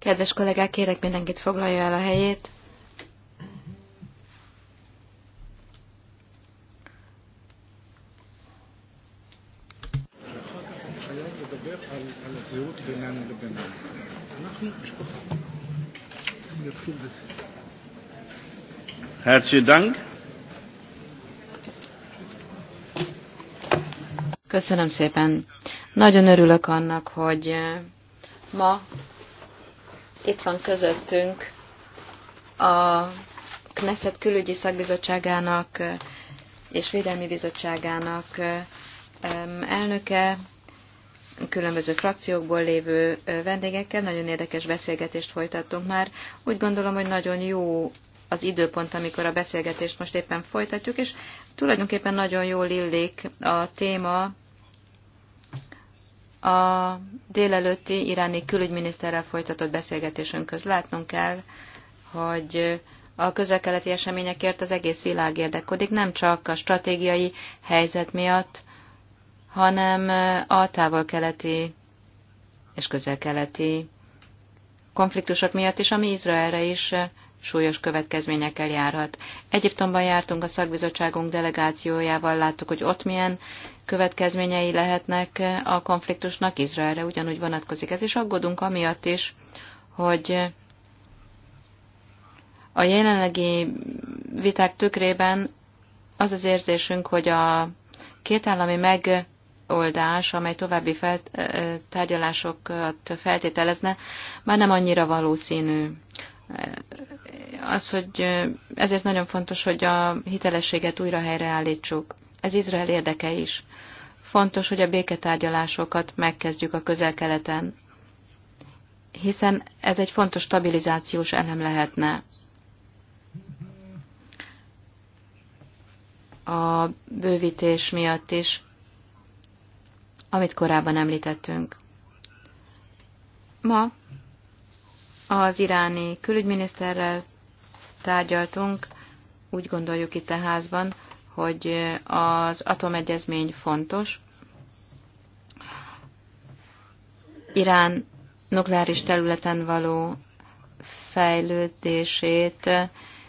Kedves kollégák, kérek mindenkit foglalja el a helyét. Herzlichen Dank. Köszönöm szépen. Nagyon örülök annak, hogy eh, ma itt van közöttünk a Knesset külügyi szakbizottságának eh, és védelmi bizottságának eh, elnöke, különböző frakciókból lévő vendégekkel. Nagyon érdekes beszélgetést folytattunk már. Úgy gondolom, hogy nagyon jó az időpont, amikor a beszélgetést most éppen folytatjuk, és tulajdonképpen nagyon jól illik a téma a délelőtti iráni külügyminiszterrel folytatott beszélgetésünk köz látnunk kell, hogy a közelkeleti eseményekért az egész világ érdeklődik, nem csak a stratégiai helyzet miatt, hanem a távol-keleti és közel-keleti konfliktusok miatt is, ami Izraelre is súlyos következményekkel járhat. Egyiptomban jártunk a szakbizottságunk delegációjával, láttuk, hogy ott milyen következményei lehetnek a konfliktusnak, Izraelre ugyanúgy vonatkozik ez, és aggódunk amiatt is, hogy a jelenlegi viták tükrében az az érzésünk, hogy a kétállami megoldás, amely további felt, tárgyalásokat feltételezne, már nem annyira valószínű az, hogy ezért nagyon fontos, hogy a hitelességet újra helyreállítsuk. Ez Izrael érdeke is. Fontos, hogy a béketárgyalásokat megkezdjük a közel-keleten, hiszen ez egy fontos stabilizációs elem lehetne. A bővítés miatt is, amit korábban említettünk. Ma az iráni külügyminiszterrel tárgyaltunk, úgy gondoljuk itt a házban, hogy az atomegyezmény fontos. Irán nukleáris területen való fejlődését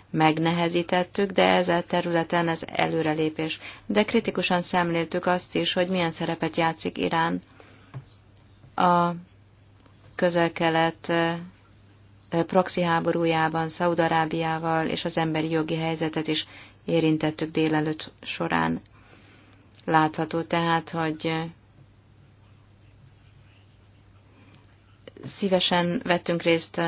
megnehezítettük, de ezzel területen ez előrelépés. De kritikusan szemléltük azt is, hogy milyen szerepet játszik Irán a közel-kelet proxy háborújában, Szaudarábiával és az emberi jogi helyzetet is érintettük délelőtt során. Látható tehát, hogy szívesen vettünk részt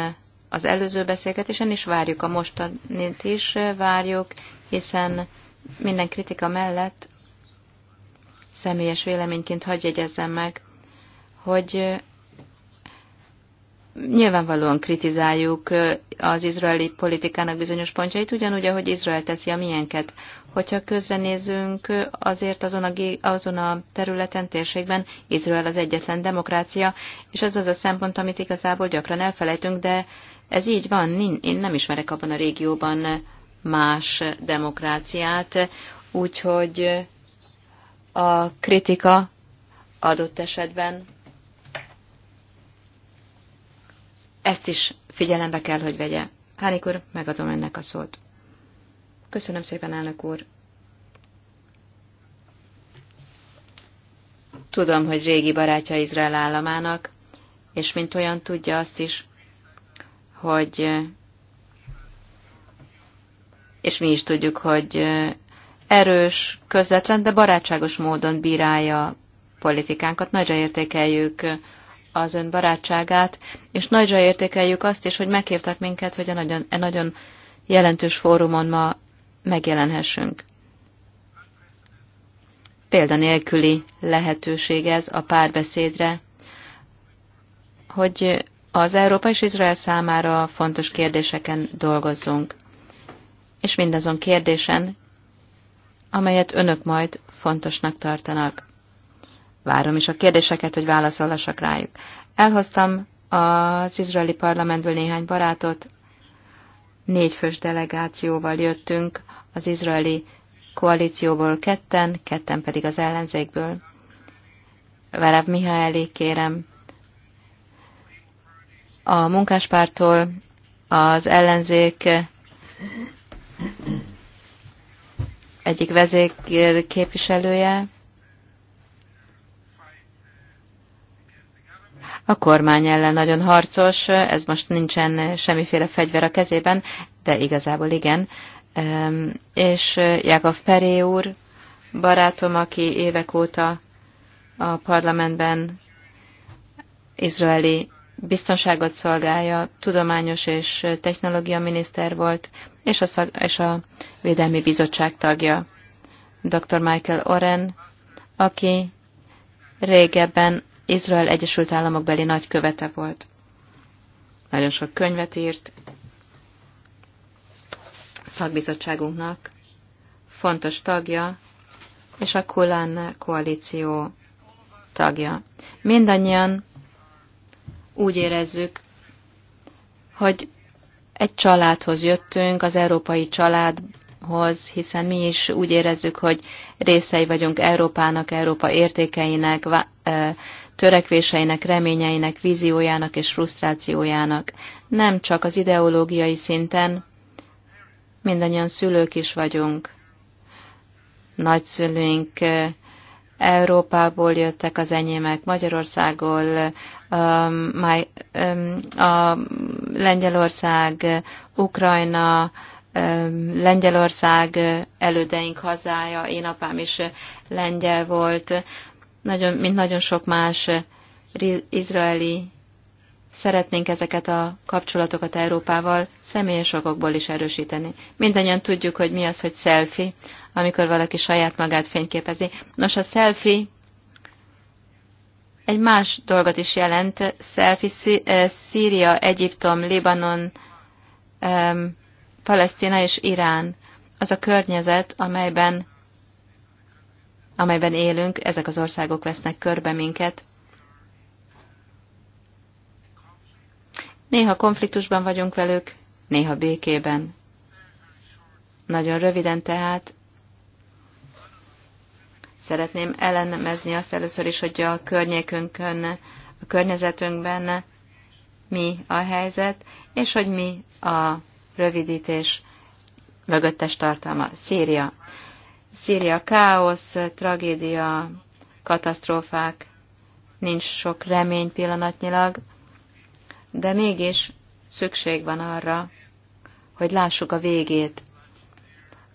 az előző beszélgetésen, és várjuk a mostanit is, várjuk, hiszen minden kritika mellett személyes véleményként hagyj meg, hogy Nyilvánvalóan kritizáljuk az izraeli politikának bizonyos pontjait, ugyanúgy, ahogy Izrael teszi a miénket. Hogyha közrenézünk, azért azon a, azon a területen, térségben Izrael az egyetlen demokrácia, és ez az a szempont, amit igazából gyakran elfelejtünk, de ez így van, én nem ismerek abban a régióban más demokráciát, úgyhogy a kritika adott esetben Ezt is figyelembe kell, hogy vegye. Hánik úr, megadom ennek a szót. Köszönöm szépen, elnök úr. Tudom, hogy régi barátja Izrael államának, és mint olyan tudja azt is, hogy és mi is tudjuk, hogy erős, közvetlen, de barátságos módon bírálja politikánkat. Nagyra értékeljük az ön barátságát, és nagyra értékeljük azt is, hogy meghívtak minket, hogy a nagyon, a e nagyon jelentős fórumon ma megjelenhessünk. Példanélküli lehetőség ez a párbeszédre, hogy az Európa és Izrael számára fontos kérdéseken dolgozzunk, és mindazon kérdésen, amelyet önök majd fontosnak tartanak. Várom is a kérdéseket, hogy válaszolhassak rájuk. Elhoztam az izraeli parlamentből néhány barátot, négy fős delegációval jöttünk, az izraeli koalícióból ketten, ketten pedig az ellenzékből. Verev Mihály, kérem, a munkáspártól az ellenzék egyik vezérképviselője, képviselője, a kormány ellen nagyon harcos, ez most nincsen semmiféle fegyver a kezében, de igazából igen. És eh, Jakov Peré úr, barátom, aki évek óta a parlamentben izraeli biztonságot szolgálja, tudományos és technológia miniszter volt, és a, szag, és a Védelmi Bizottság tagja. Dr. Michael Oren, aki régebben Izrael Egyesült Államok beli nagykövete volt. Nagyon sok könyvet írt szakbizottságunknak, fontos tagja, és a Kulán koalíció tagja. Mindannyian úgy érezzük, hogy egy családhoz jöttünk, az európai családhoz, hiszen mi is úgy érezzük, hogy részei vagyunk Európának, Európa értékeinek, törekvéseinek, reményeinek, víziójának és frusztrációjának. Nem csak az ideológiai szinten, mindannyian szülők is vagyunk. Nagyszülőink eh, Európából jöttek az enyémek, Magyarországból, Magyarországol, um, um, a Lengyelország, Ukrajna, um, Lengyelország eh, elődeink hazája, én apám is eh, lengyel volt nagyon, mint nagyon sok más eh, izraeli, szeretnénk ezeket a kapcsolatokat Európával személyes okokból is erősíteni. Mindannyian tudjuk, hogy mi az, hogy selfie, amikor valaki saját magát fényképezi. Nos, a selfie egy más dolgot is jelent. Selfie eh, Szíria, Egyiptom, Libanon, Palesztina és Irán. Az a környezet, amelyben amelyben élünk, ezek az országok vesznek körbe minket. Néha konfliktusban vagyunk velük, néha békében. Nagyon röviden tehát szeretném ellenemezni azt először is, hogy a környékünkön, a környezetünkben mi a helyzet, és hogy mi a rövidítés mögöttes tartalma. Szíria. Szíria káosz, tragédia, katasztrófák, nincs sok remény pillanatnyilag, de mégis szükség van arra, hogy lássuk a végét,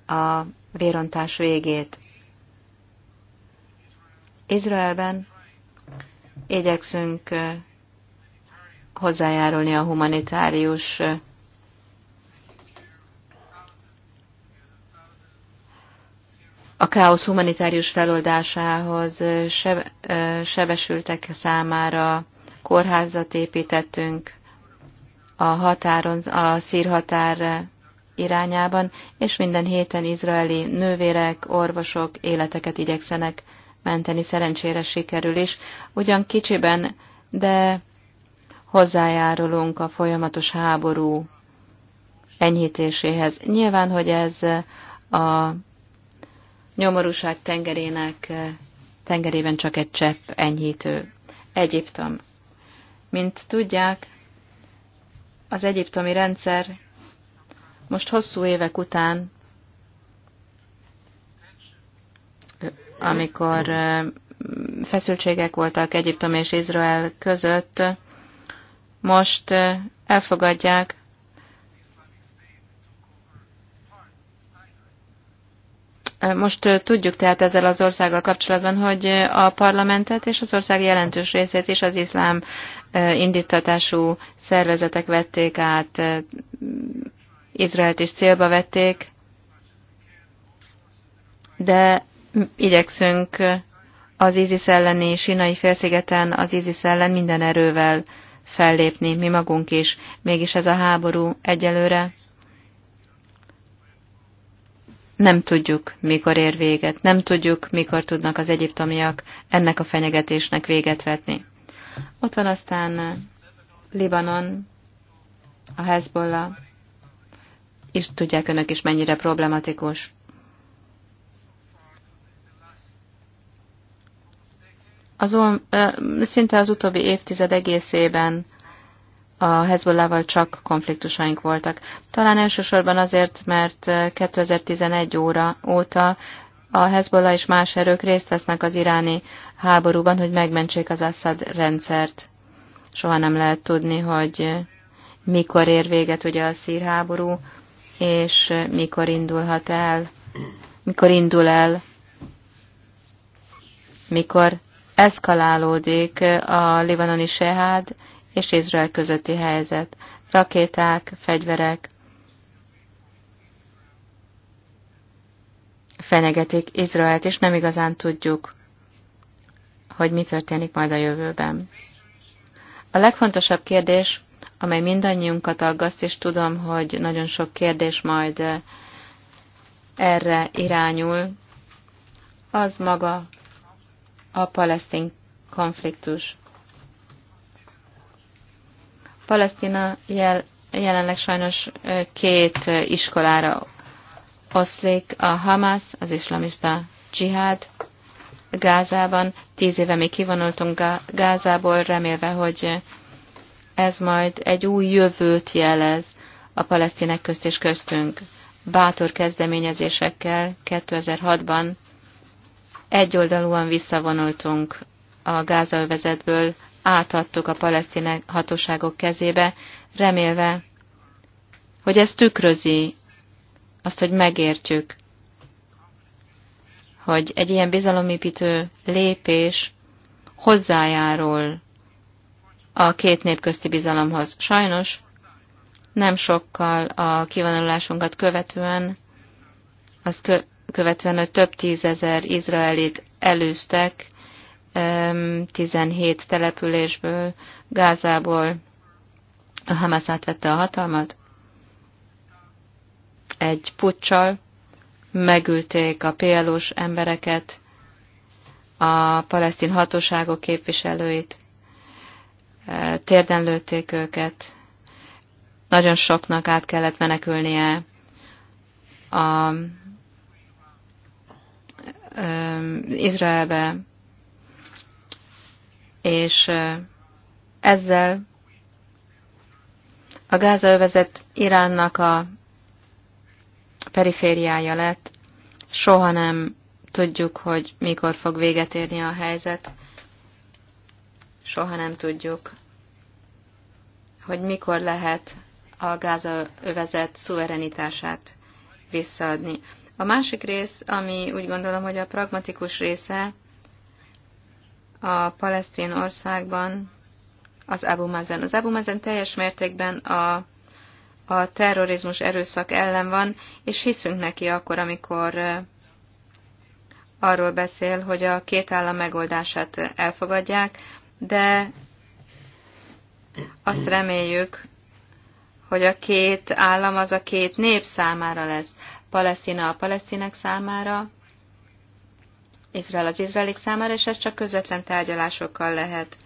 a vérontás végét. Izraelben igyekszünk hozzájárulni a humanitárius káosz humanitárius feloldásához seb, sebesültek számára kórházat építettünk a határon, a szírhatár irányában, és minden héten izraeli nővérek, orvosok életeket igyekszenek menteni. Szerencsére sikerül is. Ugyan kicsiben, de hozzájárulunk a folyamatos háború enyhítéséhez. Nyilván, hogy ez a nyomorúság tengerének eh, tengerében csak egy csepp enyhítő. Egyiptom. Mint tudják, az egyiptomi rendszer most hosszú évek után, amikor eh, feszültségek voltak Egyiptom és Izrael között, most eh, elfogadják Most tudjuk tehát ezzel az országgal kapcsolatban, hogy a parlamentet és az ország jelentős részét is az iszlám indítatású szervezetek vették át, Izraelt is célba vették, de igyekszünk az ISIS elleni sinai félszigeten az ISIS ellen minden erővel fellépni, mi magunk is. Mégis ez a háború egyelőre nem tudjuk, mikor ér véget, nem tudjuk, mikor tudnak az egyiptomiak ennek a fenyegetésnek véget vetni. Ott van aztán eh, Libanon, a Hezbollah, és tudják önök is, mennyire problematikus. Az, eh, szinte az utóbbi évtized egészében a Hezbollával csak konfliktusaink voltak. Talán elsősorban azért, mert 2011 óra óta a Hezbollah és más erők részt vesznek az iráni háborúban, hogy megmentsék az Assad rendszert. Soha nem lehet tudni, hogy mikor ér véget ugye a szír háború, és mikor indulhat el, mikor indul el, mikor eszkalálódik a libanoni sehád, és Izrael közötti helyzet. Rakéták, fegyverek fenyegetik Izraelt, és nem igazán tudjuk, hogy mi történik majd a jövőben. A legfontosabb kérdés, amely mindannyiunkat aggaszt, és tudom, hogy nagyon sok kérdés majd erre irányul, az maga a palesztin konfliktus. Palesztina jel, jelenleg sajnos két iskolára oszlik, a Hamas, az iszlamista dzsihád Gázában. Tíz éve mi kivonultunk Gázából, remélve, hogy ez majd egy új jövőt jelez a palesztinek közt és köztünk. Bátor kezdeményezésekkel 2006-ban egyoldalúan visszavonultunk a Gázaövezetből, átadtuk a palesztin hatóságok kezébe, remélve, hogy ez tükrözi azt, hogy megértjük, hogy egy ilyen bizalomépítő lépés hozzájárul a két nép közti bizalomhoz. Sajnos nem sokkal a kivonulásunkat követően, azt követően, hogy több tízezer izraelit elűztek, 17 településből, Gázából a Hamas átvette a hatalmat, egy puccsal megülték a PLO-s embereket, a palesztin hatóságok képviselőit, e, térden lőtték őket, nagyon soknak át kellett menekülnie a, a, Izraelbe, és ezzel a gázaövezet Iránnak a perifériája lett. Soha nem tudjuk, hogy mikor fog véget érni a helyzet. Soha nem tudjuk, hogy mikor lehet a gázaövezet szuverenitását visszaadni. A másik rész, ami úgy gondolom, hogy a pragmatikus része a palesztin országban az Abu Mazen. Az Abu Mazen teljes mértékben a, a terrorizmus erőszak ellen van, és hiszünk neki akkor, amikor arról beszél, hogy a két állam megoldását elfogadják, de azt reméljük, hogy a két állam az a két nép számára lesz. Palesztina a palesztinek számára, Izrael az izraelik számára, és ez csak közvetlen tárgyalásokkal lehet.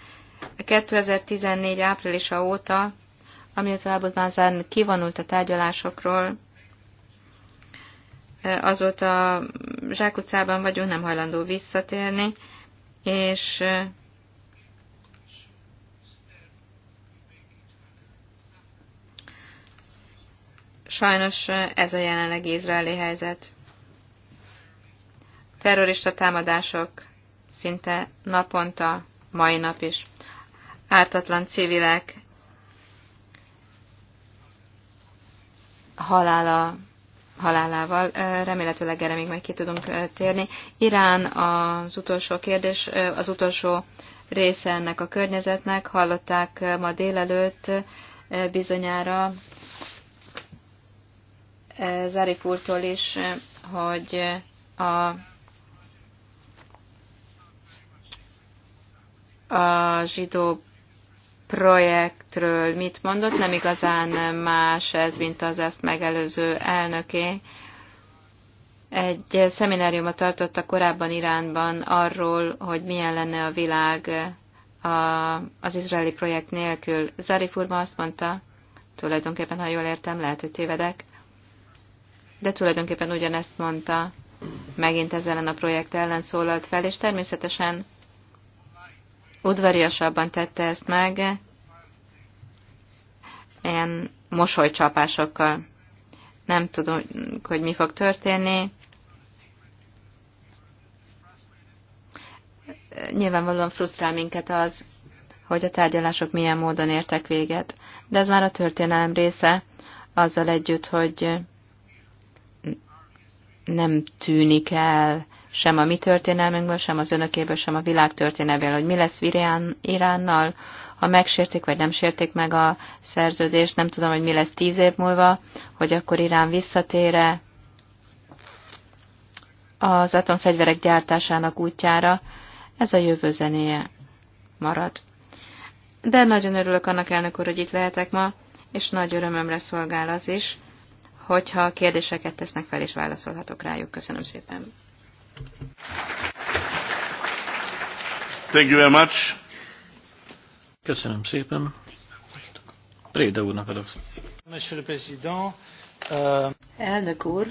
2014 áprilisa óta, amióta Abu Mazen kivonult a tárgyalásokról, azóta utcában vagyunk, nem hajlandó visszatérni, és sajnos ez a jelenlegi izraeli helyzet terrorista támadások szinte naponta, mai nap is. Ártatlan civilek halála, halálával. Remélhetőleg erre még majd ki tudunk térni. Irán az utolsó kérdés, az utolsó része ennek a környezetnek. Hallották ma délelőtt bizonyára Zarif úrtól is, hogy a a zsidó projektről mit mondott, nem igazán más ez, mint az ezt megelőző elnöké. Egy szemináriumot tartottak korábban Iránban arról, hogy milyen lenne a világ a, az izraeli projekt nélkül. Zarif Furma azt mondta, tulajdonképpen, ha jól értem, lehet, hogy tévedek, de tulajdonképpen ugyanezt mondta, megint ezzel ellen a projekt ellen szólalt fel, és természetesen udvariasabban tette ezt meg, ilyen mosolycsapásokkal. Nem tudom, hogy mi fog történni. Nyilvánvalóan frusztrál minket az, hogy a tárgyalások milyen módon értek véget. De ez már a történelem része, azzal együtt, hogy nem tűnik el sem a mi történelmünkből, sem az önökéből, sem a világ történelmével, hogy mi lesz Irán, Iránnal, ha megsértik vagy nem sértik meg a szerződést, nem tudom, hogy mi lesz tíz év múlva, hogy akkor Irán visszatére az atomfegyverek gyártásának útjára. Ez a jövő zenéje marad. De nagyon örülök annak elnök úr, hogy itt lehetek ma, és nagy örömömre szolgál az is, hogyha kérdéseket tesznek fel, és válaszolhatok rájuk. Köszönöm szépen. Thank you very much. Köszönöm szépen. Préda úrnak adok. Monsieur le Président. Uh... Elnök úr,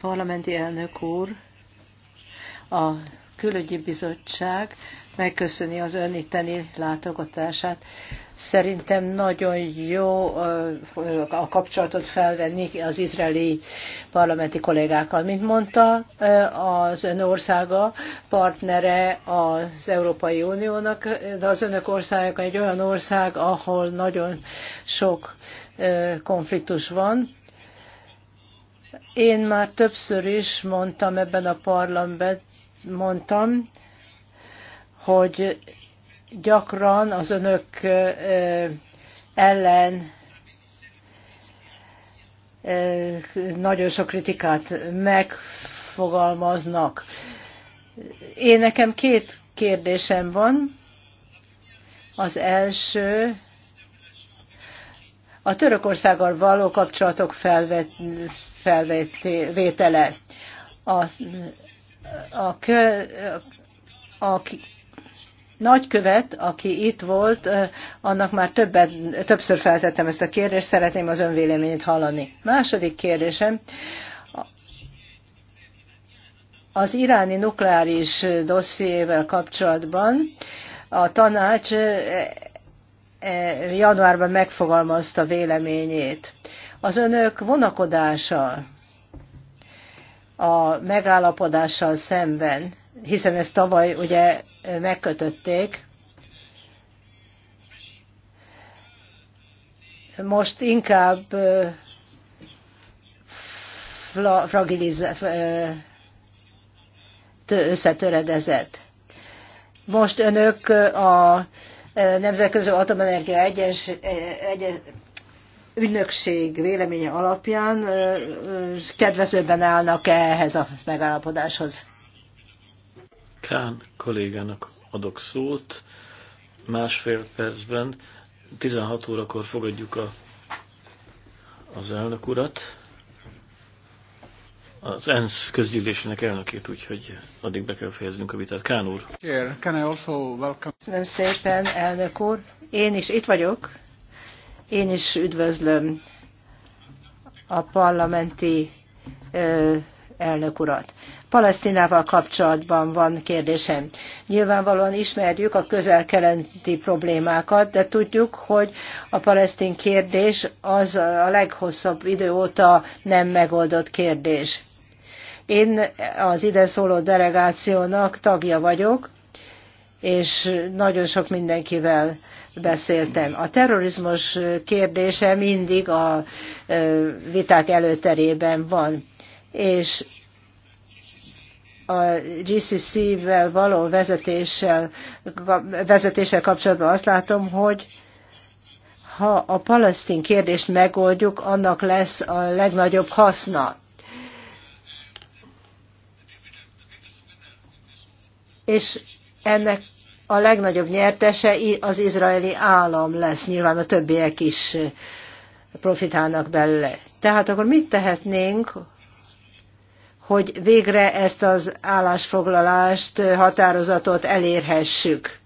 parlamenti elnök úr, a külügyi bizottság megköszöni az ön itteni látogatását. Szerintem nagyon jó a kapcsolatot felvenni az izraeli parlamenti kollégákkal. Mint mondta, az ön országa partnere az Európai Uniónak, de az önök országa egy olyan ország, ahol nagyon sok konfliktus van, én már többször is mondtam ebben a parlamentben, mondtam, hogy gyakran az önök ellen nagyon sok kritikát megfogalmaznak. Én nekem két kérdésem van. Az első a Törökországgal való kapcsolatok felvet, felvétele. A, a, kö, a, a nagykövet, aki itt volt, annak már többet, többször feltettem ezt a kérdést, szeretném az önvéleményét hallani. Második kérdésem, az iráni nukleáris dossziével kapcsolatban a tanács januárban megfogalmazta véleményét. Az önök vonakodása a megállapodással szemben, hiszen ezt tavaly ugye megkötötték, most inkább összetöredezett. Most önök a Nemzetközi Atomenergia Egyes, Egyes, ügynökség véleménye alapján kedvezőbben állnak -e ehhez a megállapodáshoz? Kán kollégának adok szót. Másfél percben, 16 órakor fogadjuk a, az elnök urat, az ENSZ közgyűlésének elnökét, úgyhogy addig be kell fejeznünk a vitát. Kán úr. Köszönöm szépen, elnök úr. Én is itt vagyok. Én is üdvözlöm a parlamenti elnök urat. Palesztinával kapcsolatban van kérdésem. Nyilvánvalóan ismerjük a közel-keleti problémákat, de tudjuk, hogy a palesztin kérdés az a leghosszabb idő óta nem megoldott kérdés. Én az ide szóló delegációnak tagja vagyok, és nagyon sok mindenkivel beszéltem. A terrorizmus kérdése mindig a viták előterében van, és a GCC-vel való vezetéssel, vezetéssel kapcsolatban azt látom, hogy ha a palesztin kérdést megoldjuk, annak lesz a legnagyobb haszna. És ennek a legnagyobb nyertese az izraeli állam lesz, nyilván a többiek is profitálnak belőle. Tehát akkor mit tehetnénk, hogy végre ezt az állásfoglalást, határozatot elérhessük?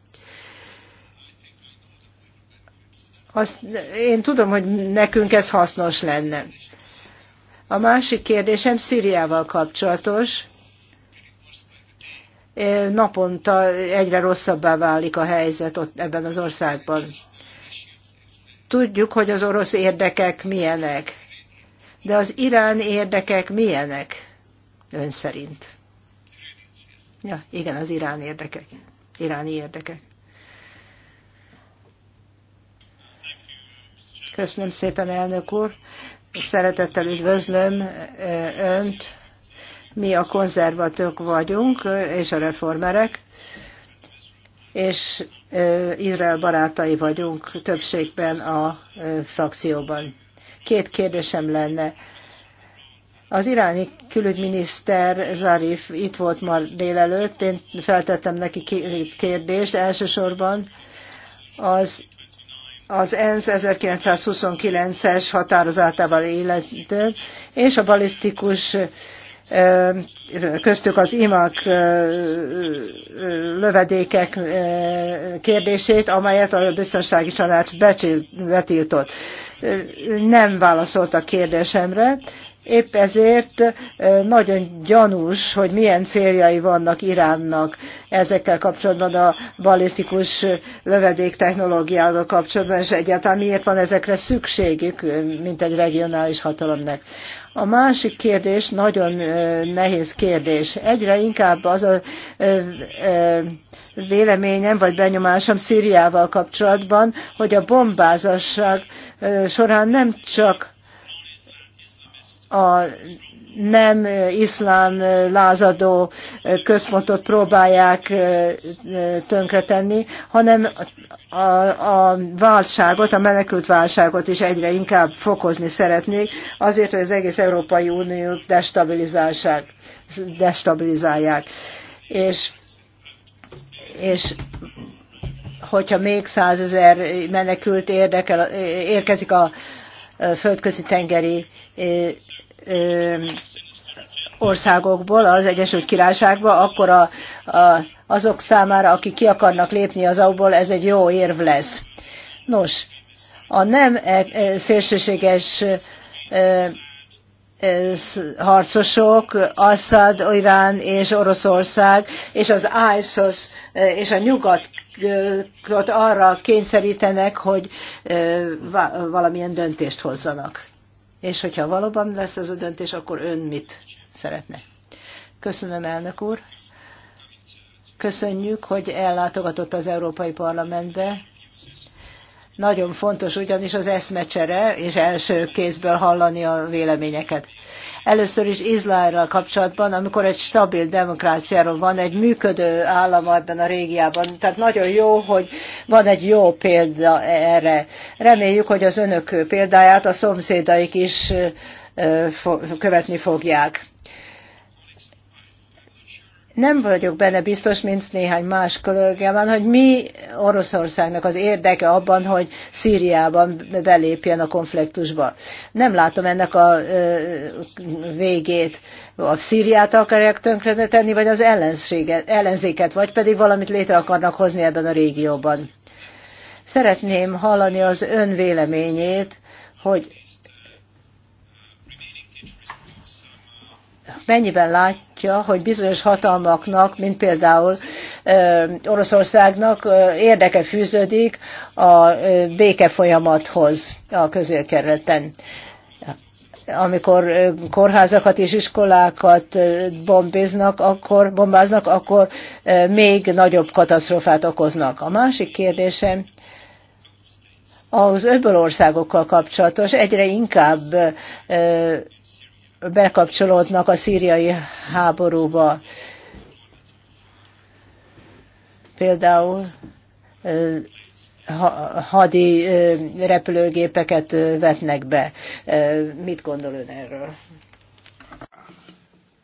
Azt, én tudom, hogy nekünk ez hasznos lenne. A másik kérdésem Szíriával kapcsolatos naponta egyre rosszabbá válik a helyzet ott ebben az országban. Tudjuk, hogy az orosz érdekek milyenek, de az irán érdekek milyenek ön szerint? Ja, igen, az irán érdekek, iráni érdekek. Köszönöm szépen, elnök úr. Szeretettel üdvözlöm önt mi a konzervatők vagyunk, és a reformerek, és Izrael barátai vagyunk többségben a frakcióban. Két kérdésem lenne. Az iráni külügyminiszter Zarif itt volt ma délelőtt, én feltettem neki kérdést elsősorban. Az, az ENSZ 1929-es határozatával élető és a balisztikus köztük az imak lövedékek kérdését, amelyet a biztonsági család betiltott. Nem válaszolt a kérdésemre, Épp ezért nagyon gyanús, hogy milyen céljai vannak Iránnak ezekkel kapcsolatban a balisztikus lövedék technológiával kapcsolatban, és egyáltalán miért van ezekre szükségük, mint egy regionális hatalomnak. A másik kérdés nagyon nehéz kérdés. Egyre inkább az a véleményem vagy benyomásom Szíriával kapcsolatban, hogy a bombázasság során nem csak a nem iszlám lázadó központot próbálják tönkretenni, hanem a, a válságot, a menekült válságot is egyre inkább fokozni szeretnék, azért, hogy az egész Európai Uniót destabilizálják. És, és hogyha még százezer menekült érdekel, érkezik a földközi tengeri országokból az Egyesült Királyságba, akkor a, a, azok számára, akik ki akarnak lépni az EU-ból, ez egy jó érv lesz. Nos, a nem e, e, szélsőséges harcosok, Assad, Irán és Oroszország, és az ISIS és a nyugat arra kényszerítenek, hogy valamilyen döntést hozzanak. És hogyha valóban lesz ez a döntés, akkor ön mit szeretne? Köszönöm, elnök úr. Köszönjük, hogy ellátogatott az Európai Parlamentbe. Nagyon fontos ugyanis az eszmecsere, és első kézből hallani a véleményeket. Először is Izraelrel kapcsolatban, amikor egy stabil demokráciáról van, egy működő állam ebben a régiában. Tehát nagyon jó, hogy van egy jó példa erre. Reméljük, hogy az önök példáját a szomszédaik is követni fogják. Nem vagyok benne biztos, mint néhány más kollégában, hogy mi Oroszországnak az érdeke abban, hogy Szíriában belépjen a konfliktusba. Nem látom ennek a végét. A Szíriát akarják tönkretenni, vagy az ellenzéket, vagy pedig valamit létre akarnak hozni ebben a régióban. Szeretném hallani az ön véleményét, hogy mennyiben lát, látja, hogy bizonyos hatalmaknak, mint például Oroszországnak érdeke fűződik a béke folyamathoz a közélkerületen amikor kórházakat és iskolákat bombiznak, akkor, bombáznak, akkor még nagyobb katasztrófát okoznak. A másik kérdésem az öböl országokkal kapcsolatos, egyre inkább bekapcsolódnak a szíriai háborúba. Például hadi repülőgépeket vetnek be. Mit gondol ön erről?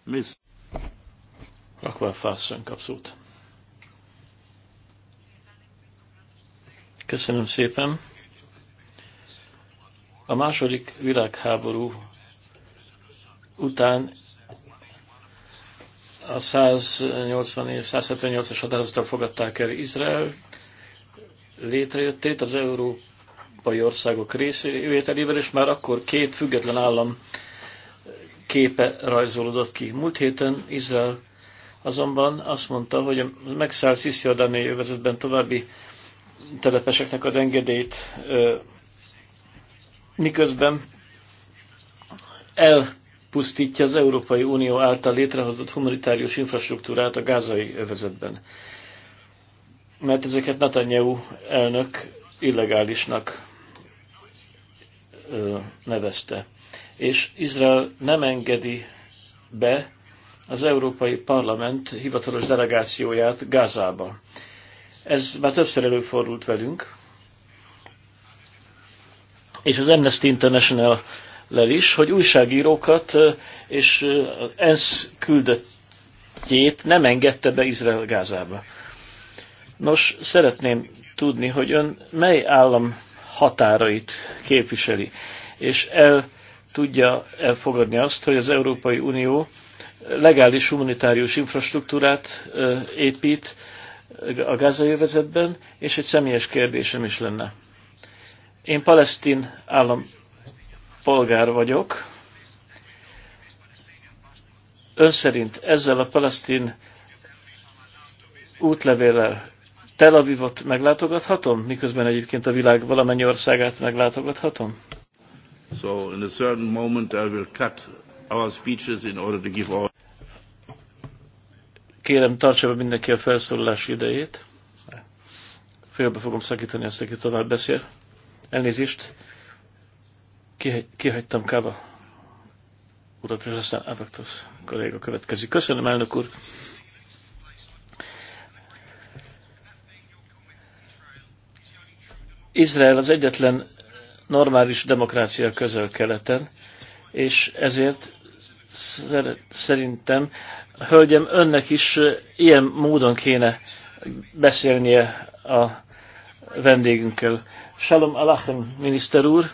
Miss. Akkor Fászön kapszót. Köszönöm szépen. A második világháború után a 180 és 178-as határozatot fogadták el Izrael létrejöttét az európai országok részvételével, és már akkor két független állam képe rajzolódott ki. Múlt héten Izrael azonban azt mondta, hogy a megszállt Cisziordáni övezetben további telepeseknek ad engedélyt, miközben el pusztítja az Európai Unió által létrehozott humanitárius infrastruktúrát a gázai övezetben. Mert ezeket Netanyahu elnök illegálisnak ö, nevezte. És Izrael nem engedi be az Európai Parlament hivatalos delegációját Gázába. Ez már többször előfordult velünk, és az Amnesty International lel is, hogy újságírókat és ENSZ küldöttjét nem engedte be Izrael Gázába. Nos, szeretném tudni, hogy ön mely állam határait képviseli, és el tudja elfogadni azt, hogy az Európai Unió legális humanitárius infrastruktúrát épít a gázai övezetben, és egy személyes kérdésem is lenne. Én palesztin állam polgár vagyok. Ön szerint ezzel a palesztin útlevéllel Tel Avivot meglátogathatom, miközben egyébként a világ valamennyi országát meglátogathatom? So in a certain moment I will cut our speeches in order to give all... Kérem, tartsa be mindenki a felszólalás idejét. Félbe fogom szakítani ezt aki tovább beszél. Elnézést kihagytam Kába. urat, és aztán Avaktos kolléga következik. Köszönöm, elnök úr! Izrael az egyetlen normális demokrácia közel-keleten, és ezért szerintem, hölgyem, önnek is ilyen módon kéne beszélnie a vendégünkkel. Shalom Alachem, miniszter úr!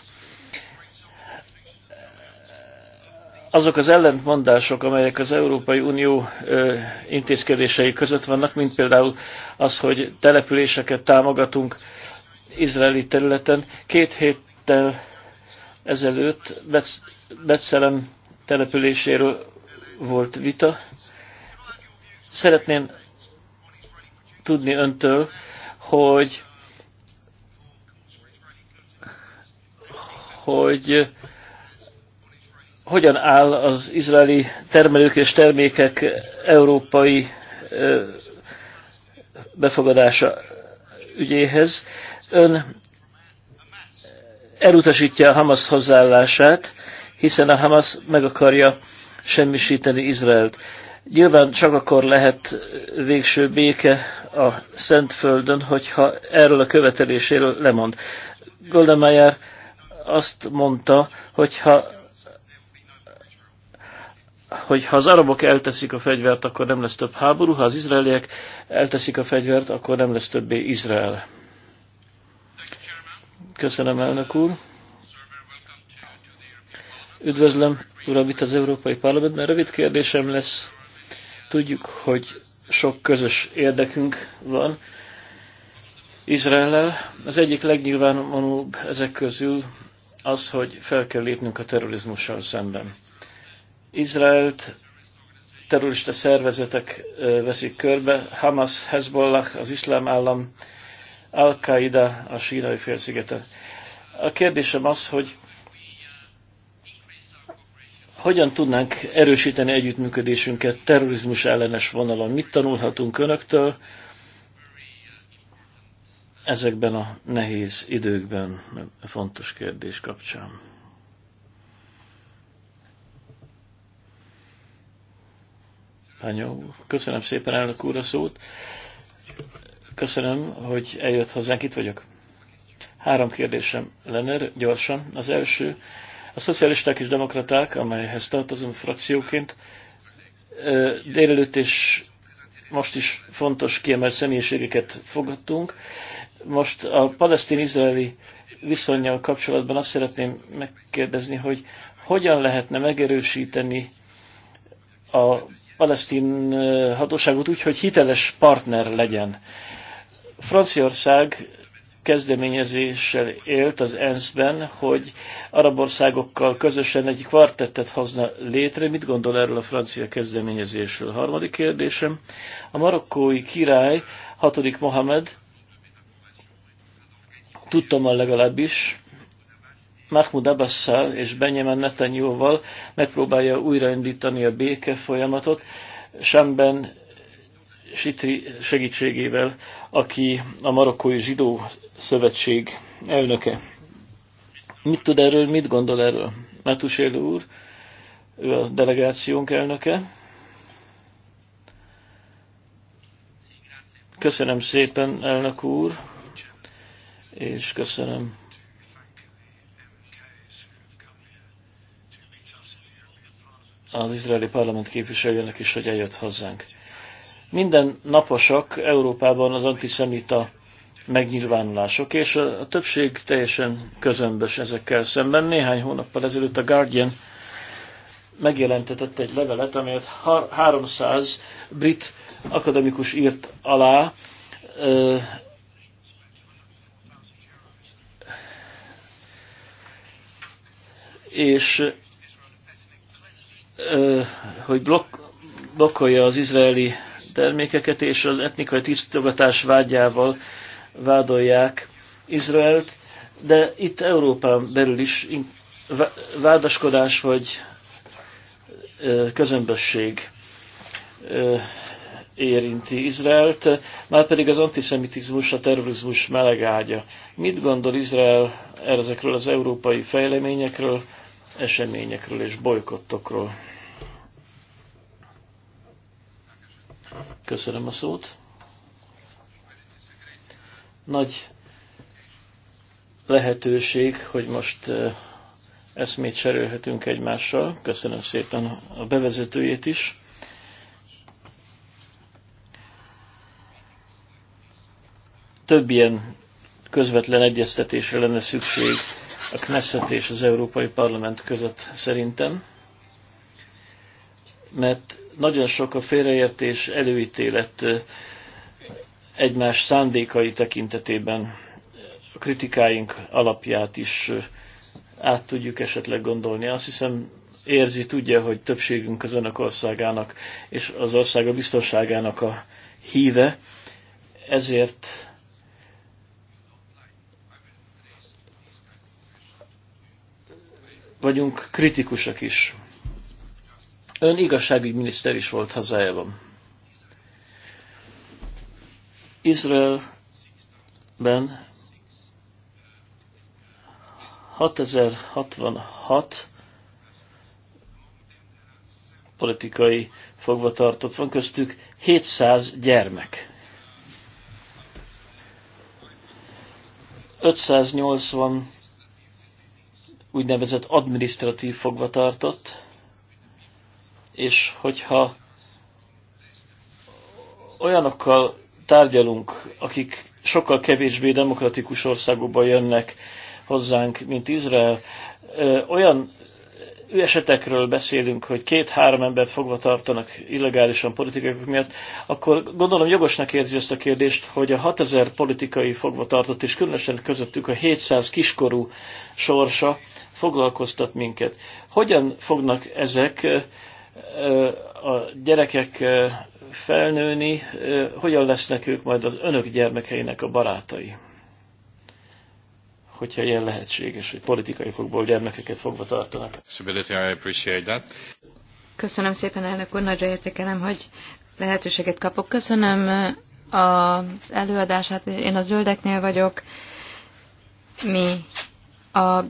azok az ellentmondások, amelyek az Európai Unió intézkedései között vannak, mint például az, hogy településeket támogatunk izraeli területen. Két héttel ezelőtt Betszelem településéről volt vita. Szeretném tudni öntől, hogy hogy hogyan áll az izraeli termelők és termékek európai befogadása ügyéhez. Ön elutasítja a Hamas hozzáállását, hiszen a Hamas meg akarja semmisíteni Izraelt. Nyilván csak akkor lehet végső béke a Szentföldön, hogyha erről a követeléséről lemond. Meyer azt mondta, hogy ha hogy ha az arabok elteszik a fegyvert, akkor nem lesz több háború, ha az izraeliek elteszik a fegyvert, akkor nem lesz többé Izrael. Köszönöm, elnök úr. Üdvözlöm, uram, itt az Európai Parlamentben. Rövid kérdésem lesz. Tudjuk, hogy sok közös érdekünk van Izraellel. Az egyik legnyilvánvalóbb ezek közül az, hogy fel kell lépnünk a terrorizmussal szemben Izraelt terrorista szervezetek veszik körbe, Hamas, Hezbollah, az iszlám állam, Al-Qaida a sínai félszigete. A kérdésem az, hogy hogyan tudnánk erősíteni együttműködésünket terrorizmus ellenes vonalon? Mit tanulhatunk önöktől ezekben a nehéz időkben? Fontos kérdés kapcsán. Pányó Köszönöm szépen, elnök úr, a szót. Köszönöm, hogy eljött hozzánk, itt vagyok. Három kérdésem lenne gyorsan. Az első, a szocialisták és demokraták, amelyhez tartozom frakcióként, délelőtt és most is fontos kiemelt személyiségeket fogadtunk. Most a palesztin-izraeli viszonyjal kapcsolatban azt szeretném megkérdezni, hogy hogyan lehetne megerősíteni a palesztin hatóságot úgy, hogy hiteles partner legyen. Franciaország kezdeményezéssel élt az ENSZ-ben, hogy arab országokkal közösen egy kvartettet hozna létre. Mit gondol erről a francia kezdeményezésről? Harmadik kérdésem. A marokkói király, hatodik Mohamed, tudtommal legalábbis, Mahmoud abbas és Benjamin Netanyahu-val megpróbálja újraindítani a béke folyamatot, Samben Sitri segítségével, aki a marokkói zsidó szövetség elnöke. Mit tud erről, mit gondol erről? Metusélő úr, ő a delegációnk elnöke. Köszönöm szépen, elnök úr, és köszönöm az izraeli parlament képviselőjének is, hogy eljött hozzánk. Minden naposak Európában az antiszemita megnyilvánulások, és a többség teljesen közömbös ezekkel szemben. Néhány hónappal ezelőtt a Guardian megjelentetett egy levelet, amelyet 300 brit akademikus írt alá, és hogy blok, blokkolja az izraeli termékeket, és az etnikai tisztogatás vágyával vádolják Izraelt, de itt Európán belül is vádaskodás vagy közömbösség érinti Izraelt, már pedig az antiszemitizmus, a terrorizmus melegágya. Mit gondol Izrael ezekről az európai fejleményekről, eseményekről és bolykottokról. Köszönöm a szót. Nagy lehetőség, hogy most eszmét cserélhetünk egymással. Köszönöm szépen a bevezetőjét is. Több ilyen közvetlen egyeztetésre lenne szükség a Knesset és az Európai Parlament között szerintem, mert nagyon sok a félreértés, előítélet egymás szándékai tekintetében a kritikáink alapját is át tudjuk esetleg gondolni. Azt hiszem, érzi, tudja, hogy többségünk az önök országának és az országa biztonságának a híve, ezért vagyunk kritikusak is. Ön igazságügyminiszter is volt hazájában. Izraelben 6066 politikai fogvatartott van, köztük 700 gyermek. 580 úgynevezett administratív fogvatartott, és hogyha olyanokkal tárgyalunk, akik sokkal kevésbé demokratikus országokban jönnek hozzánk, mint Izrael, olyan esetekről beszélünk, hogy két-három embert fogva tartanak illegálisan politikai miatt, akkor gondolom jogosnak érzi ezt a kérdést, hogy a 6000 politikai fogva tartott, és különösen közöttük a 700 kiskorú sorsa foglalkoztat minket. Hogyan fognak ezek a gyerekek felnőni, hogyan lesznek ők majd az önök gyermekeinek a barátai? hogyha ilyen lehetséges, hogy politikai okokból gyermekeket fogva tartanak. Köszönöm szépen, elnök úr, nagyra értékelem, hogy lehetőséget kapok. Köszönöm uh, az előadását, én a zöldeknél vagyok. Mi a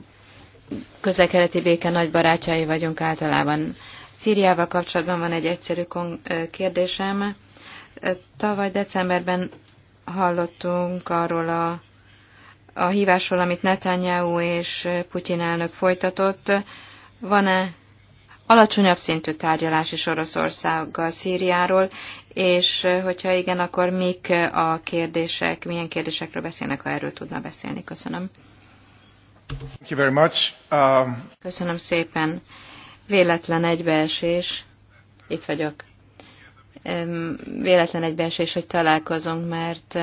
közel-keleti béke nagy barátjai vagyunk általában. Szíriával kapcsolatban van egy egyszerű uh, kérdésem. Tavaly decemberben hallottunk arról a a hívásról, amit Netanyahu és Putyin elnök folytatott, van-e alacsonyabb szintű tárgyalás is Oroszországgal, Szíriáról, és hogyha igen, akkor mik a kérdések, milyen kérdésekről beszélnek, ha erről tudna beszélni. Köszönöm. Thank you very much. Um... Köszönöm szépen. Véletlen egybeesés. Itt vagyok. Véletlen egybeesés, hogy találkozunk, mert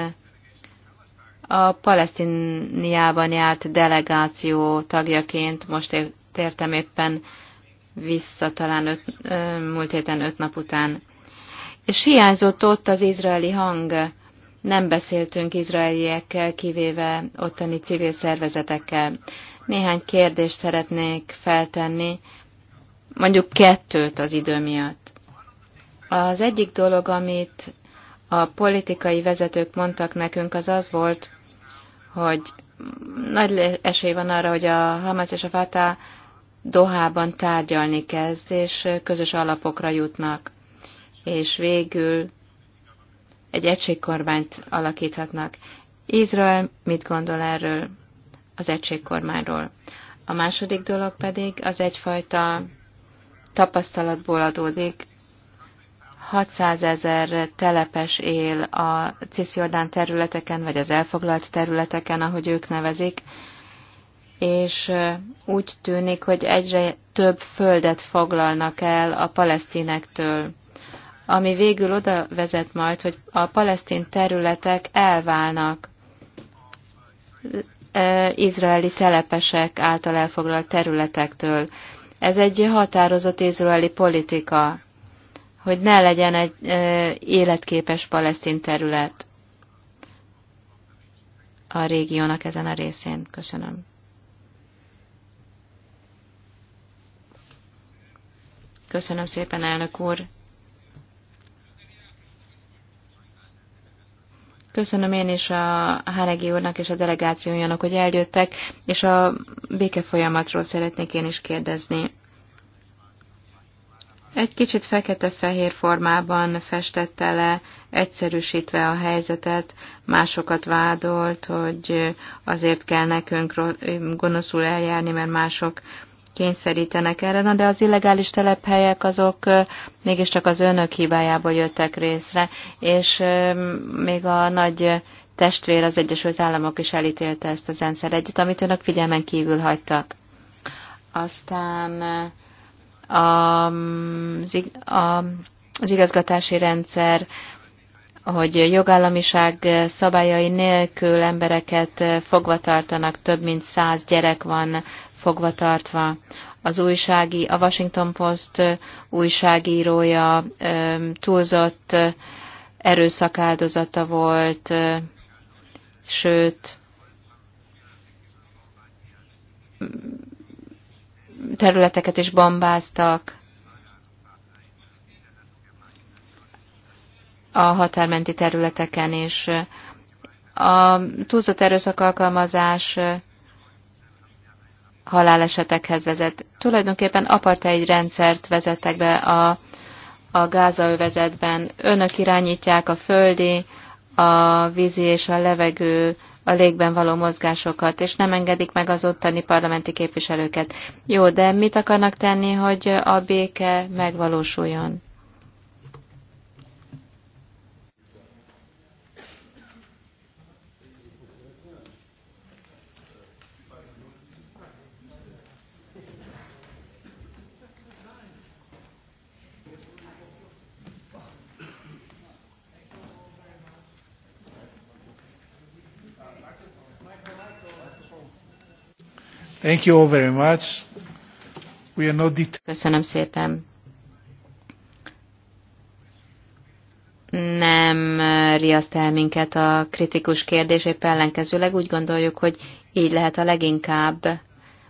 a Palesztiniában járt delegáció tagjaként most tértem éppen vissza talán öt, múlt héten öt nap után. És hiányzott ott az izraeli hang. Nem beszéltünk izraeliekkel, kivéve ottani civil szervezetekkel. Néhány kérdést szeretnék feltenni, mondjuk kettőt az idő miatt. Az egyik dolog, amit a politikai vezetők mondtak nekünk, az az volt, hogy nagy esély van arra, hogy a Hamas és a Fatah Dohában tárgyalni kezd, és közös alapokra jutnak, és végül egy egységkormányt alakíthatnak. Izrael mit gondol erről az egységkormányról? A második dolog pedig az egyfajta tapasztalatból adódik, 600 ezer telepes él a Cisziordán területeken, vagy az elfoglalt területeken, ahogy ők nevezik, és úgy tűnik, hogy egyre több földet foglalnak el a palesztinektől, ami végül oda vezet majd, hogy a palesztin területek elválnak izraeli telepesek által elfoglalt területektől. Ez egy határozott izraeli politika hogy ne legyen egy életképes palesztin terület a régiónak ezen a részén. Köszönöm. Köszönöm szépen, elnök úr. Köszönöm én is a Hánegi úrnak és a delegációjának, hogy eljöttek, és a béke folyamatról szeretnék én is kérdezni. Egy kicsit fekete-fehér formában festette le, egyszerűsítve a helyzetet, másokat vádolt, hogy azért kell nekünk gonoszul eljárni, mert mások kényszerítenek erre, na de az illegális telephelyek azok mégiscsak az önök hibájából jöttek részre, és még a nagy testvér az Egyesült Államok is elítélte ezt az enszer együtt, amit önök figyelmen kívül hagytak. Aztán az igazgatási rendszer, hogy jogállamiság szabályai nélkül embereket fogva tartanak, több mint száz gyerek van fogva tartva. Az újsági, a Washington Post újságírója túlzott erőszakáldozata volt, sőt, területeket is bombáztak. A határmenti területeken is. A túlzott erőszak alkalmazás halálesetekhez vezet. Tulajdonképpen apartheid rendszert vezettek be a, a gázaövezetben. Önök irányítják a földi, a vízi és a levegő a légben való mozgásokat, és nem engedik meg az ottani parlamenti képviselőket. Jó, de mit akarnak tenni, hogy a béke megvalósuljon? Thank you all very much. We are not Köszönöm szépen. Nem eh, riaszt el minket a kritikus kérdés, épp ellenkezőleg úgy gondoljuk, hogy így lehet a leginkább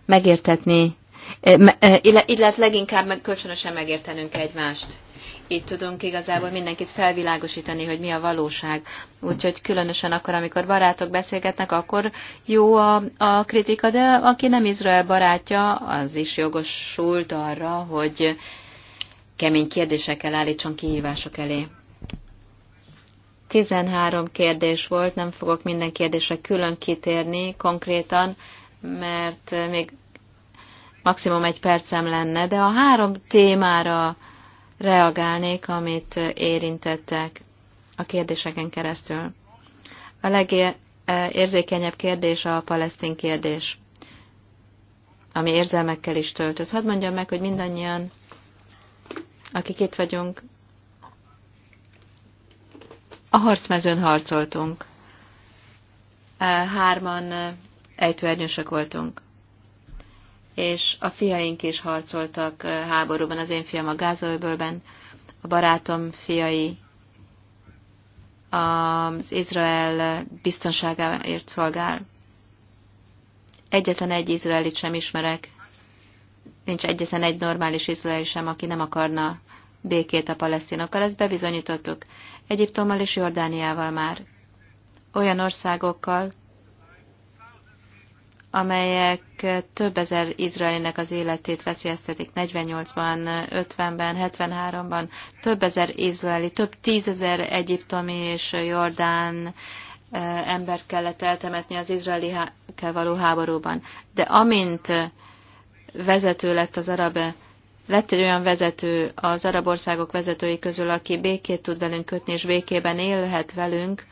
megértetni, illetve eh, eh, lehet leginkább kölcsönösen megértenünk egymást így tudunk igazából mindenkit felvilágosítani, hogy mi a valóság. Úgyhogy különösen akkor, amikor barátok beszélgetnek, akkor jó a, a kritika, de aki nem Izrael barátja, az is jogosult arra, hogy kemény kérdésekkel állítson kihívások elé. 13 kérdés volt, nem fogok minden kérdésre külön kitérni konkrétan, mert még maximum egy percem lenne, de a három témára reagálnék, amit érintettek a kérdéseken keresztül. A legérzékenyebb kérdés a palesztin kérdés, ami érzelmekkel is töltött. Hadd mondjam meg, hogy mindannyian, akik itt vagyunk, a harcmezőn harcoltunk. Hárman ejtőernyősök voltunk és a fiaink is harcoltak háborúban, az én fiam a Gázaöbölben, a barátom fiai az Izrael biztonságáért szolgál. Egyetlen egy izraelit sem ismerek. Nincs egyetlen egy normális izraeli sem, aki nem akarna békét a palesztinokkal. Ezt bebizonyítottuk. Egyiptommal és Jordániával már. Olyan országokkal, amelyek több ezer izraelinek az életét veszélyeztetik 48-ban, 50-ben, 73-ban, több ezer izraeli, több tízezer egyiptomi és jordán embert kellett eltemetni az izraeli való háborúban. De amint vezető lett az arab, lett egy olyan vezető az arab országok vezetői közül, aki békét tud velünk kötni, és békében élhet velünk,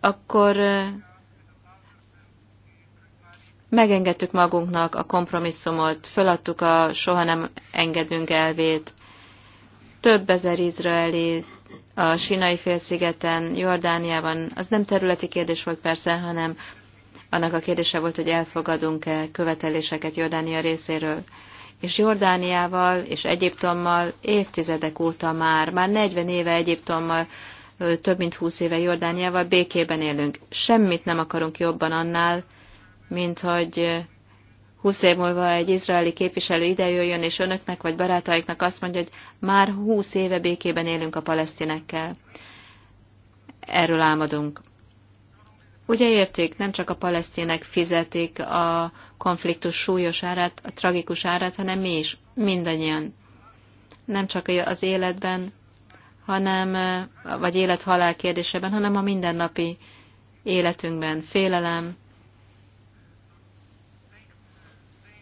akkor megengedtük magunknak a kompromisszumot, föladtuk a soha nem engedünk elvét. Több ezer izraeli a sinai félszigeten, Jordániában, az nem területi kérdés volt persze, hanem annak a kérdése volt, hogy elfogadunk-e követeléseket Jordánia részéről. És Jordániával és Egyiptommal évtizedek óta már, már 40 éve Egyiptommal, több mint 20 éve Jordániával békében élünk. Semmit nem akarunk jobban annál, mint hogy 20 év múlva egy izraeli képviselő jöjjön, és önöknek vagy barátaiknak azt mondja, hogy már 20 éve békében élünk a palesztinekkel. Erről álmodunk. Ugye érték, nem csak a palesztinek fizetik a konfliktus súlyos árát, a tragikus árát, hanem mi is, mindannyian. Nem csak az életben, hanem, vagy élet-halál kérdésében, hanem a mindennapi életünkben. Félelem,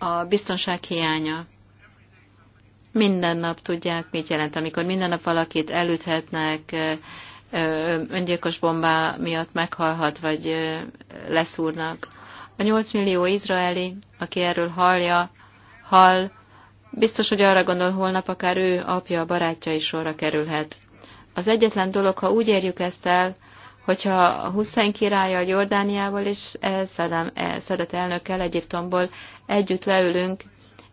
a biztonság hiánya. Minden nap tudják, mit jelent, amikor minden nap valakit elüthetnek, öngyilkos bombá miatt meghalhat, vagy leszúrnak. A 8 millió izraeli, aki erről hallja, hall, biztos, hogy arra gondol, holnap akár ő, apja, barátja is sorra kerülhet. Az egyetlen dolog, ha úgy érjük ezt el, hogyha a Hussein királya a Jordániával és szedet elnökkel Egyiptomból együtt leülünk,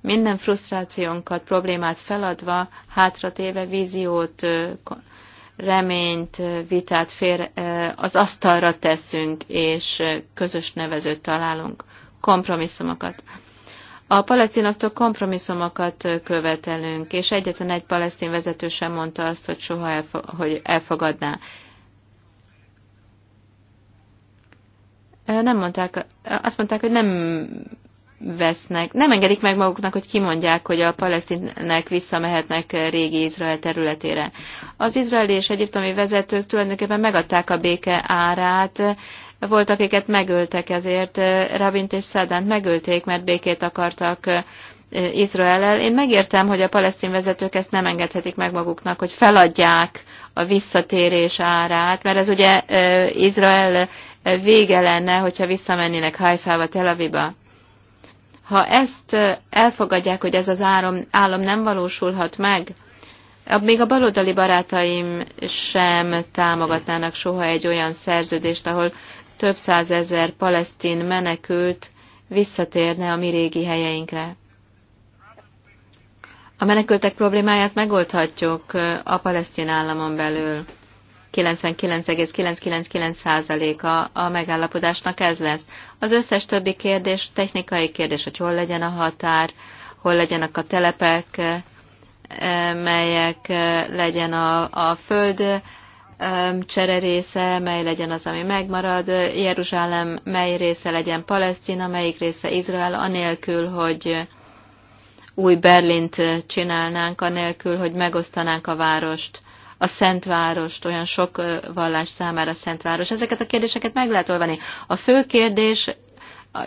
minden frusztrációnkat, problémát feladva, hátratéve víziót, reményt, vitát fér, az asztalra teszünk, és közös nevezőt találunk, kompromisszumokat. A palesztinoktól kompromisszumokat követelünk, és egyetlen egy palesztin vezető sem mondta azt, hogy soha hogy elfogadná. nem mondták, azt mondták, hogy nem vesznek, nem engedik meg maguknak, hogy kimondják, hogy a palesztinek visszamehetnek régi Izrael területére. Az izraeli és egyiptomi vezetők tulajdonképpen megadták a béke árát, volt, akiket megöltek ezért, Rabint és Szadánt megölték, mert békét akartak Izrael-el. Én megértem, hogy a palesztin vezetők ezt nem engedhetik meg maguknak, hogy feladják a visszatérés árát, mert ez ugye Izrael vége lenne, hogyha visszamennének Hajfába, Tel Avivba. Ha ezt elfogadják, hogy ez az álom, álom nem valósulhat meg, még a baloldali barátaim sem támogatnának soha egy olyan szerződést, ahol több százezer palesztin menekült visszatérne a mi régi helyeinkre. A menekültek problémáját megoldhatjuk a palesztin államon belül. 99,999%-a a megállapodásnak ez lesz. Az összes többi kérdés, technikai kérdés, hogy hol legyen a határ, hol legyenek a telepek, eh, melyek eh, legyen a, a föld eh, csere része, mely legyen az, ami megmarad, Jeruzsálem mely része legyen Palesztina, melyik része Izrael, anélkül, hogy új Berlint csinálnánk, anélkül, hogy megosztanánk a várost a Szentvárost, olyan sok vallás számára a Szentváros. Ezeket a kérdéseket meg lehet olvani. A fő kérdés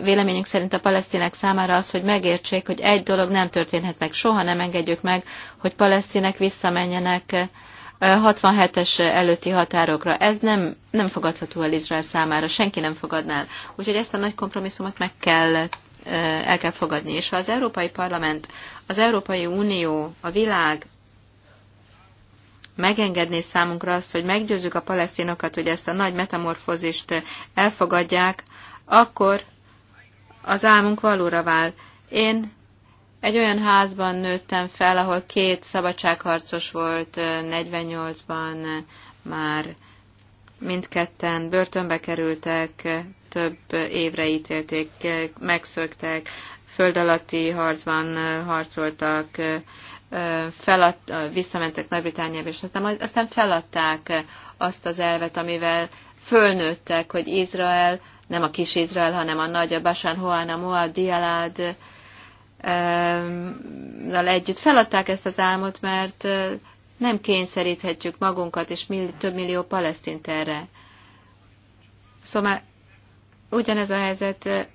véleményünk szerint a palesztinek számára az, hogy megértsék, hogy egy dolog nem történhet meg, soha nem engedjük meg, hogy palesztinek visszamenjenek 67-es előtti határokra. Ez nem, nem fogadható el Izrael számára, senki nem fogadná el. Úgyhogy ezt a nagy kompromisszumot meg kell, el kell fogadni. És ha az Európai Parlament, az Európai Unió, a világ megengedné számunkra azt, hogy meggyőzzük a palesztinokat, hogy ezt a nagy metamorfózist elfogadják, akkor az álmunk valóra vál. Én egy olyan házban nőttem fel, ahol két szabadságharcos volt 48-ban már mindketten börtönbe kerültek, több évre ítélték, megszöktek, föld alatti harcban harcoltak, felad, visszamentek Nagy-Britániába, és aztán, aztán feladták azt az elvet, amivel fölnőttek, hogy Izrael, nem a kis Izrael, hanem a nagy, a Basán, Hoana, Moab, Dialád, együtt feladták ezt az álmot, mert nem kényszeríthetjük magunkat és mill, több millió palesztint erre. Szóval ugyanez a helyzet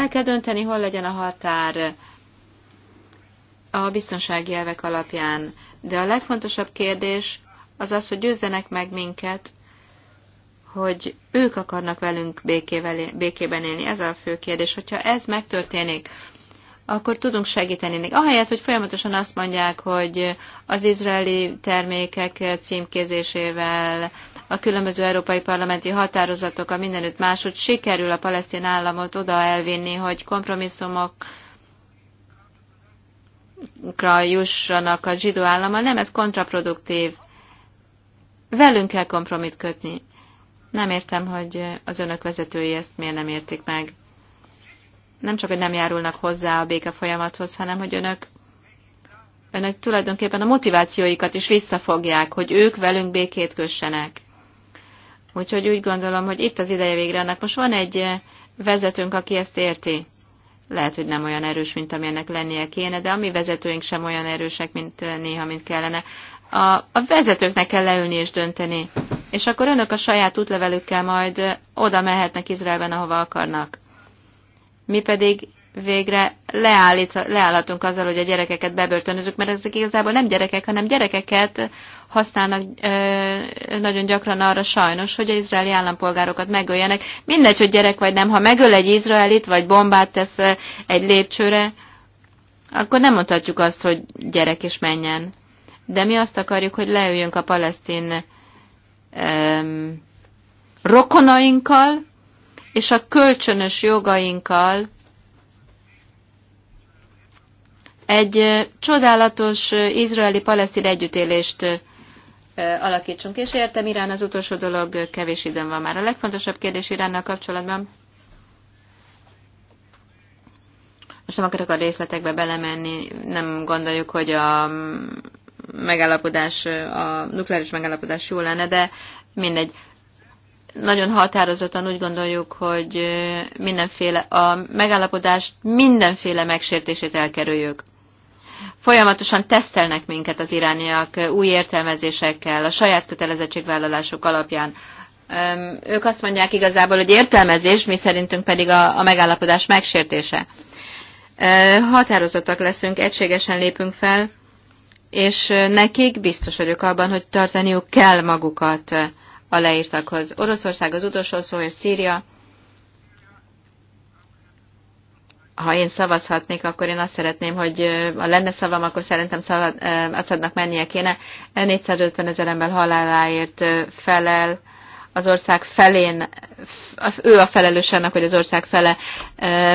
El kell dönteni, hol legyen a határ a biztonsági elvek alapján. De a legfontosabb kérdés az az, hogy győzzenek meg minket, hogy ők akarnak velünk békével, békében élni. Ez a fő kérdés. Hogyha ez megtörténik, akkor tudunk segíteni nekik. Ahelyett, hogy folyamatosan azt mondják, hogy az izraeli termékek címkézésével, a különböző európai parlamenti határozatok a mindenütt máshogy sikerül a palesztin államot oda elvinni, hogy kompromisszumok jussanak a zsidó állammal. nem ez kontraproduktív. Velünk kell kompromit kötni. Nem értem, hogy az önök vezetői ezt miért nem értik meg. Nem csak, hogy nem járulnak hozzá a béke folyamathoz, hanem hogy önök önök tulajdonképpen a motivációikat is visszafogják, hogy ők velünk békét kössenek. Úgyhogy úgy gondolom, hogy itt az ideje végre annak. Most van egy eh, vezetőnk, aki ezt érti. Lehet, hogy nem olyan erős, mint amilyennek lennie kéne, de a mi vezetőink sem olyan erősek, mint eh, néha, mint kellene. A, a vezetőknek kell leülni és dönteni. És akkor önök a saját útlevelükkel majd eh, oda mehetnek Izraelben, ahova akarnak. Mi pedig végre leállít, leállhatunk azzal, hogy a gyerekeket bebörtönözünk, mert ezek igazából nem gyerekek, hanem gyerekeket használnak ö, nagyon gyakran arra sajnos, hogy az izraeli állampolgárokat megöljenek. Mindegy, hogy gyerek vagy nem, ha megöl egy izraelit, vagy bombát tesz egy lépcsőre, akkor nem mondhatjuk azt, hogy gyerek is menjen. De mi azt akarjuk, hogy leüljünk a palesztin öm, rokonainkkal, és a kölcsönös jogainkkal egy csodálatos izraeli-palesztin együttélést alakítsunk. És értem, Irán az utolsó dolog, kevés időm van már. A legfontosabb kérdés Iránnal kapcsolatban, most nem akarok a részletekbe belemenni, nem gondoljuk, hogy a megállapodás, a nukleáris megállapodás jó lenne, de mindegy. Nagyon határozottan úgy gondoljuk, hogy mindenféle, a megállapodást mindenféle megsértését elkerüljük. Folyamatosan tesztelnek minket az irániak új értelmezésekkel, a saját kötelezettségvállalások alapján. Ők azt mondják igazából, hogy értelmezés, mi szerintünk pedig a, a megállapodás megsértése. Határozottak leszünk, egységesen lépünk fel, és nekik biztos vagyok abban, hogy tartaniuk kell magukat a leírtakhoz. Oroszország az utolsó szó, és Szíria ha én szavazhatnék, akkor én azt szeretném, hogy ha lenne szavam, akkor szerintem szavad, Assadnak mennie kéne. 450 ezer ember haláláért felel az ország felén, ő a felelős annak, hogy az ország fele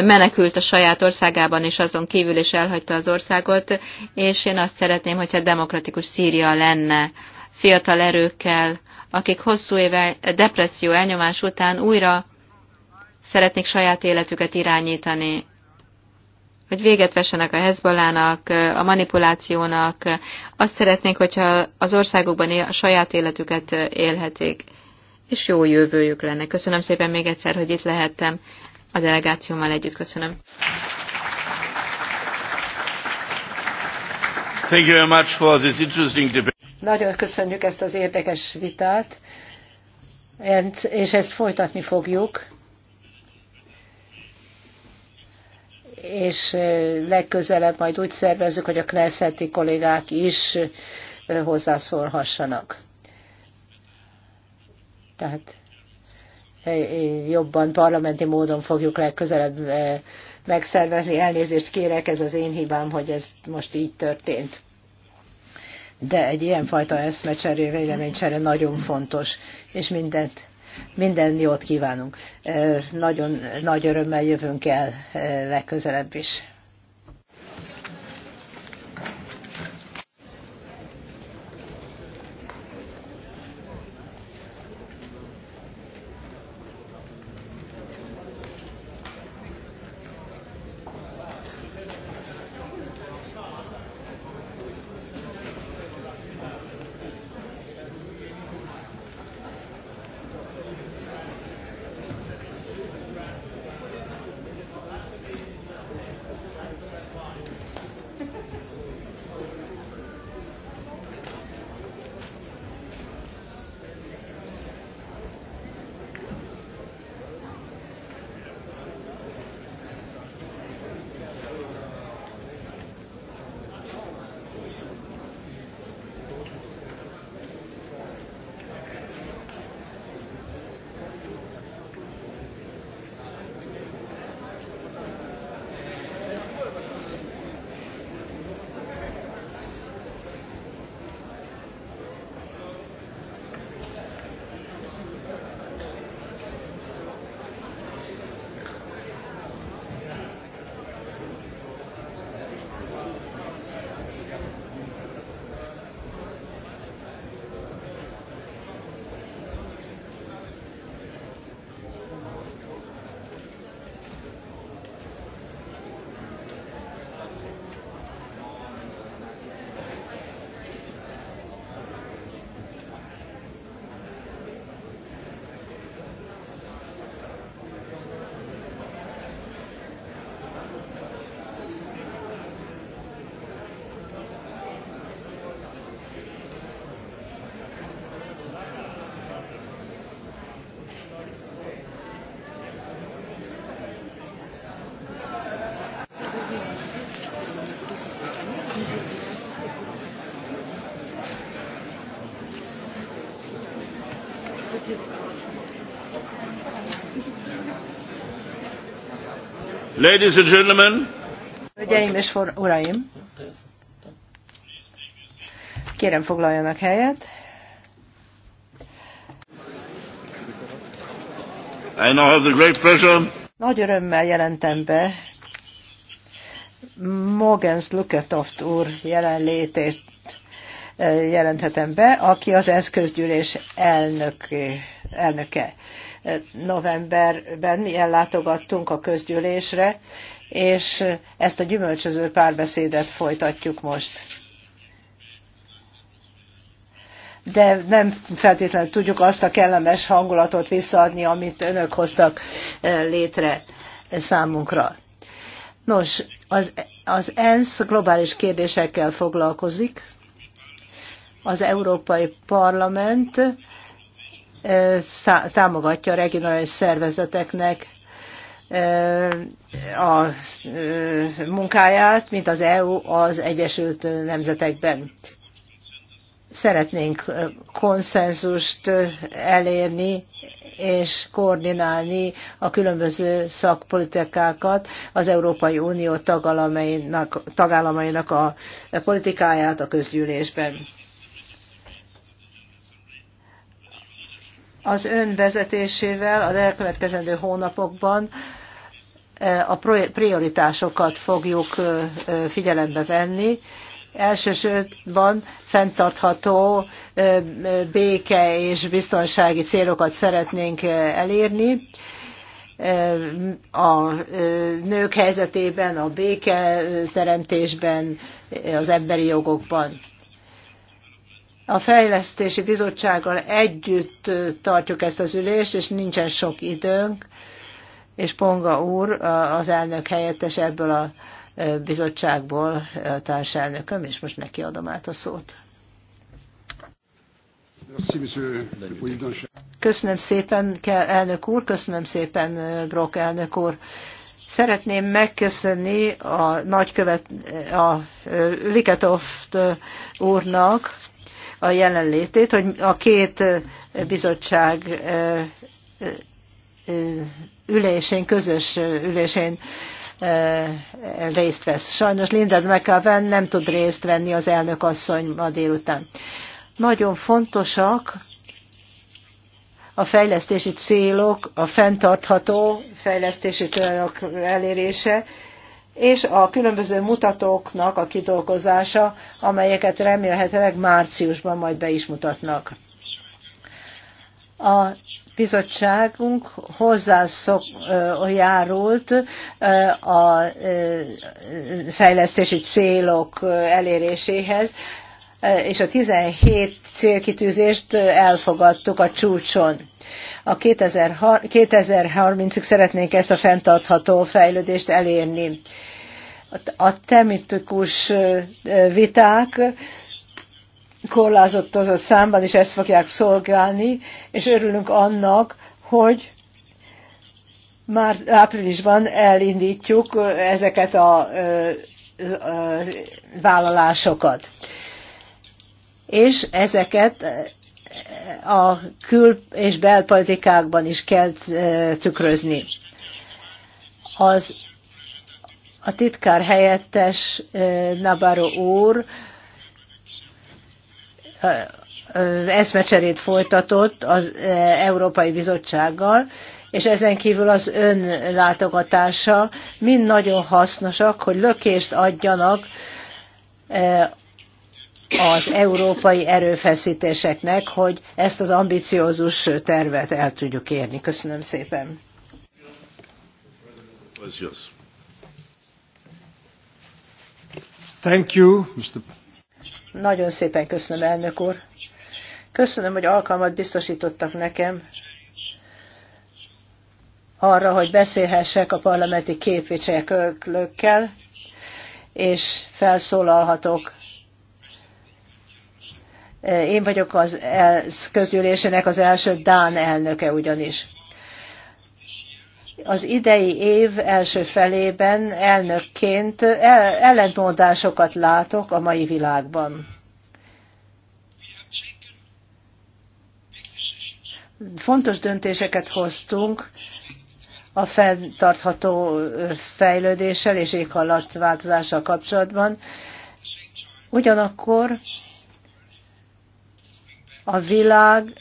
menekült a saját országában, és azon kívül is elhagyta az országot, és én azt szeretném, hogyha demokratikus Szíria lenne, fiatal erőkkel, akik hosszú éve depresszió elnyomás után újra szeretnék saját életüket irányítani, hogy véget vessenek a Hezbollának, a manipulációnak. Azt szeretnénk, hogyha az országokban él, a saját életüket élhetik, és jó jövőjük lenne. Köszönöm szépen még egyszer, hogy itt lehettem a delegációmmal együtt. Köszönöm. Thank you very much for this interesting debate. Nagyon köszönjük ezt az érdekes vitát, és ezt folytatni fogjuk. és legközelebb majd úgy szervezzük, hogy a Knessetti kollégák is hozzászólhassanak. Tehát jobban parlamenti módon fogjuk legközelebb megszervezni. Elnézést kérek, ez az én hibám, hogy ez most így történt. De egy ilyenfajta eszmecserő, véleménycsere nagyon fontos, és mindent minden jót kívánunk. Nagyon nagy örömmel jövünk el legközelebb is. Ladies and gentlemen. Hölgyeim és uraim. Kérem foglaljanak helyet. I now have the great pleasure. Nagy örömmel jelentem be Mogens Luketoft úr jelenlétét eh, jelenthetem be, aki az eszközgyűlés elnök, elnöke novemberben mi ellátogattunk a közgyűlésre, és ezt a gyümölcsöző párbeszédet folytatjuk most. De nem feltétlenül tudjuk azt a kellemes hangulatot visszaadni, amit önök hoztak eh, létre számunkra. Nos, az, az ENSZ globális kérdésekkel foglalkozik, az Európai Parlament támogatja a regionális szervezeteknek a munkáját, mint az EU az Egyesült Nemzetekben. Szeretnénk konszenzust elérni és koordinálni a különböző szakpolitikákat, az Európai Unió tagállamainak, tagállamainak a politikáját a közgyűlésben. az ön vezetésével az elkövetkezendő hónapokban e, a prioritásokat fogjuk e, e, figyelembe venni. Elsősorban fenntartható béke és biztonsági célokat szeretnénk elérni. A nők helyzetében, a béke teremtésben, az emberi jogokban a fejlesztési bizottsággal együtt tartjuk ezt az ülést, és nincsen sok időnk, és Ponga úr, az elnök helyettes ebből a bizottságból társelnököm, és most neki adom át a szót. Köszönöm szépen, elnök úr, köszönöm szépen, Brock elnök úr. Szeretném megköszönni a nagykövet, a Liketoft úrnak, a jelenlétét, hogy a két bizottság ülésén, közös ülésén részt vesz. Sajnos Linda McAven nem tud részt venni az elnök asszony ma délután. Nagyon fontosak a fejlesztési célok, a fenntartható fejlesztési célok elérése, és a különböző mutatóknak a kidolgozása, amelyeket remélhetőleg márciusban majd be is mutatnak. A bizottságunk hozzájárult a fejlesztési célok eléréséhez, és a 17 célkitűzést elfogadtuk a csúcson. A 2030-ig szeretnénk ezt a fenntartható fejlődést elérni. A temitikus viták a számban is ezt fogják szolgálni, és örülünk annak, hogy már áprilisban elindítjuk ezeket a vállalásokat. És ezeket a kül- és belpolitikákban is kell tükrözni. Az a titkár helyettes Nabaro úr eszmecserét folytatott az Európai Bizottsággal, és ezen kívül az ön látogatása mind nagyon hasznosak, hogy lökést adjanak az európai erőfeszítéseknek, hogy ezt az ambiciózus tervet el tudjuk érni. Köszönöm szépen. Thank you, Mr. Nagyon szépen köszönöm, elnök úr. Köszönöm, hogy alkalmat biztosítottak nekem arra, hogy beszélhessek a parlamenti képviselőkkel, és felszólalhatok Eh, én vagyok az közgyűlésének az első Dán elnöke ugyanis. Az idei év első felében elnökként eh, ellentmondásokat látok a mai világban. Fontos döntéseket hoztunk, a fenntartható eh, fejlődéssel és éghajlatváltozással kapcsolatban. Ugyanakkor a világ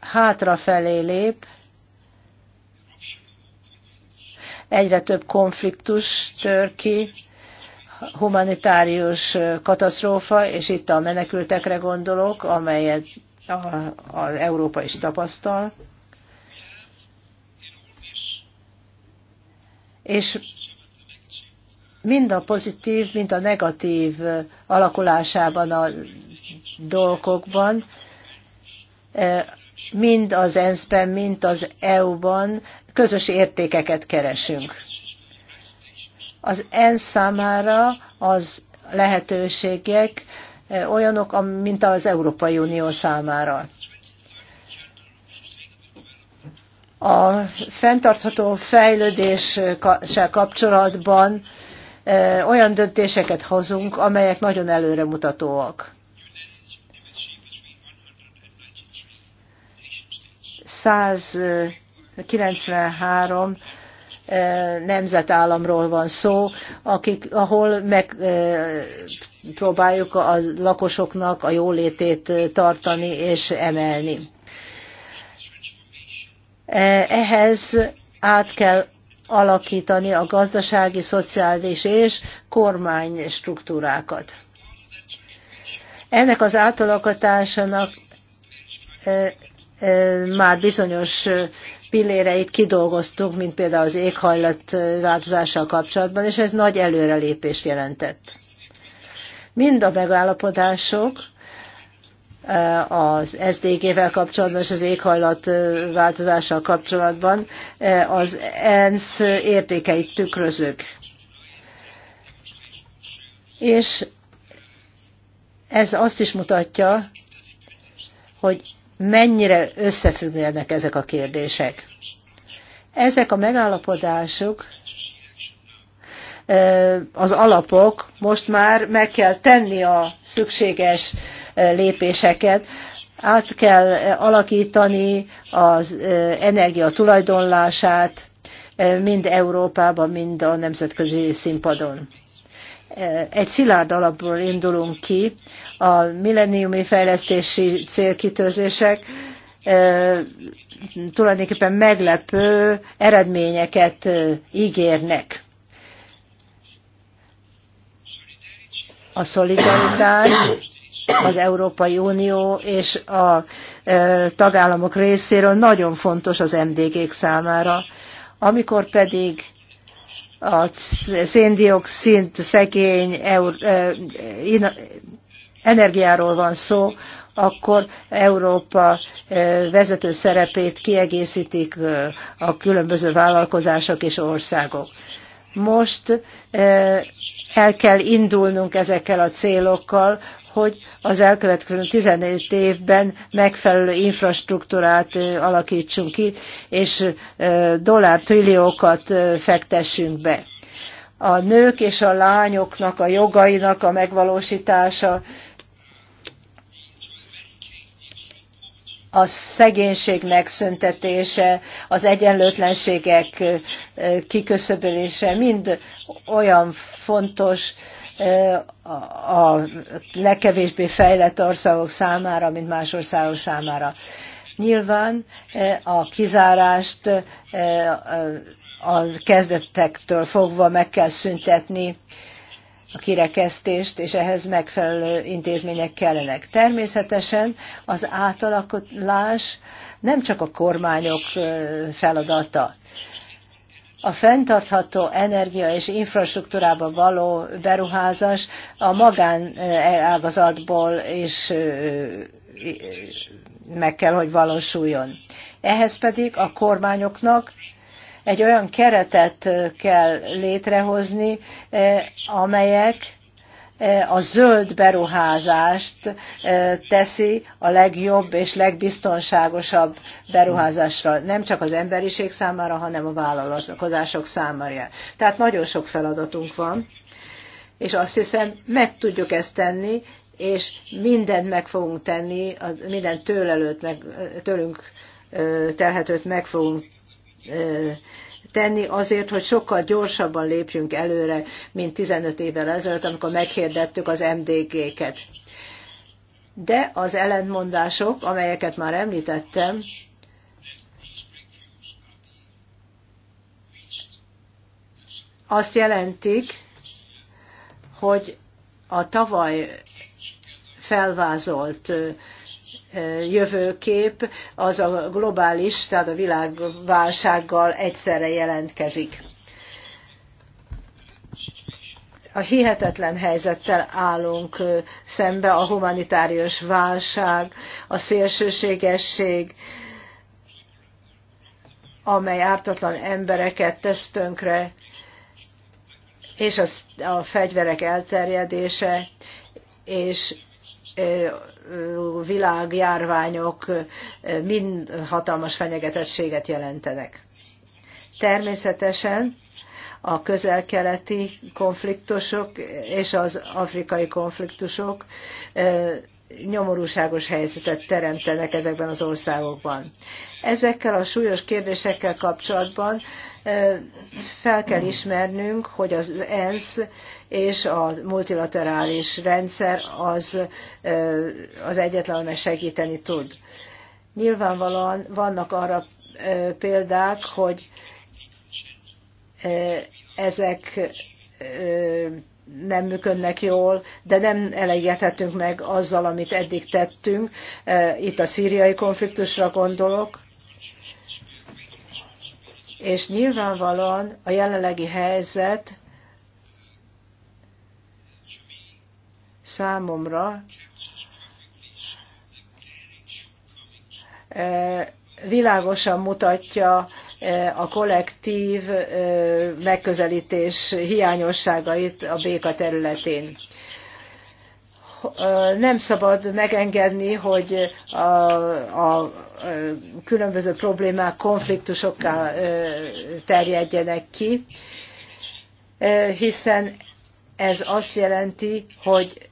hátrafelé lép, egyre több konfliktus tör ki, humanitárius katasztrófa, és itt a menekültekre gondolok, amelyet a Európa is tapasztal. És mind a pozitív, mind a negatív alakulásában a dolgokban mind az ENSZ-ben, mind az EU-ban közös értékeket keresünk. Az ENSZ számára az lehetőségek olyanok, mint az Európai Unió számára. A fenntartható fejlődéssel kapcsolatban olyan döntéseket hozunk, amelyek nagyon előremutatóak. 193 nemzetállamról van szó, akik, ahol megpróbáljuk a lakosoknak a jólétét tartani és emelni. E, ehhez át kell alakítani a gazdasági, szociális és kormány struktúrákat. Ennek az átalakításának már bizonyos pilléreit kidolgoztunk, mint például az éghajlatváltozással kapcsolatban, és ez nagy előrelépést jelentett. Mind a megállapodások, az SDG-vel kapcsolatban és az éghajlatváltozással kapcsolatban az ENSZ értékeit tükrözök. És ez azt is mutatja, hogy mennyire összefüggnek ezek a kérdések. Ezek a megállapodások, az alapok, most már meg kell tenni a szükséges lépéseket, át kell alakítani az energia tulajdonlását, mind Európában, mind a nemzetközi színpadon egy szilárd alapból indulunk ki, a milleniumi fejlesztési célkitőzések tulajdonképpen meglepő eredményeket ígérnek. A szolidaritás az Európai Unió és a tagállamok részéről nagyon fontos az MDG-k számára. Amikor pedig a széndiokszint szegény energiáról van szó, akkor Európa vezető szerepét kiegészítik a különböző vállalkozások és országok. Most el kell indulnunk ezekkel a célokkal, hogy az elkövetkező 14 évben megfelelő infrastruktúrát alakítsunk ki, és dollártrilliókat fektessünk be. A nők és a lányoknak a jogainak a megvalósítása, a szegénység megszüntetése, az egyenlőtlenségek kiköszöbölése mind olyan fontos a legkevésbé fejlett országok számára, mint más országok számára. Nyilván e, a kizárást e, a kezdetektől fogva meg kell szüntetni, a kirekesztést, és ehhez megfelelő intézmények kellenek. Természetesen az átalakulás nem csak a kormányok e, feladata a fenntartható energia és infrastruktúrába való beruházás a magánágazatból eh, is meg kell, hogy valósuljon. Ehhez pedig a kormányoknak egy olyan keretet kell létrehozni, eh, amelyek E, a zöld beruházást e, teszi a legjobb és legbiztonságosabb beruházásra, nem csak az emberiség számára, hanem a vállalkozások számára. Tehát nagyon sok feladatunk van, és azt hiszem, meg tudjuk ezt tenni, és mindent meg fogunk tenni, minden tőlelőt meg, tőlünk e, telhetőt meg fogunk tenni azért, hogy sokkal gyorsabban lépjünk előre, mint 15 évvel ezelőtt, amikor meghirdettük az MDG-ket. De az ellentmondások, amelyeket már említettem, azt jelentik, hogy a tavaly felvázolt jövőkép az a globális, tehát a világválsággal egyszerre jelentkezik. A hihetetlen helyzettel állunk szembe a humanitárius válság, a szélsőségesség, amely ártatlan embereket tesz tönkre, és a, a fegyverek elterjedése, és világjárványok mind hatalmas fenyegetettséget jelentenek. Természetesen a közel-keleti konfliktusok és az afrikai konfliktusok nyomorúságos helyzetet teremtenek ezekben az országokban. Ezekkel a súlyos kérdésekkel kapcsolatban fel kell ismernünk, hogy az ENSZ és a multilaterális rendszer az, az egyetlen, amely segíteni tud. Nyilvánvalóan vannak arra példák, hogy ezek nem működnek jól, de nem elégedhetünk meg azzal, amit eddig tettünk. Itt a szíriai konfliktusra gondolok, és nyilvánvalóan a jelenlegi helyzet számomra e, világosan mutatja e, a kollektív e, megközelítés hiányosságait a béka területén nem szabad megengedni, hogy a, a különböző problémák konfliktusokká terjedjenek ki, hiszen ez azt jelenti, hogy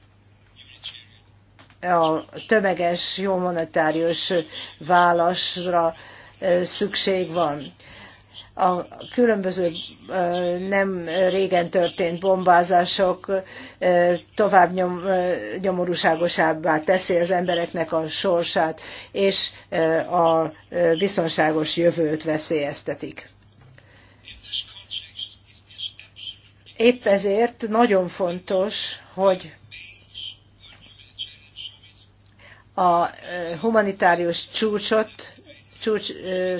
a tömeges, jó monetárius válaszra szükség van a különböző nem régen történt bombázások tovább nyom, nyomorúságosabbá teszi az embereknek a sorsát, és a biztonságos jövőt veszélyeztetik. Épp ezért nagyon fontos, hogy a humanitárius csúcsot, csúcs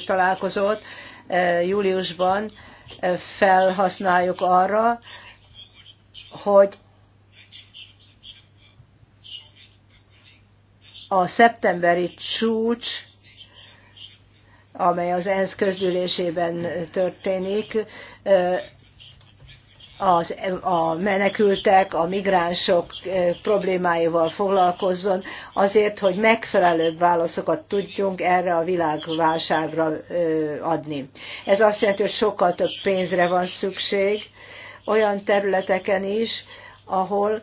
találkozót júliusban felhasználjuk arra, hogy a szeptemberi csúcs, amely az ENSZ közgyűlésében történik, az, a menekültek, a migránsok eh, problémáival foglalkozzon, azért, hogy megfelelőbb válaszokat tudjunk erre a világválságra eh, adni. Ez azt jelenti, hogy sokkal több pénzre van szükség olyan területeken is, ahol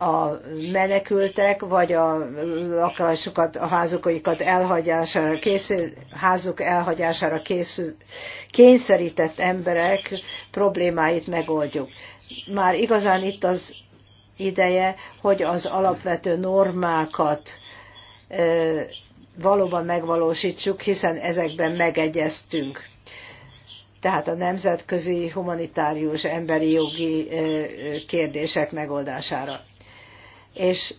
a menekültek, vagy a lakásokat, a házukaikat elhagyására készül, házuk elhagyására készül, kényszerített emberek problémáit megoldjuk. Már igazán itt az ideje, hogy az alapvető normákat e, valóban megvalósítsuk, hiszen ezekben megegyeztünk. Tehát a nemzetközi humanitárius emberi jogi kérdések megoldására és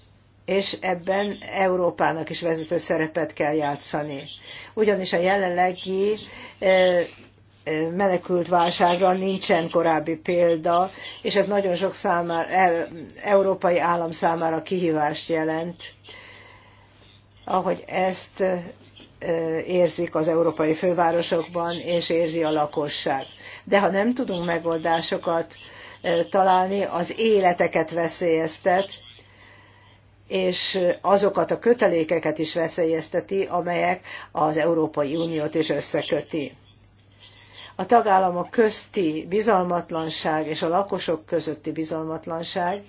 és ebben Európának is vezető szerepet kell játszani. Ugyanis a jelenlegi e, e, menekült válságra nincsen korábbi példa, és ez nagyon sok számára, e, európai állam számára kihívást jelent, ahogy ezt érzik az európai fővárosokban, és érzi a lakosság. De ha nem tudunk megoldásokat találni, az életeket veszélyeztet, és azokat a kötelékeket is veszélyezteti, amelyek az Európai Uniót is összeköti. A tagállamok közti bizalmatlanság és a lakosok közötti bizalmatlanság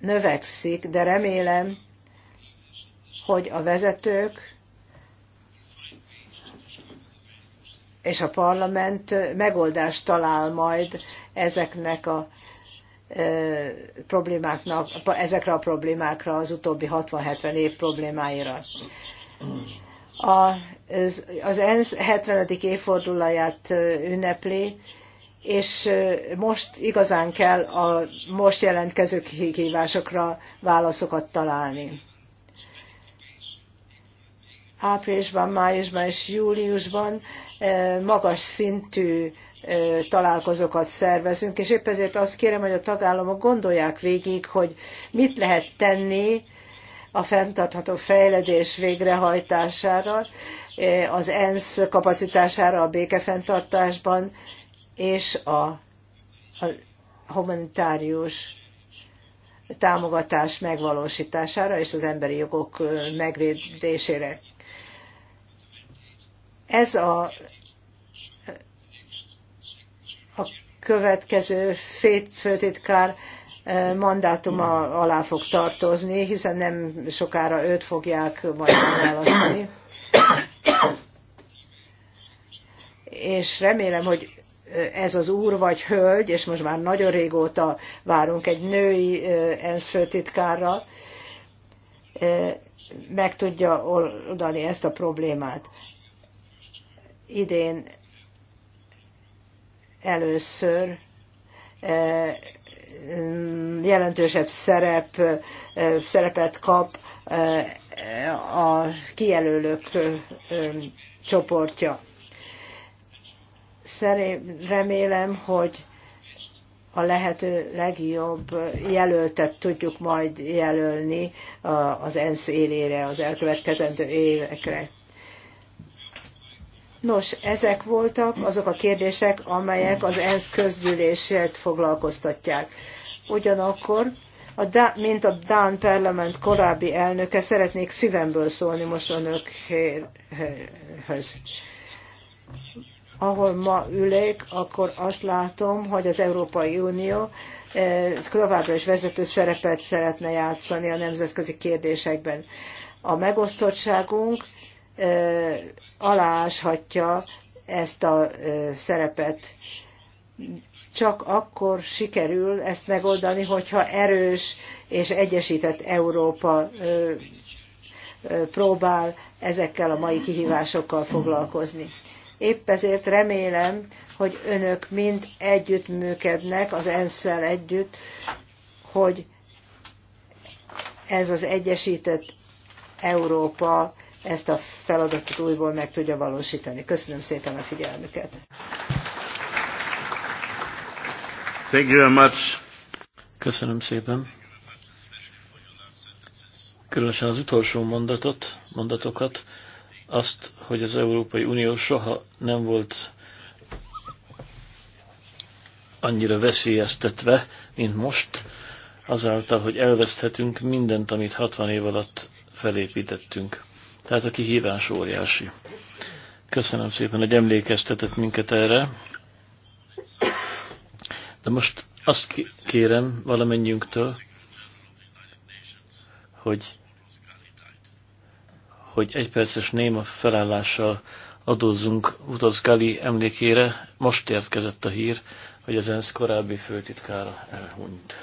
növekszik, de remélem, hogy a vezetők és a parlament megoldást talál majd ezeknek a problémáknak, ezekre a problémákra, az utóbbi 60-70 év problémáira. A, az ENSZ 70. évfordulóját ünnepli, és most igazán kell a most jelentkező kihívásokra válaszokat találni. Áprilisban, májusban és júliusban magas szintű találkozókat szervezünk, és épp ezért azt kérem, hogy a tagállamok gondolják végig, hogy mit lehet tenni a fenntartható fejledés végrehajtására, az ENSZ kapacitására a békefenntartásban, és a, a humanitárius támogatás megvalósítására és az emberi jogok megvédésére. Ez a következő főtitkár eh, mandátuma alá fog tartozni, hiszen nem sokára őt fogják majd választani. És remélem, hogy ez az úr vagy hölgy, és most már nagyon régóta várunk egy női eh, ENSZ főtitkárra, eh, meg tudja oldani ezt a problémát. Idén először e, jelentősebb szerep, e, szerepet kap e, a kijelölők csoportja. remélem, hogy a lehető legjobb jelöltet tudjuk majd jelölni az ENSZ élére az elkövetkezendő évekre. Nos, ezek voltak azok a kérdések, amelyek az ENSZ közgyűlését foglalkoztatják. Ugyanakkor, a da, mint a Dán parlament korábbi elnöke, szeretnék szívemből szólni most önökhöz. Ahol ma ülék, akkor azt látom, hogy az Európai Unió eh, továbbra is vezető szerepet szeretne játszani a nemzetközi kérdésekben. A megosztottságunk aláshatja ezt a szerepet. Csak akkor sikerül ezt megoldani, hogyha erős és egyesített Európa próbál ezekkel a mai kihívásokkal foglalkozni. Épp ezért remélem, hogy önök mind együttműködnek az ENSZ-szel együtt, hogy ez az egyesített Európa ezt a feladatot újból meg tudja valósítani. Köszönöm szépen a figyelmüket. Thank you very much. Köszönöm szépen. Különösen az utolsó mondatot, mondatokat, azt, hogy az Európai Unió soha nem volt annyira veszélyeztetve, mint most, azáltal, hogy elveszthetünk mindent, amit 60 év alatt felépítettünk. Tehát a kihívás óriási. Köszönöm szépen, hogy emlékeztetett minket erre. De most azt kérem valamennyiünktől, hogy, hogy egy perces néma felállással adózzunk Utaz Gali emlékére. Most érkezett a hír, hogy az ENSZ korábbi főtitkára elhunyt.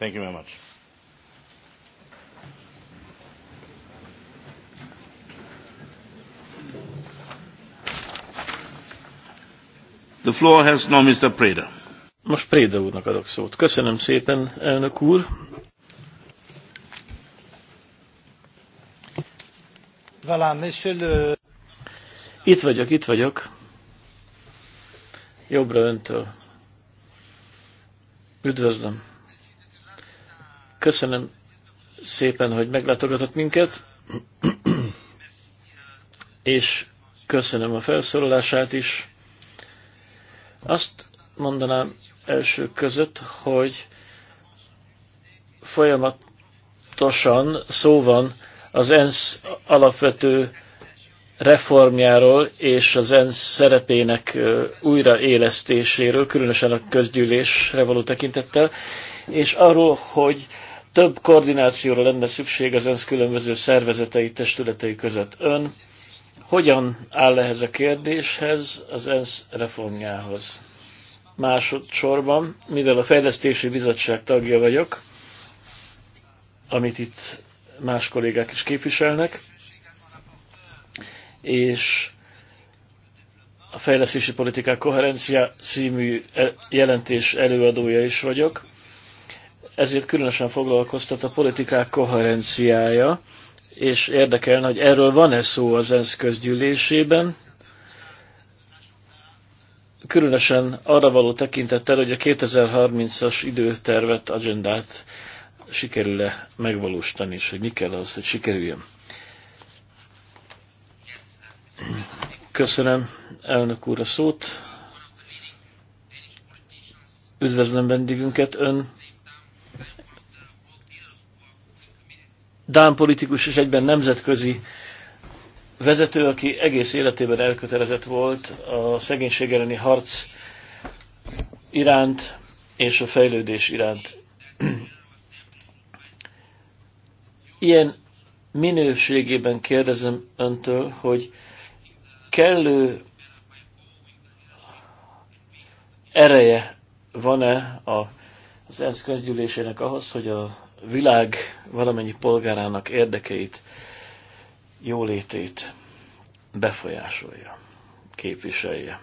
Thank you very much. The floor has now Mr. Preda. Most Préda úrnak adok szót. Köszönöm szépen, elnök úr. Itt vagyok, itt vagyok. Jobbra öntől. Üdvözlöm. Köszönöm szépen, hogy meglátogatott minket, és köszönöm a felszólalását is. Azt mondanám első között, hogy folyamatosan szó van az ENSZ alapvető reformjáról és az ENSZ szerepének újraélesztéséről, különösen a közgyűlésre való tekintettel, és arról, hogy több koordinációra lenne szükség az ENSZ különböző szervezetei, testületei között. Ön hogyan áll ehhez a kérdéshez, az ENSZ reformjához? Másodszorban, mivel a Fejlesztési Bizottság tagja vagyok, amit itt más kollégák is képviselnek, és a fejlesztési politikák koherencia című e- jelentés előadója is vagyok ezért különösen foglalkoztat a politikák koherenciája, és érdekelne, hogy erről van-e szó az ENSZ közgyűlésében, különösen arra való tekintettel, hogy a 2030-as időtervet, agendát sikerül-e megvalósítani, és hogy mi kell az, hogy sikerüljön. Köszönöm elnök úr a szót. Üdvözlöm vendégünket, ön Dán politikus és egyben nemzetközi vezető, aki egész életében elkötelezett volt a szegénység elleni harc iránt és a fejlődés iránt. Ilyen minőségében kérdezem öntől, hogy kellő ereje van-e az ENSZ közgyűlésének ahhoz, hogy a világ valamennyi polgárának érdekeit, jólétét befolyásolja, képviselje.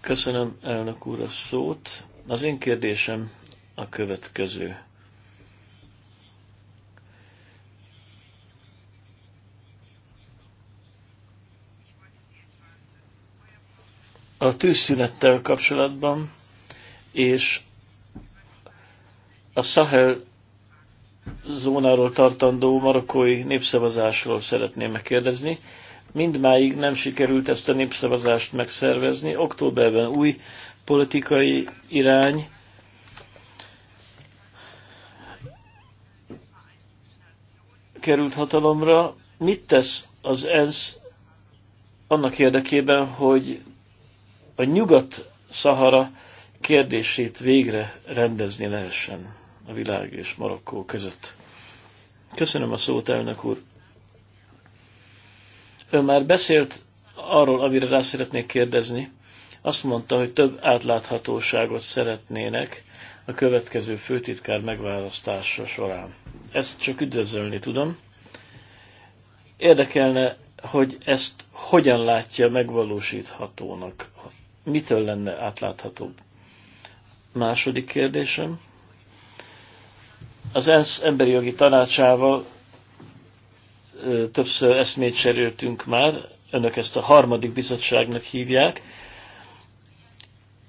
Köszönöm elnök úr a szót. Az én kérdésem a következő. A tűzszünettel kapcsolatban és a Sahel zónáról tartandó marokkói népszavazásról szeretném megkérdezni. Mindmáig nem sikerült ezt a népszavazást megszervezni. Októberben új politikai irány került hatalomra. Mit tesz az ENSZ annak érdekében, hogy a nyugat-szahara kérdését végre rendezni lehessen? a világ és Marokkó között. Köszönöm a szót, elnök úr. Ön már beszélt arról, amire rá szeretnék kérdezni. Azt mondta, hogy több átláthatóságot szeretnének a következő főtitkár megválasztása során. Ezt csak üdvözölni tudom. Érdekelne, hogy ezt hogyan látja megvalósíthatónak? Mitől lenne átláthatóbb? Második kérdésem. Az ENSZ emberi jogi tanácsával többször eszmét cseréltünk már, önök ezt a harmadik bizottságnak hívják.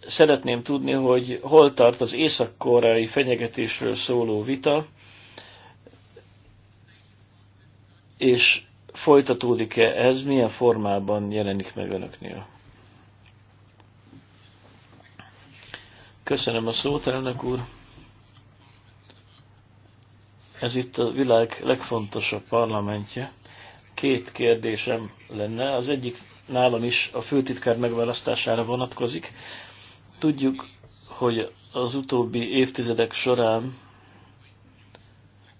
Szeretném tudni, hogy hol tart az észak-koreai fenyegetésről szóló vita, és folytatódik-e ez, milyen formában jelenik meg önöknél. Köszönöm a szót, elnök úr! Ez itt a világ legfontosabb parlamentje. Két kérdésem lenne. Az egyik nálam is a főtitkár megválasztására vonatkozik. Tudjuk, hogy az utóbbi évtizedek során,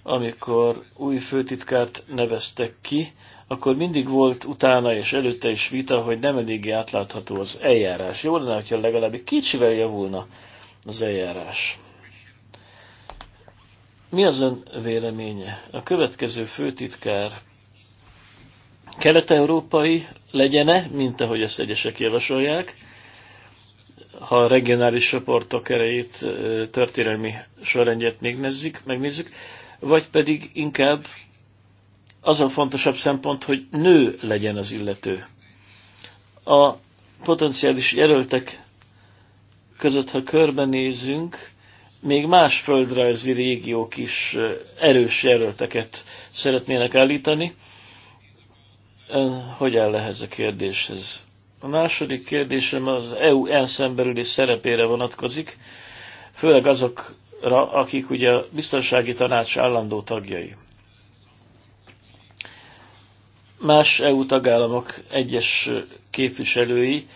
amikor új főtitkárt neveztek ki, akkor mindig volt utána és előtte is vita, hogy nem eléggé átlátható az eljárás. Jó lenne, hogyha legalább egy kicsivel javulna az eljárás. Mi az ön véleménye? A következő főtitkár kelet-európai legyene, mint ahogy ezt egyesek javasolják, ha a regionális csoportok erejét, történelmi sorrendjét megnézzük, megnézzük, vagy pedig inkább az a fontosabb szempont, hogy nő legyen az illető. A potenciális jelöltek között, ha körbenézünk, még más földrajzi régiók is erős jelölteket szeretnének állítani. Hogy áll ehhez a kérdéshez? A második kérdésem az EU elszemberülés szerepére vonatkozik, főleg azokra, akik ugye a biztonsági tanács állandó tagjai. Más EU tagállamok egyes képviselői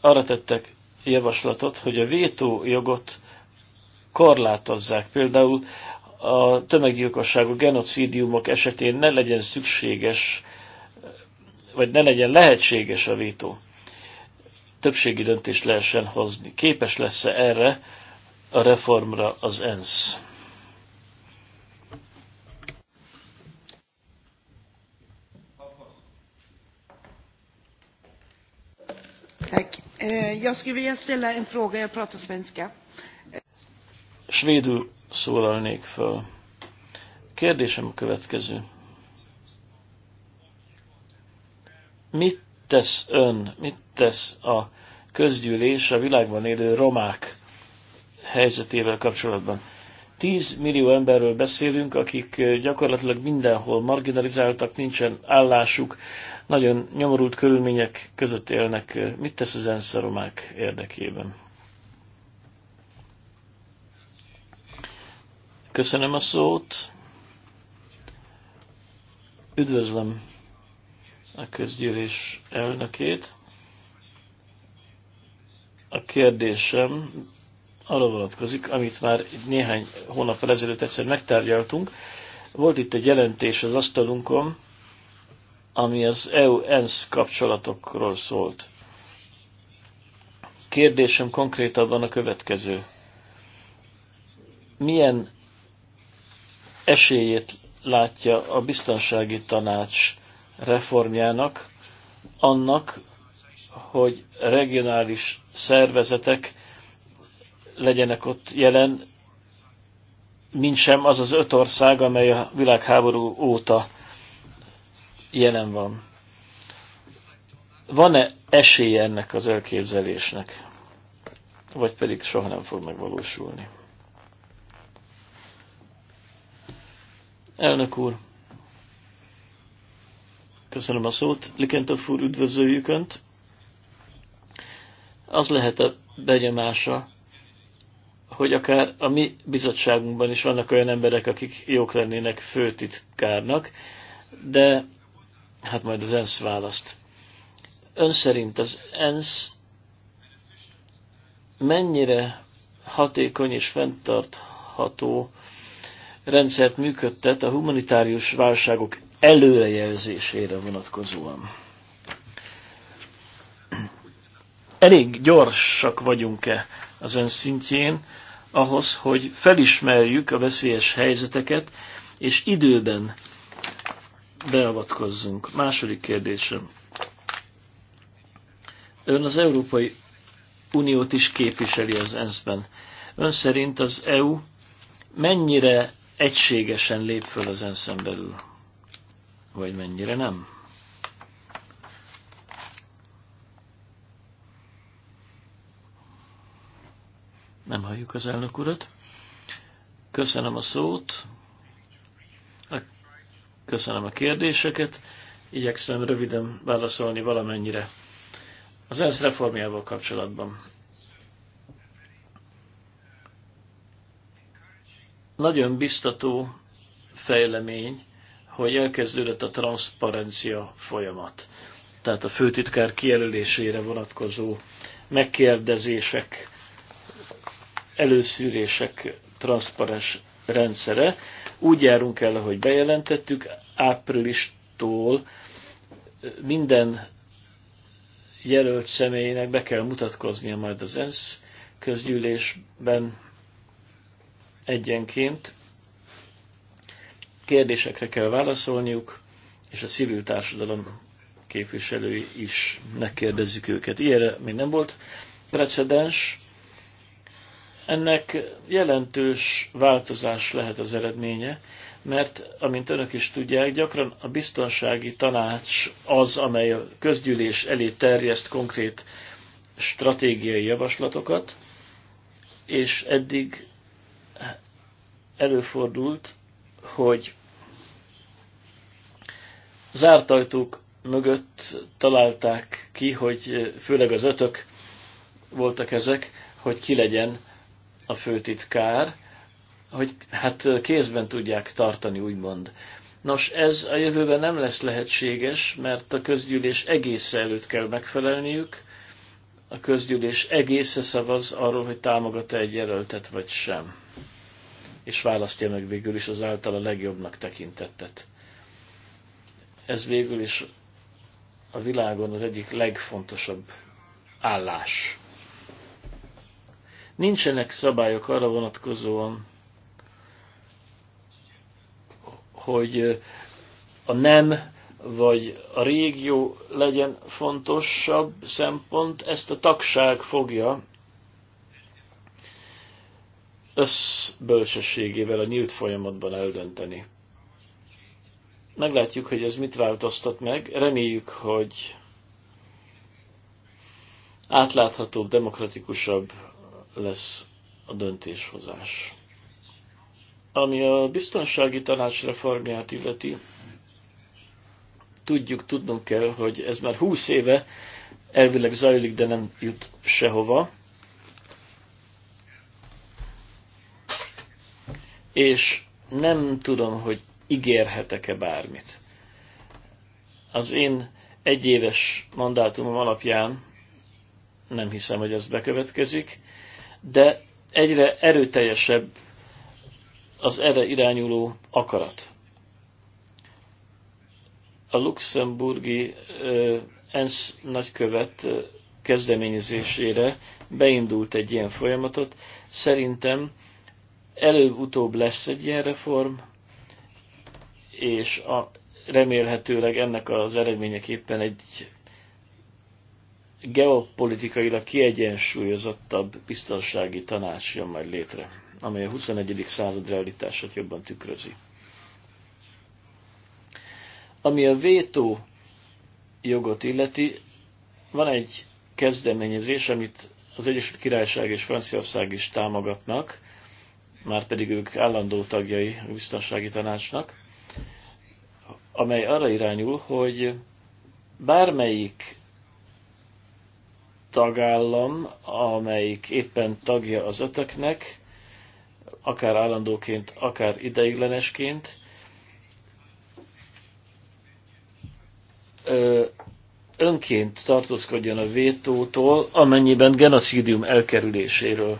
arra tettek javaslatot, hogy a vétó jogot korlátozzák. Például a tömeggyilkosságok, genocidiumok esetén ne legyen szükséges, vagy ne legyen lehetséges a vétó. Többségi döntést lehessen hozni. Képes lesz-e erre a reformra az ENSZ? Eh, jag skulle vilja ställa en fråga, jag pratar svenska. Svédül szólalnék fel. Kérdésem a következő. Mit tesz ön, mit tesz a közgyűlés a világban élő romák helyzetével kapcsolatban? 10 millió emberről beszélünk, akik gyakorlatilag mindenhol marginalizáltak, nincsen állásuk, nagyon nyomorult körülmények között élnek. Mit tesz az ENSZ romák érdekében? Köszönöm a szót. Üdvözlöm a közgyűlés elnökét. A kérdésem arra vonatkozik, amit már néhány hónap ezelőtt egyszer megtárgyaltunk. Volt itt egy jelentés az asztalunkon, ami az EU-ENSZ kapcsolatokról szólt. Kérdésem konkrétabban a következő. Milyen esélyét látja a biztonsági tanács reformjának, annak, hogy regionális szervezetek legyenek ott jelen, mint sem az az öt ország, amely a világháború óta jelen van. Van-e esély ennek az elképzelésnek? Vagy pedig soha nem fog megvalósulni? Elnök úr, köszönöm a szót. Likentov úr, üdvözöljük Önt. Az lehet a benyomása, hogy akár a mi bizottságunkban is vannak olyan emberek, akik jók lennének főtitkárnak, de hát majd az ENSZ választ. Ön szerint az ENSZ mennyire hatékony és fenntartható rendszert működtet a humanitárius válságok előrejelzésére vonatkozóan. Elég gyorsak vagyunk-e az ön szintjén ahhoz, hogy felismerjük a veszélyes helyzeteket, és időben beavatkozzunk. Második kérdésem. Ön az Európai Uniót is képviseli az ENSZ-ben. Ön szerint az EU mennyire egységesen lép föl az enszem belül, vagy mennyire nem. Nem halljuk az elnök urat. Köszönöm a szót, köszönöm a kérdéseket, igyekszem röviden válaszolni valamennyire. Az ENSZ reformjával kapcsolatban Nagyon biztató fejlemény, hogy elkezdődött a transzparencia folyamat. Tehát a főtitkár kijelölésére vonatkozó megkérdezések, előszűrések transzparens rendszere. Úgy járunk el, ahogy bejelentettük, áprilistól minden jelölt személynek be kell mutatkoznia majd az ENSZ közgyűlésben egyenként kérdésekre kell válaszolniuk, és a civil társadalom képviselői is megkérdezzük őket. Ilyenre még nem volt precedens. Ennek jelentős változás lehet az eredménye, mert, amint önök is tudják, gyakran a biztonsági tanács az, amely a közgyűlés elé terjeszt konkrét stratégiai javaslatokat, és eddig előfordult, hogy zárt ajtók mögött találták ki, hogy főleg az ötök voltak ezek, hogy ki legyen a főtitkár, hogy hát kézben tudják tartani, úgymond. Nos, ez a jövőben nem lesz lehetséges, mert a közgyűlés egész előtt kell megfelelniük, a közgyűlés egésze szavaz arról, hogy támogat-e egy jelöltet vagy sem és választja meg végül is az által a legjobbnak tekintettet. Ez végül is a világon az egyik legfontosabb állás. Nincsenek szabályok arra vonatkozóan, hogy a nem vagy a régió legyen fontosabb szempont, ezt a tagság fogja összbölcsességével a nyílt folyamatban eldönteni. Meglátjuk, hogy ez mit változtat meg. Reméljük, hogy átláthatóbb, demokratikusabb lesz a döntéshozás. Ami a biztonsági tanács reformját illeti, tudjuk, tudnunk kell, hogy ez már húsz éve elvileg zajlik, de nem jut sehova. és nem tudom, hogy ígérhetek-e bármit. Az én egyéves mandátumom alapján nem hiszem, hogy ez bekövetkezik, de egyre erőteljesebb az erre irányuló akarat. A luxemburgi ö, ENSZ nagykövet kezdeményezésére beindult egy ilyen folyamatot. Szerintem Előbb-utóbb lesz egy ilyen reform, és a, remélhetőleg ennek az eredményeképpen egy geopolitikailag kiegyensúlyozottabb biztonsági tanács jön majd létre, amely a 21. század realitását jobban tükrözi. Ami a vétó jogot illeti, van egy kezdeményezés, amit az Egyesült Királyság és Franciaország is támogatnak, már pedig ők állandó tagjai a biztonsági tanácsnak, amely arra irányul, hogy bármelyik tagállam, amelyik éppen tagja az ötöknek, akár állandóként, akár ideiglenesként, önként tartózkodjon a vétótól, amennyiben genocidium elkerüléséről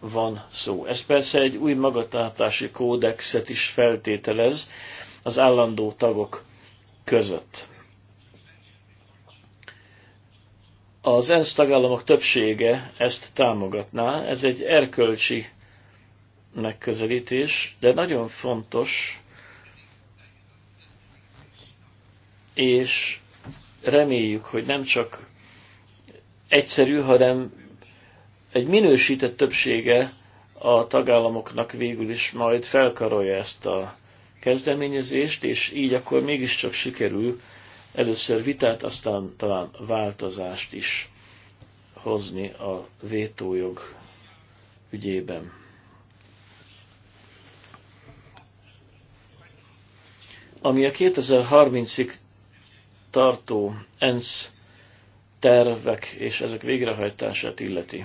van szó. Ez persze egy új magatartási kódexet is feltételez az állandó tagok között. Az ENSZ tagállamok többsége ezt támogatná, ez egy erkölcsi megközelítés, de nagyon fontos, és reméljük, hogy nem csak egyszerű, hanem egy minősített többsége a tagállamoknak végül is majd felkarolja ezt a kezdeményezést, és így akkor mégiscsak sikerül először vitát, aztán talán változást is hozni a vétójog ügyében. Ami a 2030-ig tartó ENSZ tervek és ezek végrehajtását illeti.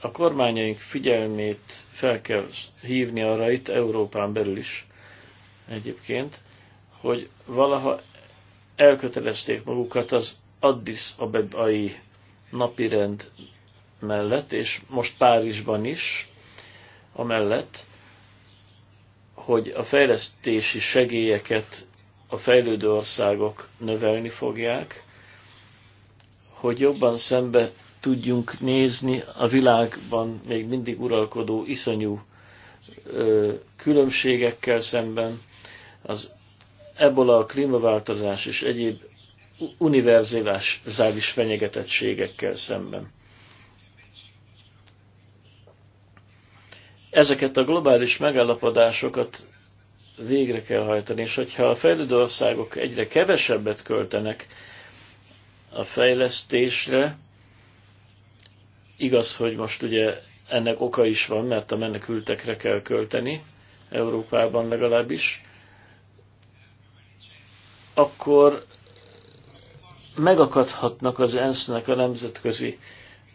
a kormányaink figyelmét fel kell hívni arra itt Európán belül is egyébként, hogy valaha elkötelezték magukat az Addis Abebai napirend mellett, és most Párizsban is, amellett, hogy a fejlesztési segélyeket a fejlődő országok növelni fogják, hogy jobban szembe tudjunk nézni a világban még mindig uralkodó iszonyú ö, különbségekkel szemben. Az ebola, a klímaváltozás és egyéb univerzális fenyegetettségekkel szemben. Ezeket a globális megállapodásokat végre kell hajtani, és hogyha a fejlődő országok egyre kevesebbet költenek a fejlesztésre, Igaz, hogy most ugye ennek oka is van, mert a menekültekre kell költeni, Európában legalábbis, akkor megakadhatnak az ENSZ-nek a nemzetközi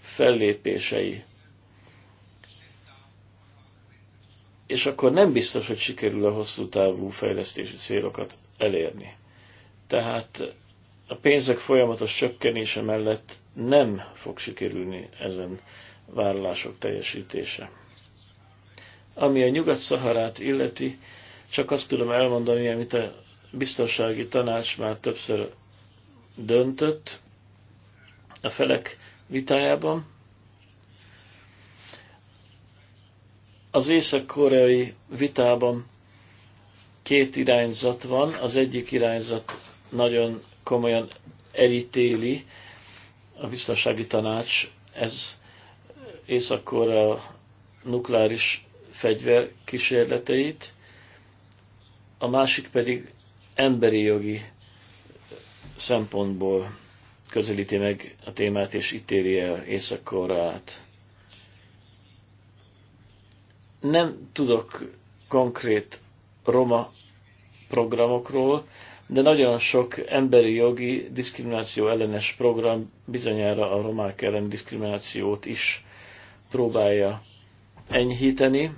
fellépései. És akkor nem biztos, hogy sikerül a hosszú távú fejlesztési célokat elérni. Tehát a pénzek folyamatos csökkenése mellett nem fog sikerülni ezen vállalások teljesítése. Ami a Nyugat-Szaharát illeti, csak azt tudom elmondani, amit a biztonsági tanács már többször döntött a felek vitájában. Az észak-koreai vitában két irányzat van, az egyik irányzat nagyon komolyan elítéli a biztonsági tanács, ez észak a nukleáris fegyver kísérleteit, a másik pedig emberi jogi szempontból közelíti meg a témát és ítéli el észak -Koreát. Nem tudok konkrét roma programokról, de nagyon sok emberi jogi diszkrimináció ellenes program bizonyára a romák ellen diszkriminációt is próbálja enyhíteni.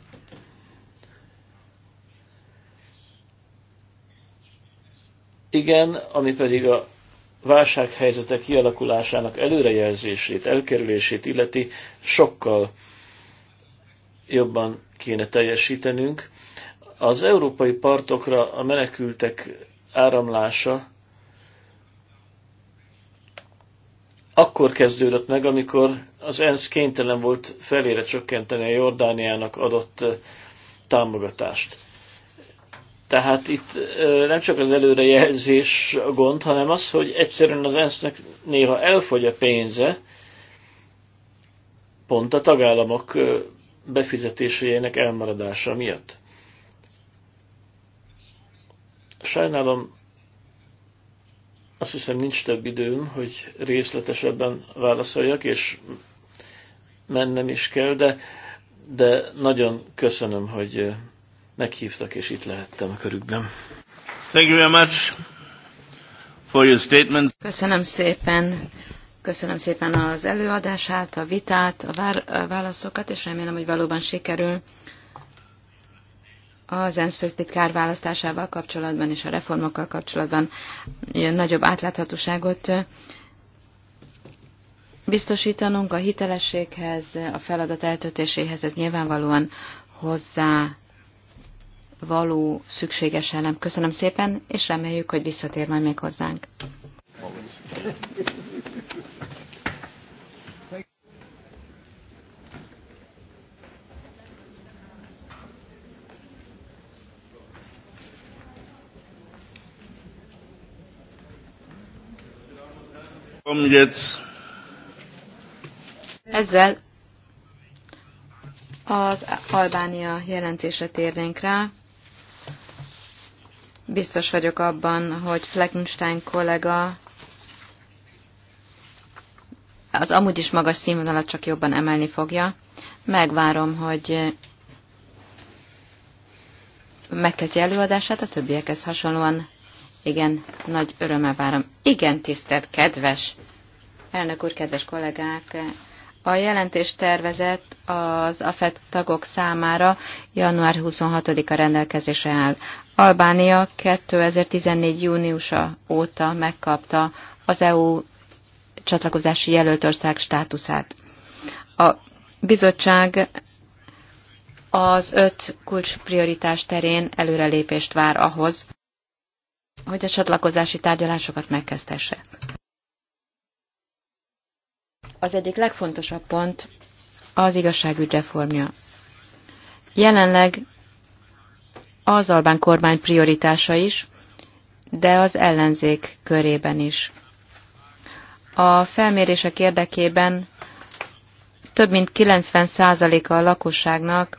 Igen, ami pedig a válsághelyzetek kialakulásának előrejelzését, elkerülését illeti, sokkal jobban kéne teljesítenünk. Az európai partokra a menekültek áramlása akkor kezdődött meg, amikor az ENSZ kénytelen volt felére csökkenteni a Jordániának adott támogatást. Tehát itt nem csak az előrejelzés a gond, hanem az, hogy egyszerűen az ENSZ-nek néha elfogy a pénze, pont a tagállamok befizetéseinek elmaradása miatt. Sajnálom, azt hiszem nincs több időm, hogy részletesebben válaszoljak, és mennem is kell, de, de nagyon köszönöm, hogy eh, meghívtak, és itt lehettem a körükben. Thank you very much for your statements. Köszönöm szépen. Köszönöm szépen az előadását, a vitát, a, vár, a válaszokat, és remélem, hogy valóban sikerül az ENSZ főztitkár választásával kapcsolatban és a reformokkal kapcsolatban nagyobb átláthatóságot biztosítanunk a hitelességhez, a feladat eltöltéséhez, ez nyilvánvalóan hozzá való szükséges elem. Köszönöm szépen, és reméljük, hogy visszatér majd még hozzánk. Ezzel az Albánia jelentésre térnénk rá. Biztos vagyok abban, hogy Fleckenstein kollega az amúgy is magas színvonalat csak jobban emelni fogja. Megvárom, hogy megkezdje előadását, a többiekhez hasonlóan igen, nagy örömmel várom. Igen, tisztelt, kedves elnök úr, kedves kollégák! A jelentés tervezett az AFET tagok számára január 26-a rendelkezésre áll. Albánia 2014. júniusa óta megkapta az EU csatlakozási jelöltország státuszát. A bizottság az öt kulcsprioritás terén előrelépést vár ahhoz, hogy a csatlakozási tárgyalásokat megkezdhesse. Az egyik legfontosabb pont az igazságügy reformja. Jelenleg az Albán kormány prioritása is, de az ellenzék körében is. A felmérések érdekében több mint 90%-a a lakosságnak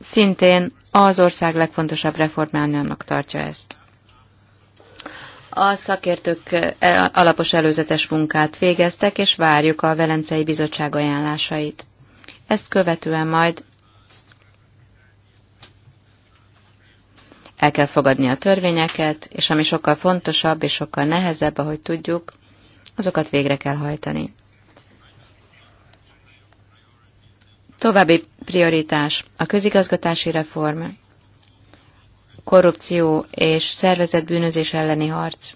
szintén az ország legfontosabb reformjának tartja ezt. A szakértők e, alapos előzetes munkát végeztek, és várjuk a Velencei Bizottság ajánlásait. Ezt követően majd el kell fogadni a törvényeket, és ami sokkal fontosabb és sokkal nehezebb, ahogy tudjuk, azokat végre kell hajtani. További prioritás a közigazgatási reform, korrupció és szervezett bűnözés elleni harc,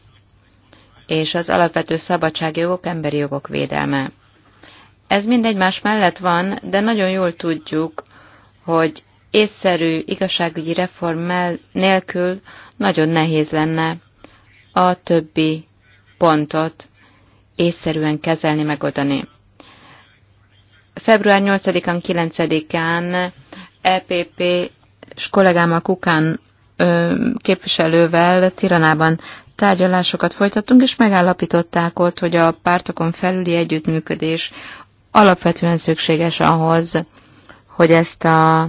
és az alapvető szabadságjogok, emberi jogok védelme. Ez mind egymás mellett van, de nagyon jól tudjuk, hogy észszerű igazságügyi reform nélkül nagyon nehéz lenne a többi pontot észszerűen kezelni, megoldani. Február 8-án, 9-án EPP és kollégámmal Kukán képviselővel Tiranában tárgyalásokat folytattunk, és megállapították ott, hogy a pártokon felüli együttműködés alapvetően szükséges ahhoz, hogy ezt a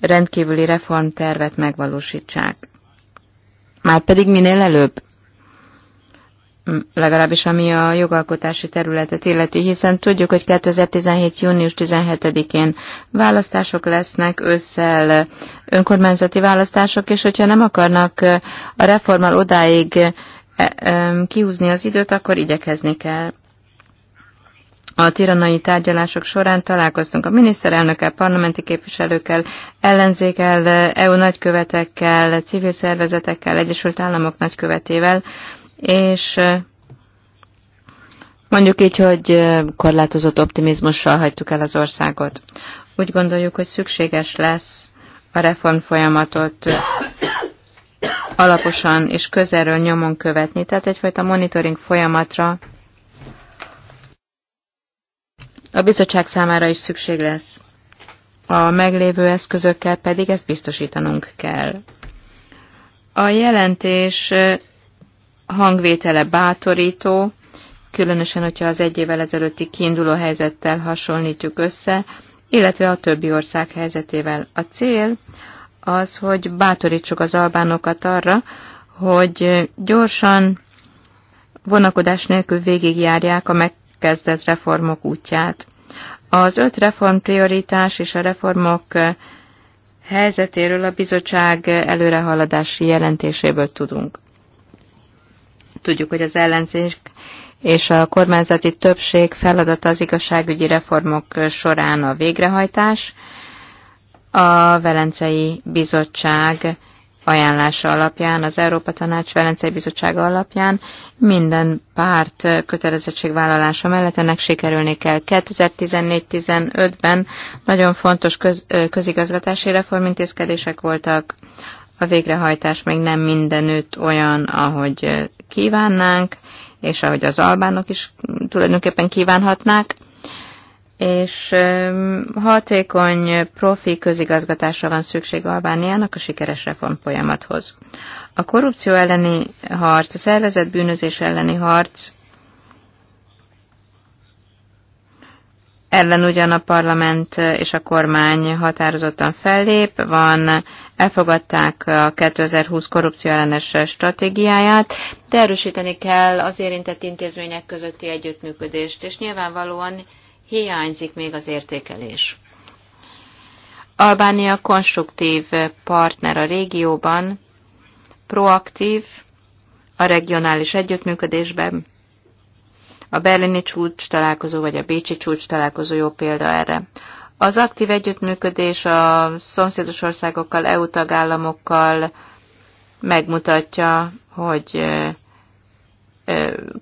rendkívüli reformtervet megvalósítsák. Márpedig minél előbb legalábbis ami a jogalkotási területet illeti, hiszen tudjuk, hogy 2017. június 17-én választások lesznek, ősszel önkormányzati választások, és hogyha nem akarnak a reformmal odáig kihúzni az időt, akkor igyekezni kell. A tiranai tárgyalások során találkoztunk a miniszterelnökkel, parlamenti képviselőkkel, ellenzékkel, EU nagykövetekkel, civil szervezetekkel, Egyesült Államok nagykövetével, és mondjuk így, hogy korlátozott optimizmussal hagytuk el az országot. Úgy gondoljuk, hogy szükséges lesz a reform folyamatot alaposan és közelről nyomon követni, tehát egyfajta monitoring folyamatra a bizottság számára is szükség lesz. A meglévő eszközökkel pedig ezt biztosítanunk kell. A jelentés hangvétele bátorító, különösen, hogyha az egy évvel ezelőtti kiinduló helyzettel hasonlítjuk össze, illetve a többi ország helyzetével. A cél az, hogy bátorítsuk az albánokat arra, hogy gyorsan, vonakodás nélkül végigjárják a megkezdett reformok útját. Az öt reform prioritás és a reformok helyzetéről a bizottság előrehaladási jelentéséből tudunk. Tudjuk, hogy az ellenzék és a kormányzati többség feladata az igazságügyi reformok során a végrehajtás. A Velencei Bizottság ajánlása alapján, az Európa Tanács Velencei Bizottsága alapján minden párt kötelezettségvállalása mellett ennek sikerülni kell. 2014-15-ben nagyon fontos köz, közigazgatási reformintézkedések voltak, a végrehajtás még nem mindenütt olyan, ahogy kívánnánk, és ahogy az albánok is tulajdonképpen kívánhatnák, és hatékony profi közigazgatásra van szükség Albániának a sikeres folyamathoz. A korrupció elleni harc, a szervezett bűnözés elleni harc ellen ugyan a parlament és a kormány határozottan fellép, van, elfogadták a 2020 korrupció ellenes stratégiáját, de erősíteni kell az érintett intézmények közötti együttműködést, és nyilvánvalóan hiányzik még az értékelés. Albánia konstruktív partner a régióban, proaktív a regionális együttműködésben, a berlini csúcs találkozó vagy a bécsi csúcs találkozó jó példa erre. Az aktív együttműködés a szomszédos országokkal, EU tagállamokkal megmutatja, hogy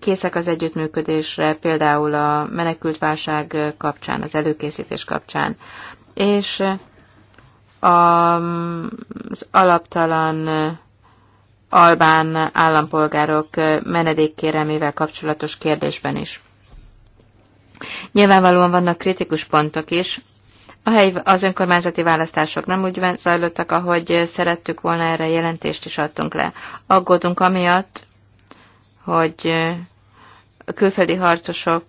készek az együttműködésre, például a menekültválság kapcsán, az előkészítés kapcsán. És az alaptalan albán állampolgárok menedékkérelmével kapcsolatos kérdésben is. Nyilvánvalóan vannak kritikus pontok is. A hely, az önkormányzati választások nem úgy zajlottak, ahogy szerettük volna, erre jelentést is adtunk le. Aggódunk amiatt, hogy a külföldi harcosok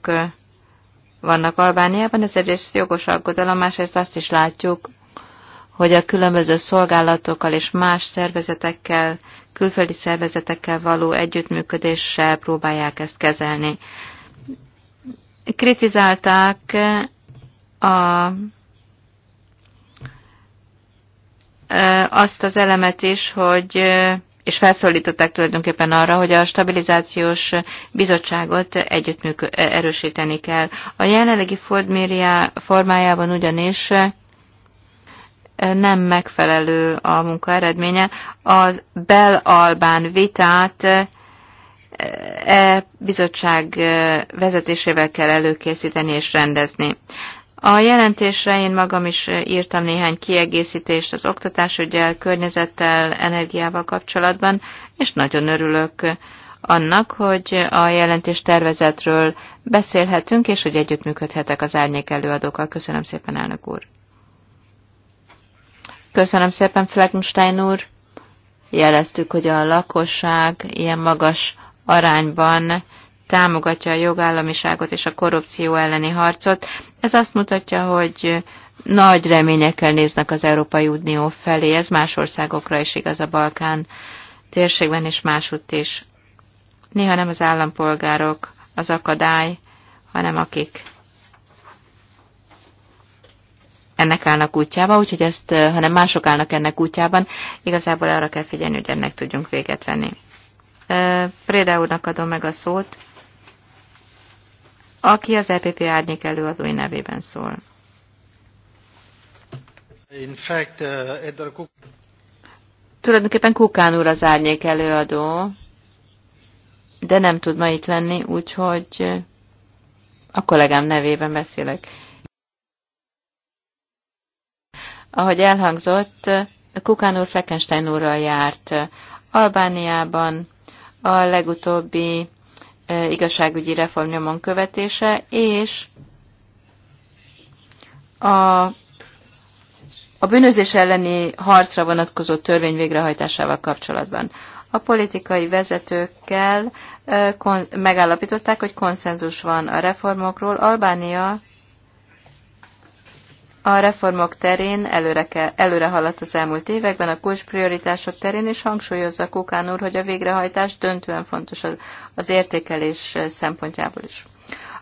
vannak Albániában, ez egyrészt jogos aggodalom, másrészt azt is látjuk, hogy a különböző szolgálatokkal és más szervezetekkel, külföldi szervezetekkel való együttműködéssel próbálják ezt kezelni. Kritizálták a, e, azt az elemet is, hogy e, és felszólították tulajdonképpen arra, hogy a stabilizációs bizottságot együttműk erősíteni kell. A jelenlegi Ford formájában ugyanis nem megfelelő a munka eredménye. Az bel-albán vitát eh, e bizottság eh, vezetésével kell előkészíteni és rendezni. A jelentésre én magam is eh, írtam néhány kiegészítést az oktatásügyel, környezettel, energiával kapcsolatban, és nagyon örülök annak, hogy a jelentés tervezetről beszélhetünk, és hogy együttműködhetek az árnyék előadókkal. Köszönöm szépen, elnök úr! Köszönöm szépen, Fleckenstein úr. Jeleztük, hogy a lakosság ilyen magas arányban támogatja a jogállamiságot és a korrupció elleni harcot. Ez azt mutatja, hogy nagy reményekkel néznek az Európai Unió felé. Ez más országokra is igaz a Balkán térségben és másutt is. Néha nem az állampolgárok az akadály, hanem akik ennek állnak útjába, úgyhogy ezt, eh, hanem mások állnak ennek útjában, igazából arra kell figyelni, hogy ennek tudjunk véget venni. Eh, Préda úrnak adom meg a szót, aki az EPP árnyék előadói nevében szól. In fact, uh, Tulajdonképpen Kukán úr az árnyék előadó, de nem tud ma itt lenni, úgyhogy a kollégám nevében beszélek. Ahogy elhangzott, Kukán úr Fleckenstein úrral járt Albániában a legutóbbi e, igazságügyi reform nyomon követése, és a, a bűnözés elleni harcra vonatkozó törvény végrehajtásával kapcsolatban. A politikai vezetőkkel e, megállapították, hogy konszenzus van a reformokról. Albánia a reformok terén előre, kell, előre haladt az elmúlt években, a kulcsprioritások terén is hangsúlyozza Kukán úr, hogy a végrehajtás döntően fontos az, az értékelés szempontjából is.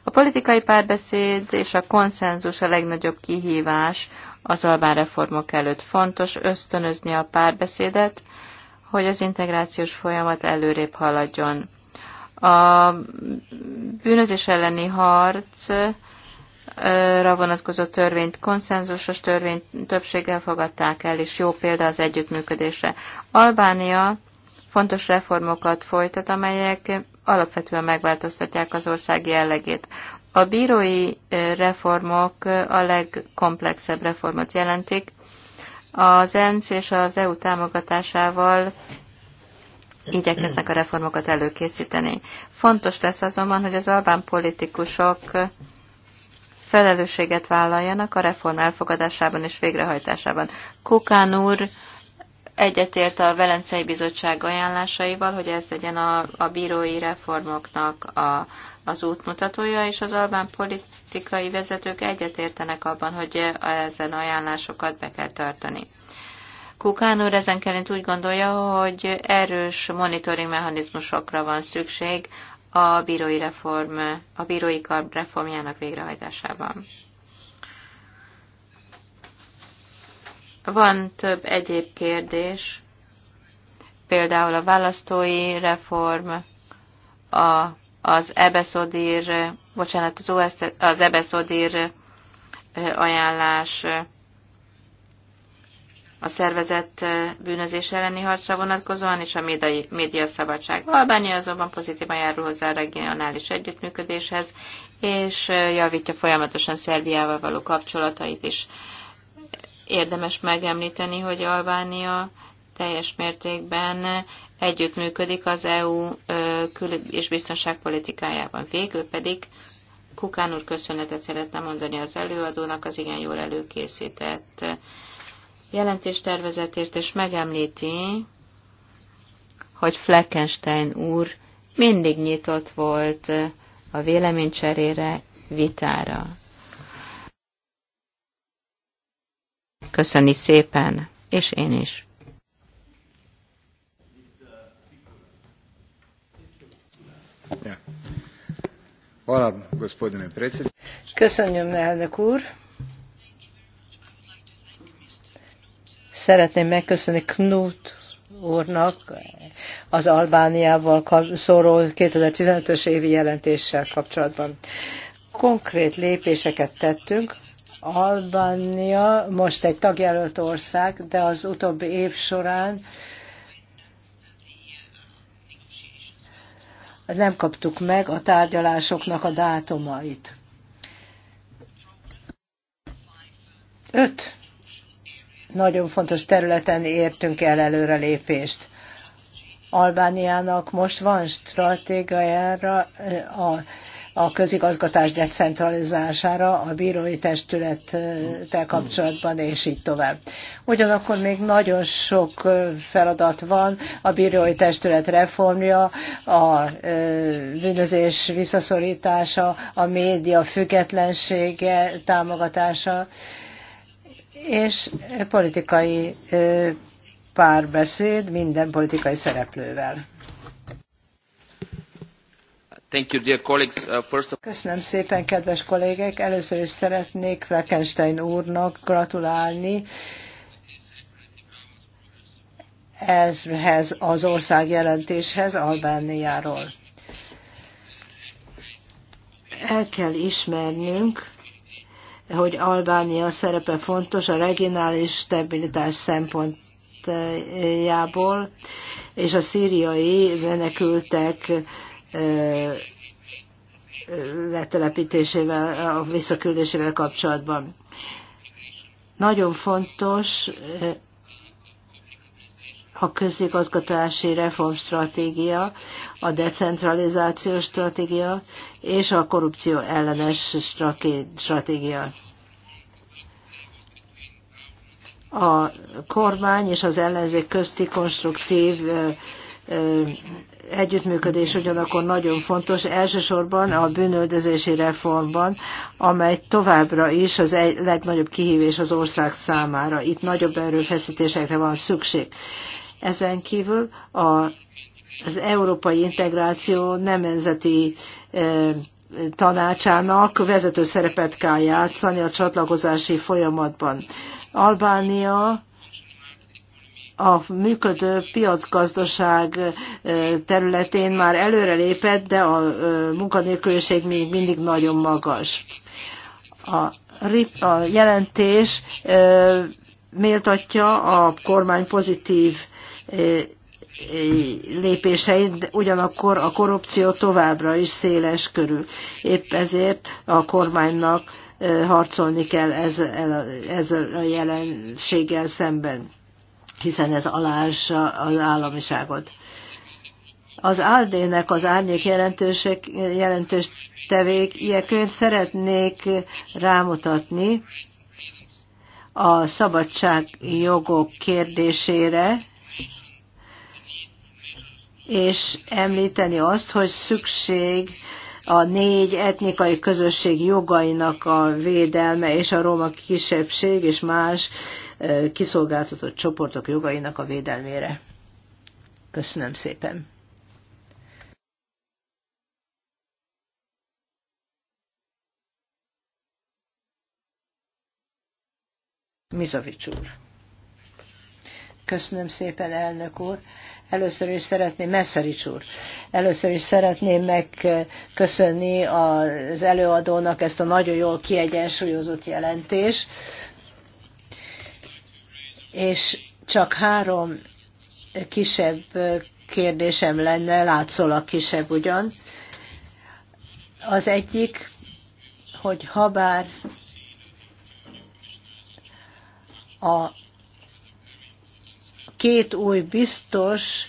A politikai párbeszéd és a konszenzus a legnagyobb kihívás az albán reformok előtt. Fontos ösztönözni a párbeszédet, hogy az integrációs folyamat előrébb haladjon. A bűnözés elleni harc ra vonatkozó törvényt konszenzusos törvényt többséggel fogadták el, és jó példa az együttműködésre. Albánia fontos reformokat folytat, amelyek alapvetően megváltoztatják az ország jellegét. A bírói reformok a legkomplexebb reformot jelentik. Az ENSZ és az EU támogatásával igyekeznek a reformokat előkészíteni. Fontos lesz azonban, hogy az albán politikusok felelősséget vállaljanak a reform elfogadásában és végrehajtásában. Kukán úr egyetért a Velencei Bizottság ajánlásaival, hogy ez legyen a, a bírói reformoknak a, az útmutatója, és az albán politikai vezetők egyetértenek abban, hogy ezen ajánlásokat be kell tartani. Kukán úr ezenként úgy gondolja, hogy erős monitoring mechanizmusokra van szükség a bírói, reform, a bírói kar reformjának végrehajtásában. Van több egyéb kérdés, például a választói reform, a, az Ebeszodír, bocsánat, az, OSZ, az Ebeszodír ajánlás, a szervezett eh, bűnözés elleni harcra vonatkozóan és a média szabadság. Albánia azonban pozitívan járul hozzá a regionális együttműködéshez, és eh, javítja folyamatosan Szerbiával való kapcsolatait is. Érdemes megemlíteni, hogy Albánia teljes mértékben együttműködik az EU eh, kül- és biztonságpolitikájában. Végül pedig Kukán úr köszönetet szeretne mondani az előadónak az igen jól előkészített jelentéstervezetért, és megemlíti, hogy Fleckenstein úr mindig nyitott volt a véleménycserére, vitára. Köszöni szépen, és én is. Köszönöm, elnök úr! Szeretném megköszönni Knut úrnak az Albániával szóró 2015-ös évi jelentéssel kapcsolatban. Konkrét lépéseket tettünk. Albánia most egy tagjelölt ország, de az utóbbi év során nem kaptuk meg a tárgyalásoknak a dátumait. Öt nagyon fontos területen értünk el előrelépést. Albániának most van stratégiájára a, a közigazgatás decentralizására, a bírói testülettel kapcsolatban, és így tovább. Ugyanakkor még nagyon sok feladat van, a bírói testület reformja, a bűnözés visszaszorítása, a média függetlensége támogatása, és politikai párbeszéd minden politikai szereplővel. Thank you, dear colleagues. Uh, first of... Köszönöm szépen, kedves kollégek! Először is szeretnék Fleckenstein úrnak gratulálni ehhez az ország jelentéshez Albániáról. El kell ismernünk, hogy Albánia szerepe fontos a regionális stabilitás szempontjából, és a szíriai menekültek letelepítésével, a visszaküldésével kapcsolatban. Nagyon fontos a közigazgatási reformstratégia, a decentralizációs stratégia és a korrupció ellenes stratégia. A kormány és az ellenzék közti konstruktív együttműködés ugyanakkor nagyon fontos, elsősorban a bűnöldözési reformban, amely továbbra is az egy legnagyobb kihívás az ország számára. Itt nagyobb erőfeszítésekre van szükség. Ezen kívül a az európai integráció nemzeti e, tanácsának vezető szerepet kell játszani a csatlakozási folyamatban. Albánia a működő piacgazdaság e, területén már előrelépett, de a e, munkanélküliség még mindig nagyon magas. A, a jelentés méltatja a kormány pozitív lépéseit, ugyanakkor a korrupció továbbra is széles körül. Épp ezért a kormánynak harcolni kell ezzel, a jelenséggel szemben, hiszen ez alássa az államiságot. Az áldének az árnyék jelentősek, jelentős tevék, ilyeként szeretnék rámutatni a szabadságjogok kérdésére, és említeni azt, hogy szükség a négy etnikai közösség jogainak a védelme és a roma kisebbség és más kiszolgáltatott csoportok jogainak a védelmére. Köszönöm szépen. Mizovics úr. Köszönöm szépen, elnök úr. Először is szeretném, Messzerics úr, először is szeretném megköszönni az előadónak ezt a nagyon jól kiegyensúlyozott jelentés. És csak három kisebb kérdésem lenne, látszólag kisebb ugyan. Az egyik, hogy habár a két új biztos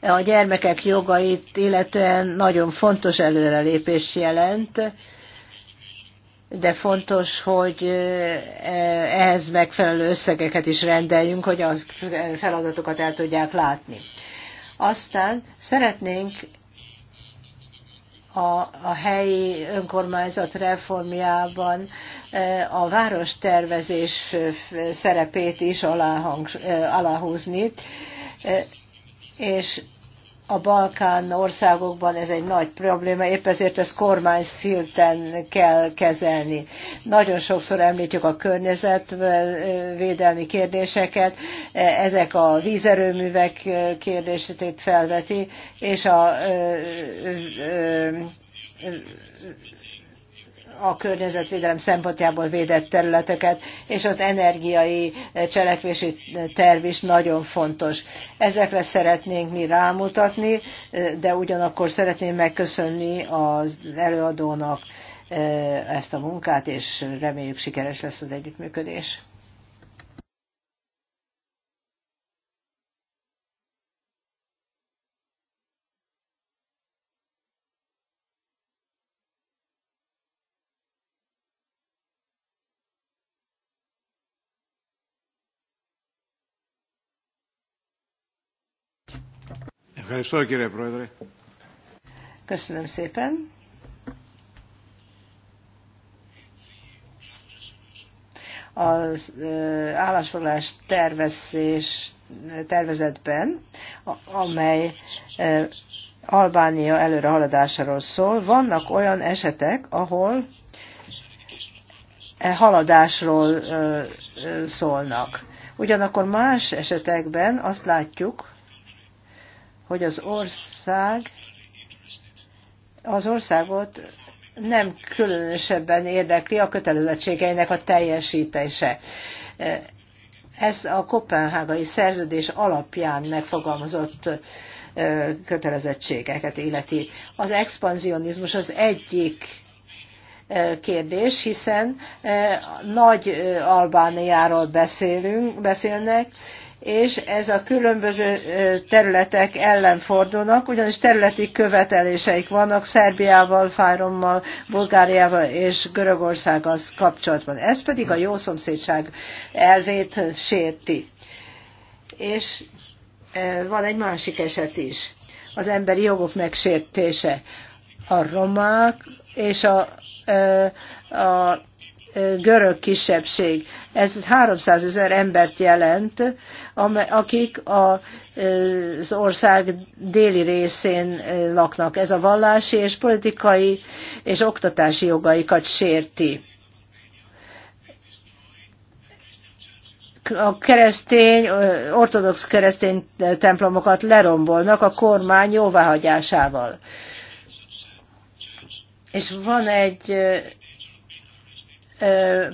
a gyermekek jogait illetően nagyon fontos előrelépés jelent, de fontos, hogy ehhez megfelelő összegeket is rendeljünk, hogy a feladatokat el tudják látni. Aztán szeretnénk a, a helyi önkormányzat reformjában a várostervezés szerepét is aláhúzni, és a Balkán országokban ez egy nagy probléma, épp ezért ezt kormány szilten kell kezelni. Nagyon sokszor említjük a környezetvédelmi kérdéseket, ezek a vízerőművek kérdését felveti, és a a környezetvédelem szempontjából védett területeket, és az energiai eh, cselekvési eh, terv is nagyon fontos. Ezekre szeretnénk mi rámutatni, eh, de ugyanakkor szeretném megköszönni az előadónak ezt a munkát, és reméljük sikeres lesz az együttműködés. Köszönöm szépen. az állásfoglalás tervezés tervezetben, amely Albánia előrehaladásáról szól. Vannak olyan esetek, ahol e haladásról szólnak. Ugyanakkor más esetekben azt látjuk, hogy az ország az országot nem különösebben érdekli a kötelezettségeinek a teljesítése. Ez a kopenhágai szerződés alapján megfogalmazott kötelezettségeket illeti. Az expanzionizmus az egyik kérdés, hiszen nagy Albániáról beszélünk, beszélnek, és ez a különböző területek ellen fordulnak, ugyanis területi követeléseik vannak Szerbiával, Fárommal, Bulgáriával és Görögországgal kapcsolatban. Ez pedig a jó szomszédság elvét sérti. És van egy másik eset is, az emberi jogok megsértése. A romák és a, a, a görög kisebbség. Ez 300 ezer embert jelent, akik az ország déli részén laknak. Ez a vallási és politikai és oktatási jogaikat sérti. a keresztény, ortodox keresztény templomokat lerombolnak a kormány jóváhagyásával. És van egy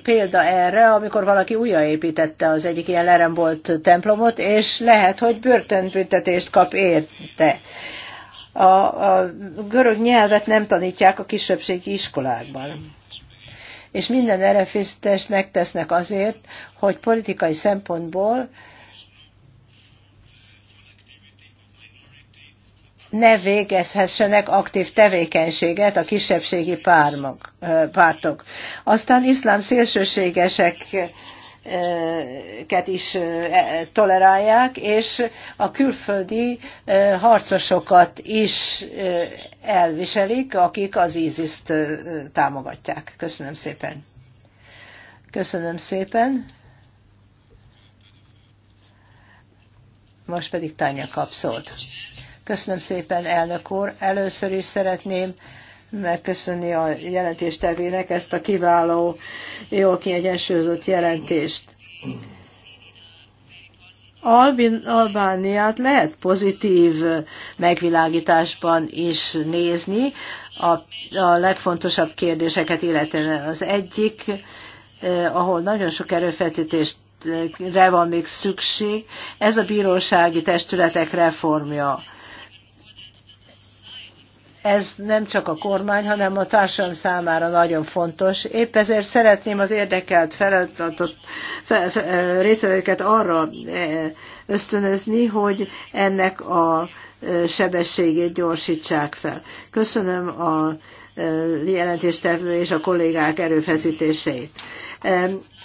példa erre, amikor valaki újraépítette az egyik ilyen lerembolt templomot, és lehet, hogy börtönbüntetést kap érte. A, a görög nyelvet nem tanítják a kisebbségi iskolákban. És minden erefizitest megtesznek azért, hogy politikai szempontból ne végezhessenek aktív tevékenységet a kisebbségi pármok, pártok. Aztán iszlám szélsőségesek ket is e, tolerálják, és a külföldi harcosokat is elviselik, akik az ISIS-t támogatják. Köszönöm szépen. Köszönöm szépen. Most pedig Tanya kap szót. Köszönöm szépen, elnök úr. Először is szeretném megköszönni a jelentéstevének ezt a kiváló, jó kiegyensúlyozott jelentést. Albin, Albániát lehet pozitív megvilágításban is nézni, a, a legfontosabb kérdéseket illetően az egyik, eh, ahol nagyon sok erőfeszítést re van még szükség, ez a bírósági testületek reformja ez nem csak a kormány, hanem a társadalom számára nagyon fontos. Épp ezért szeretném az érdekelt feladatot, fe, fe, részvevőket arra ösztönözni, hogy ennek a sebességét gyorsítsák fel. Köszönöm a jelentéstevő és a kollégák erőfeszítéseit.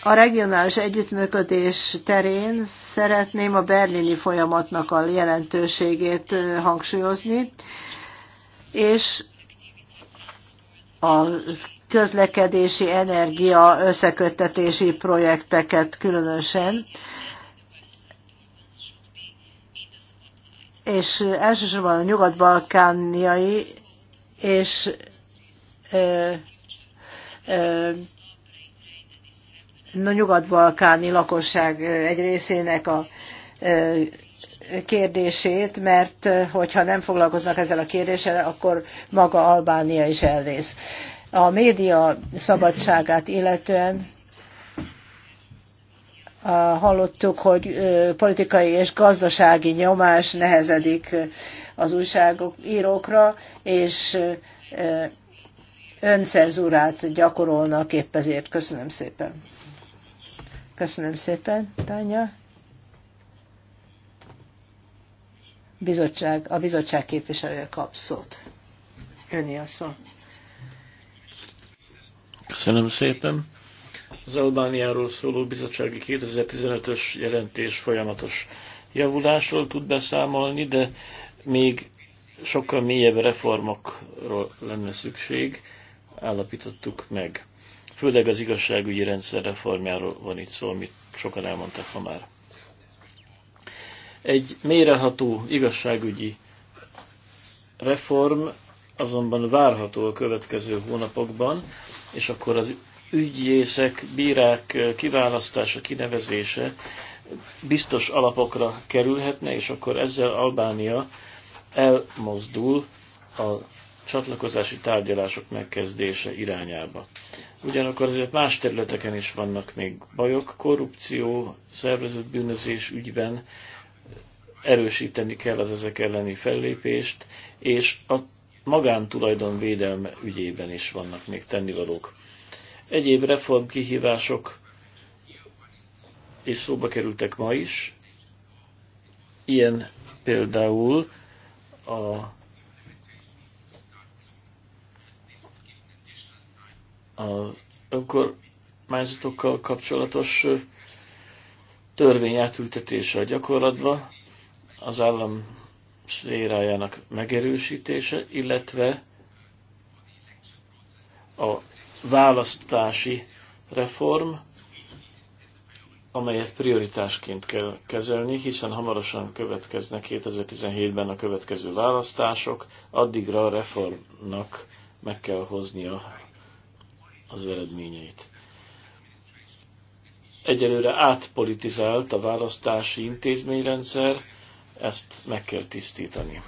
A regionális együttműködés terén szeretném a berlini folyamatnak a jelentőségét hangsúlyozni és a közlekedési energia összeköttetési projekteket különösen. És elsősorban a nyugat-balkániai és ö, ö, a nyugat-balkáni lakosság egy részének a kérdését, mert hogyha nem foglalkoznak ezzel a kérdéssel, akkor maga Albánia is elvész. A média szabadságát illetően hallottuk, hogy politikai és gazdasági nyomás nehezedik az újságok írókra, és öncenzúrát gyakorolnak épp ezért. Köszönöm szépen. Köszönöm szépen, Tanya. bizottság, a bizottság képviselője kap szót. Öni a szó. Köszönöm szépen. Az Albániáról szóló bizottsági 2015-ös jelentés folyamatos javulásról tud beszámolni, de még sokkal mélyebb reformokról lenne szükség, állapítottuk meg. Főleg az igazságügyi rendszer reformjáról van itt szó, amit sokan elmondtak ma már. Egy méreható igazságügyi reform azonban várható a következő hónapokban, és akkor az ügyészek, bírák kiválasztása, kinevezése biztos alapokra kerülhetne, és akkor ezzel Albánia elmozdul a csatlakozási tárgyalások megkezdése irányába. Ugyanakkor azért más területeken is vannak még bajok, korrupció, szervezett bűnözés ügyben erősíteni kell az ezek elleni fellépést, és a magántulajdon védelme ügyében is vannak még tennivalók. Egyéb reformkihívások és szóba kerültek ma is, ilyen például a az önkormányzatokkal kapcsolatos törvény átültetése a gyakorlatba, az állam szérájának megerősítése, illetve a választási reform, amelyet prioritásként kell kezelni, hiszen hamarosan következnek 2017-ben a következő választások, addigra a reformnak meg kell hoznia az eredményeit. Egyelőre átpolitizált a választási intézményrendszer, ezt meg kell tisztítani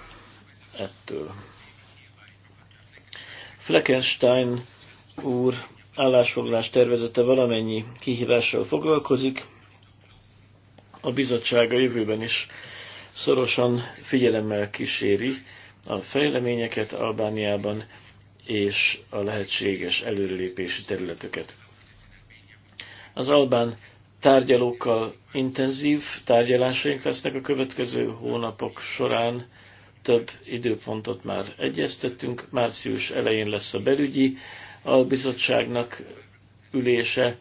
ettől. Fleckenstein úr állásfoglalás tervezete valamennyi kihívással foglalkozik. A bizottsága jövőben is szorosan figyelemmel kíséri a fejleményeket Albániában és a lehetséges előrelépési területeket. Az albán tárgyalókkal intenzív tárgyalásaink lesznek a következő hónapok során. Több időpontot már egyeztettünk. Március elején lesz a belügyi albizottságnak ülése.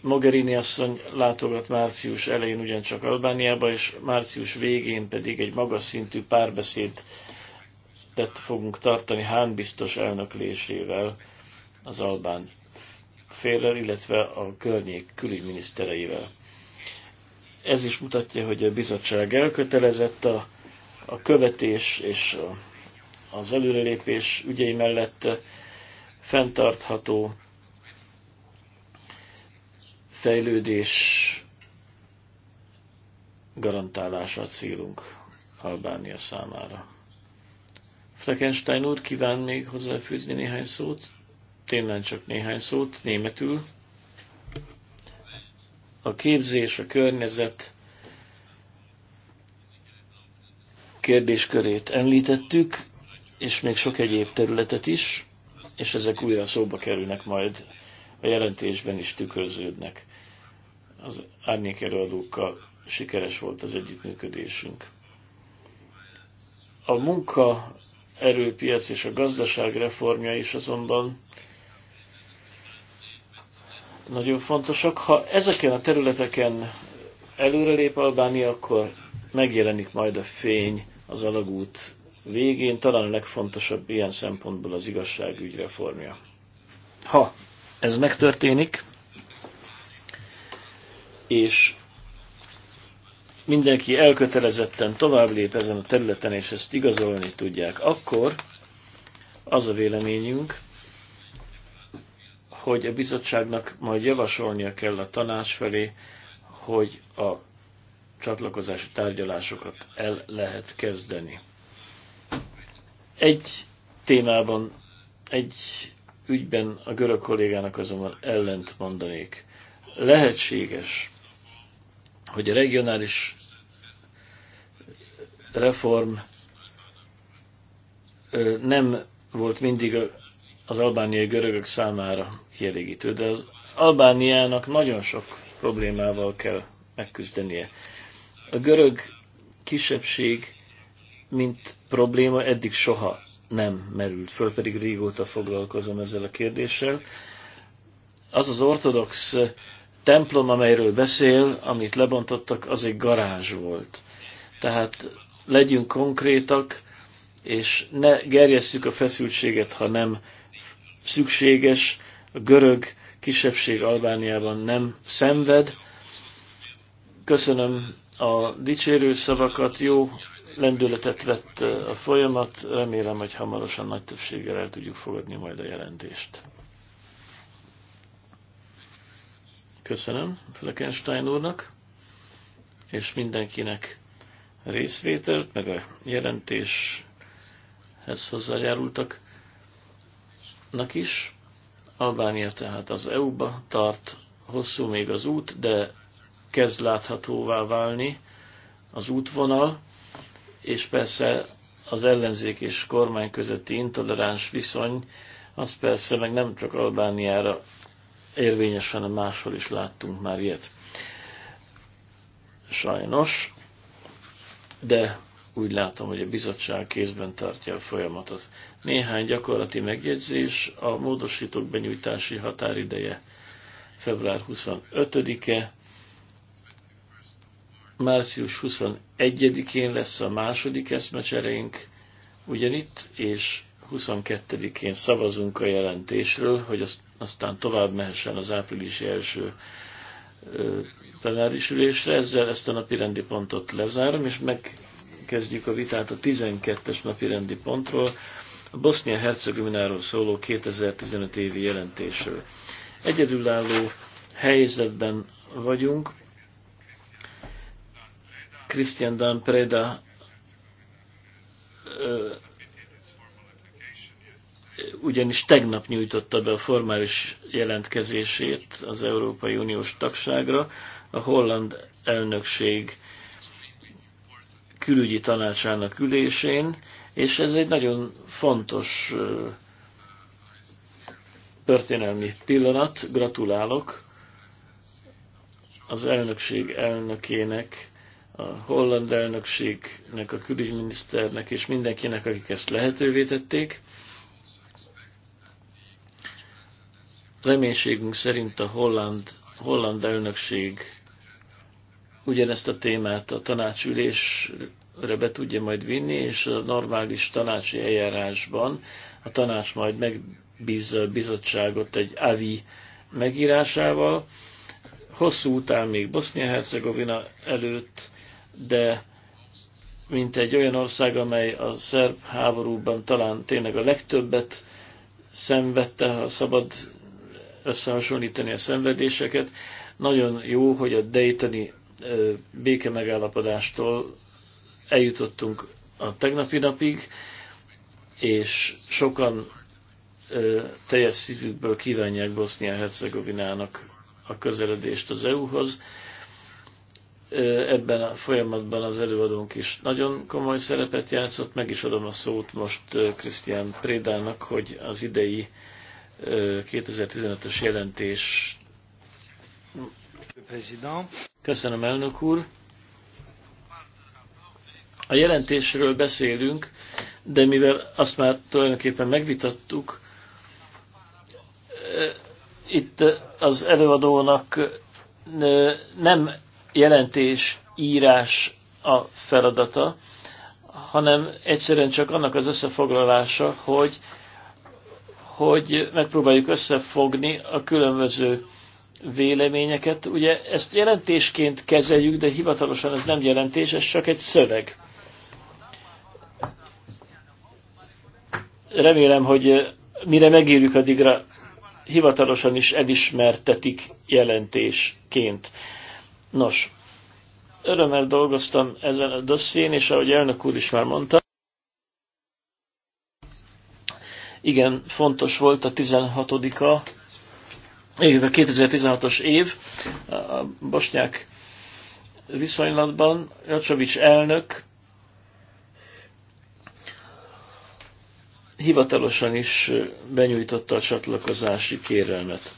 Mogherini asszony látogat március elején ugyancsak Albániába, és március végén pedig egy magas szintű párbeszédet fogunk tartani Hán biztos elnöklésével az albán félrel, illetve a környék külügyminisztereivel. Ez is mutatja, hogy a bizottság elkötelezett a, a követés és a, az előrelépés ügyei mellett fenntartható fejlődés garantálása a célunk Albánia számára. Fleckenstein úr kíván még hozzáfűzni néhány szót tényleg csak néhány szót, németül. A képzés, a környezet kérdéskörét említettük, és még sok egyéb területet is, és ezek újra szóba kerülnek majd, a jelentésben is tükröződnek. Az árnyék előadókkal sikeres volt az együttműködésünk. A munka erőpiac és a gazdaság reformja is azonban nagyon fontosak. Ha ezeken a területeken előrelép Albánia, akkor megjelenik majd a fény az alagút végén, talán a legfontosabb ilyen szempontból az igazságügy reformja. Ha ez megtörténik, és mindenki elkötelezetten tovább lép ezen a területen, és ezt igazolni tudják, akkor az a véleményünk, hogy a bizottságnak majd javasolnia kell a tanács felé, hogy a csatlakozási tárgyalásokat el lehet kezdeni. Egy témában, egy ügyben a görög kollégának azonban ellent mondanék. Lehetséges, hogy a regionális reform nem volt mindig a az albániai görögök számára kielégítő, de az Albániának nagyon sok problémával kell megküzdenie. A görög kisebbség, mint probléma eddig soha nem merült föl, pedig régóta foglalkozom ezzel a kérdéssel. Az az ortodox templom, amelyről beszél, amit lebontottak, az egy garázs volt. Tehát legyünk konkrétak, és ne gerjesszük a feszültséget, ha nem szükséges, a görög kisebbség Albániában nem szenved. Köszönöm a dicsérő szavakat, jó lendületet vett a folyamat, remélem, hogy hamarosan nagy többséggel el tudjuk fogadni majd a jelentést. Köszönöm Fleckenstein úrnak, és mindenkinek részvételt, meg a jelentéshez hozzájárultak nak is. Albánia tehát az EU-ba tart, hosszú még az út, de kezd láthatóvá válni az útvonal, és persze az ellenzék és kormány közötti intoleráns viszony, az persze meg nem csak Albániára érvényes, hanem máshol is láttunk már ilyet. Sajnos, de úgy látom, hogy a bizottság kézben tartja a folyamatot. Néhány gyakorlati megjegyzés, a módosítók benyújtási határideje február 25-e, március 21-én lesz a második eszmecserénk, ugyanitt, és 22-én szavazunk a jelentésről, hogy aztán tovább mehessen az április első plenáris ülésre. Ezzel ezt a napi rendi pontot lezárom, és meg kezdjük a vitát a 12-es napi rendi pontról, a Bosznia-Hercegovináról szóló 2015 évi jelentésről. Egyedülálló helyzetben vagyunk. Christian Dan Preda ugyanis tegnap nyújtotta be a formális jelentkezését az Európai Uniós tagságra, a holland elnökség külügyi tanácsának ülésén, és ez egy nagyon fontos történelmi pillanat. Gratulálok az elnökség elnökének, a holland elnökségnek, a külügyminiszternek és mindenkinek, akik ezt lehetővé tették. Reménységünk szerint a holland, holland elnökség ugyanezt a témát a tanácsülésre be tudja majd vinni, és a normális tanácsi eljárásban a tanács majd megbízza a bizottságot egy AVI megírásával. Hosszú után még Bosznia-Hercegovina előtt, de mint egy olyan ország, amely a szerb háborúban talán tényleg a legtöbbet szenvedte, ha szabad összehasonlítani a szenvedéseket. Nagyon jó, hogy a Daytoni béke megállapodástól eljutottunk a tegnapi napig, és sokan teljes szívükből kívánják Bosznia-Hercegovinának a közeledést az EU-hoz. Ebben a folyamatban az előadónk is nagyon komoly szerepet játszott. Meg is adom a szót most Krisztián Prédának, hogy az idei 2015-ös jelentés Köszönöm, elnök úr. A jelentésről beszélünk, de mivel azt már tulajdonképpen megvitattuk, itt az előadónak nem jelentés írás a feladata, hanem egyszerűen csak annak az összefoglalása, hogy, hogy megpróbáljuk összefogni a különböző véleményeket. Ugye ezt jelentésként kezeljük, de hivatalosan ez nem jelentés, ez csak egy szöveg. Remélem, hogy eh, mire megírjuk, addigra hivatalosan is elismertetik jelentésként. Nos, örömmel dolgoztam ezen a dosszén, és ahogy elnök úr is már mondta, igen, fontos volt a 16-a 2016-os év a bosnyák viszonylatban. Jacsovics elnök hivatalosan is benyújtotta a csatlakozási kérelmet.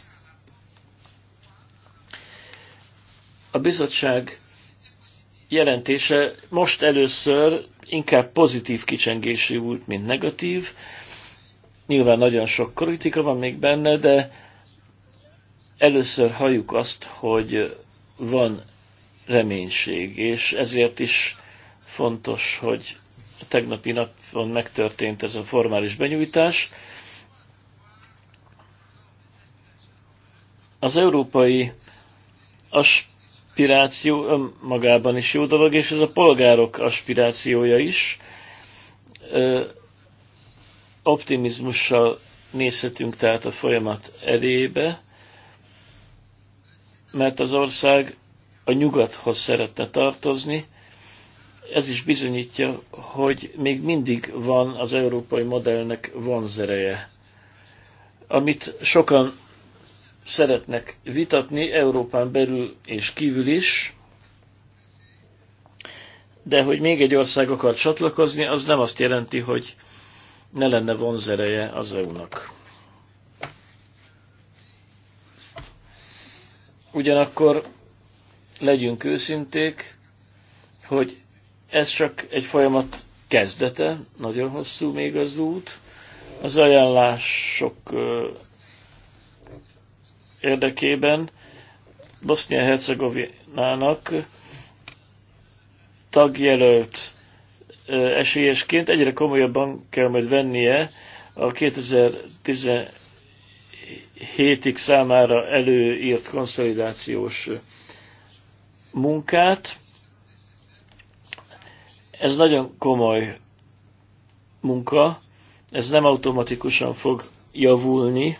A bizottság jelentése most először inkább pozitív kicsengésű volt, mint negatív. Nyilván nagyon sok kritika van még benne, de először halljuk azt, hogy van reménység, és ezért is fontos, hogy a tegnapi napon megtörtént ez a formális benyújtás. Az európai aspiráció önmagában is jó dolog, és ez a polgárok aspirációja is. Ö, optimizmussal nézhetünk tehát a folyamat elébe, mert az ország a nyugathoz szeretne tartozni. Ez is bizonyítja, hogy még mindig van az európai modellnek vonzereje. Amit sokan szeretnek vitatni Európán belül és kívül is, de hogy még egy ország akar csatlakozni, az nem azt jelenti, hogy ne lenne vonzereje az EU-nak. Ugyanakkor legyünk őszinték, hogy ez csak egy folyamat kezdete, nagyon hosszú még az út. Az ajánlások érdekében Bosznia-Hercegovinának tagjelölt esélyesként egyre komolyabban kell majd vennie a 2010 hétig számára előírt konszolidációs munkát. Ez nagyon komoly munka, ez nem automatikusan fog javulni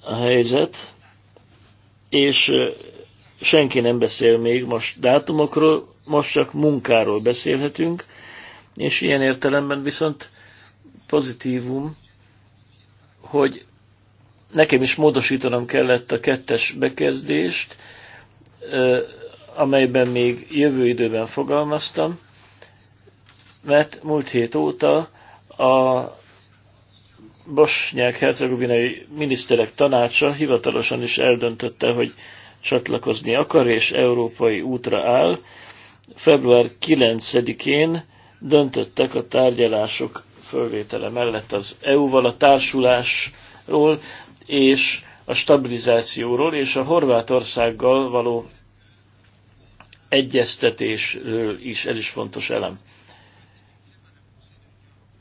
a helyzet, és senki nem beszél még most dátumokról, most csak munkáról beszélhetünk, és ilyen értelemben viszont pozitívum, hogy nekem is módosítanom kellett a kettes bekezdést, amelyben még jövő időben fogalmaztam, mert múlt hét óta a bosnyák-hercegovinai miniszterek tanácsa hivatalosan is eldöntötte, hogy csatlakozni akar, és európai útra áll. Február 9-én döntöttek a tárgyalások fölvétele mellett az EU-val a társulásról, és a stabilizációról és a Horvátországgal való egyeztetésről is, ez is fontos elem.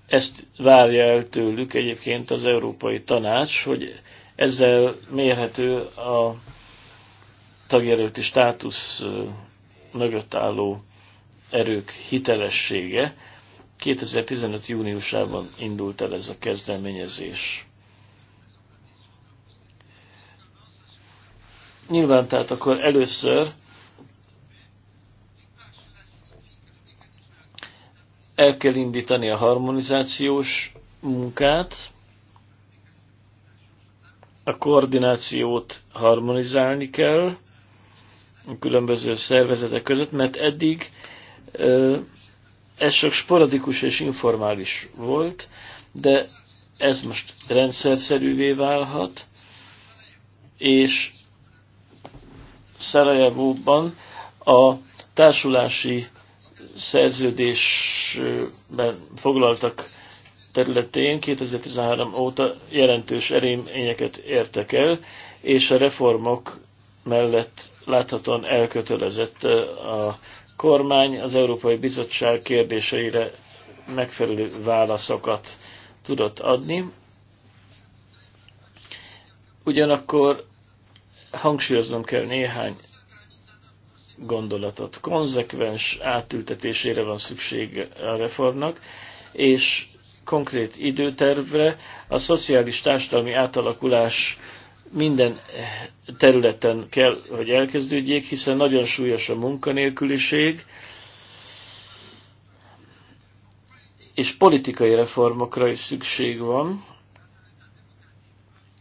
Ezt várja el tőlük egyébként az Európai Tanács, hogy ezzel mérhető a tagjelölti státusz mögött álló erők hitelessége. 2015. júniusában indult el ez a kezdeményezés. Nyilván tehát akkor először el kell indítani a harmonizációs munkát, a koordinációt harmonizálni kell a különböző szervezetek között, mert eddig ez csak sporadikus és informális volt, de ez most rendszerszerűvé válhat, és Szerajevóban a társulási szerződésben foglaltak területén 2013 óta jelentős erényeket értek el, és a reformok mellett láthatóan elkötelezett a kormány az Európai Bizottság kérdéseire megfelelő válaszokat tudott adni. Ugyanakkor hangsúlyoznom kell néhány gondolatot. Konzekvens átültetésére van szükség a reformnak, és konkrét időtervre a szociális társadalmi átalakulás minden területen kell, hogy elkezdődjék, hiszen nagyon súlyos a munkanélküliség, és politikai reformokra is szükség van,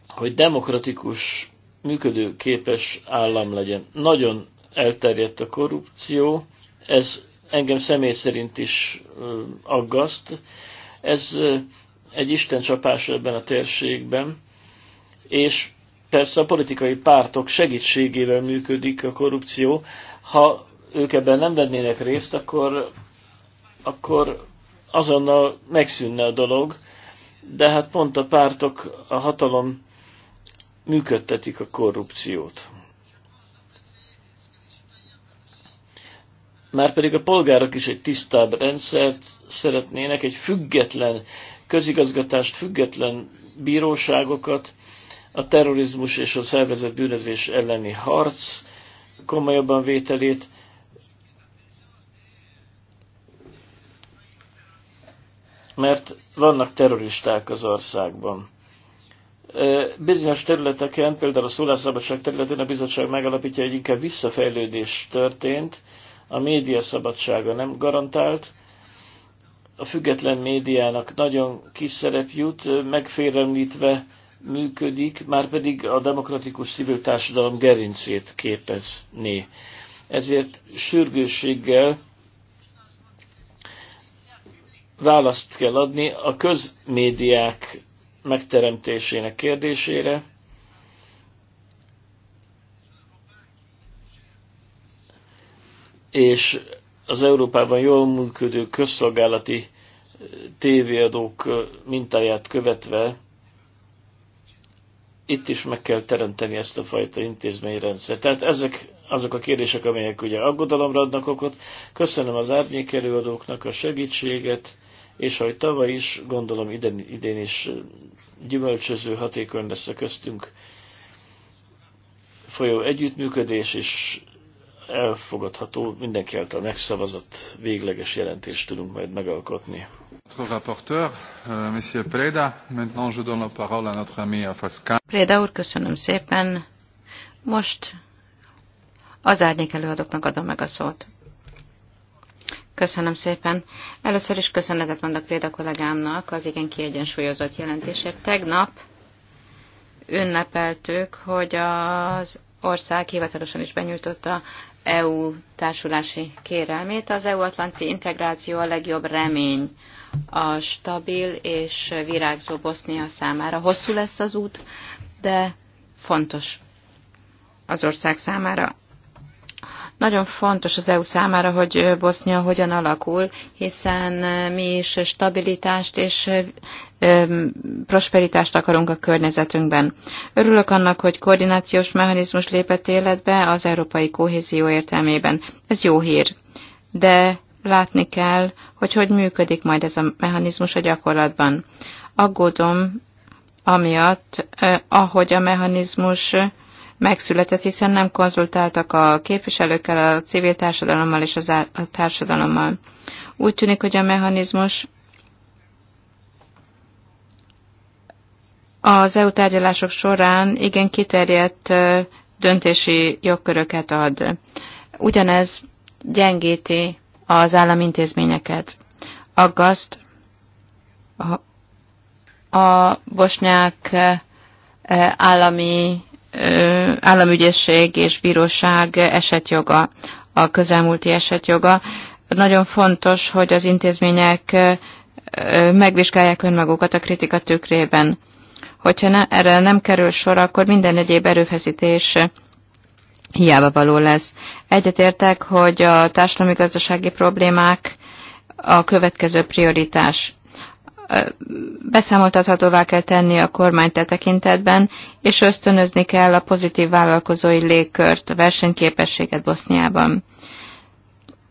hogy demokratikus működő képes állam legyen. Nagyon elterjedt a korrupció, ez engem személy szerint is aggaszt. Ez egy Isten csapás ebben a térségben, és persze a politikai pártok segítségével működik a korrupció. Ha ők ebben nem vennének részt, akkor, akkor azonnal megszűnne a dolog, de hát pont a pártok a hatalom működtetik a korrupciót. Márpedig a polgárok is egy tisztább rendszert szeretnének, egy független közigazgatást, független bíróságokat, a terrorizmus és a szervezett bűnözés elleni harc komolyabban vételét, mert vannak terroristák az országban. Bizonyos területeken, például a szólásszabadság területén a bizottság megalapítja, hogy inkább visszafejlődés történt, a média szabadsága nem garantált, a független médiának nagyon kis szerep jut, megfélemlítve működik, már pedig a demokratikus civil társadalom gerincét képezné. Ezért sürgősséggel választ kell adni a közmédiák megteremtésének kérdésére. És az Európában jól működő közszolgálati eh, tévéadók eh, mintáját követve itt is meg kell teremteni ezt a fajta intézményrendszert. Tehát ezek azok a kérdések, amelyek ugye aggodalomra adnak okot. Köszönöm az árnyékelőadóknak a segítséget, és ahogy tavaly is, gondolom idén, idén is gyümölcsöző, hatékony lesz a köztünk folyó együttműködés, és elfogadható, mindenki által megszavazott végleges jelentést tudunk majd megalkotni. Notre rapporteur, euh, Monsieur Preda, maintenant je donne la parole à notre ami Afaskan. Preda úr, köszönöm szépen. Most az árnyék előadóknak adom meg a szót. Köszönöm szépen. Először is köszönetet mondok Préda kollégámnak az igen kiegyensúlyozott jelentésért. Tegnap ünnepeltük, hogy az ország hivatalosan is benyújtotta EU társulási kérelmét. Az EU-atlanti integráció a legjobb remény a stabil és virágzó Bosznia számára. Hosszú lesz az út, de fontos az ország számára. Nagyon fontos az EU számára, hogy Bosznia hogyan alakul, hiszen mi is stabilitást és prosperitást akarunk a környezetünkben. Örülök annak, hogy koordinációs mechanizmus lépett életbe az európai kohézió értelmében. Ez jó hír. De látni kell, hogy hogy működik majd ez a mechanizmus a gyakorlatban. Aggódom amiatt, eh, ahogy a mechanizmus megszületett, hiszen nem konzultáltak a képviselőkkel, a civil társadalommal és az a társadalommal. Úgy tűnik, hogy a mechanizmus az EU tárgyalások során igen kiterjedt döntési jogköröket ad. Ugyanez gyengíti az államintézményeket. Aggaszt a bosnyák állami államügyészség és bíróság esetjoga, a közelmúlti esetjoga. Nagyon fontos, hogy az intézmények megvizsgálják önmagukat a kritika tükrében. Hogyha ne, erre nem kerül sor, akkor minden egyéb erőfeszítés hiába való lesz. Egyetértek, hogy a társadalmi gazdasági problémák a következő prioritás beszámoltathatóvá kell tenni a kormányt e tekintetben, és ösztönözni kell a pozitív vállalkozói légkört, a versenyképességet Boszniában.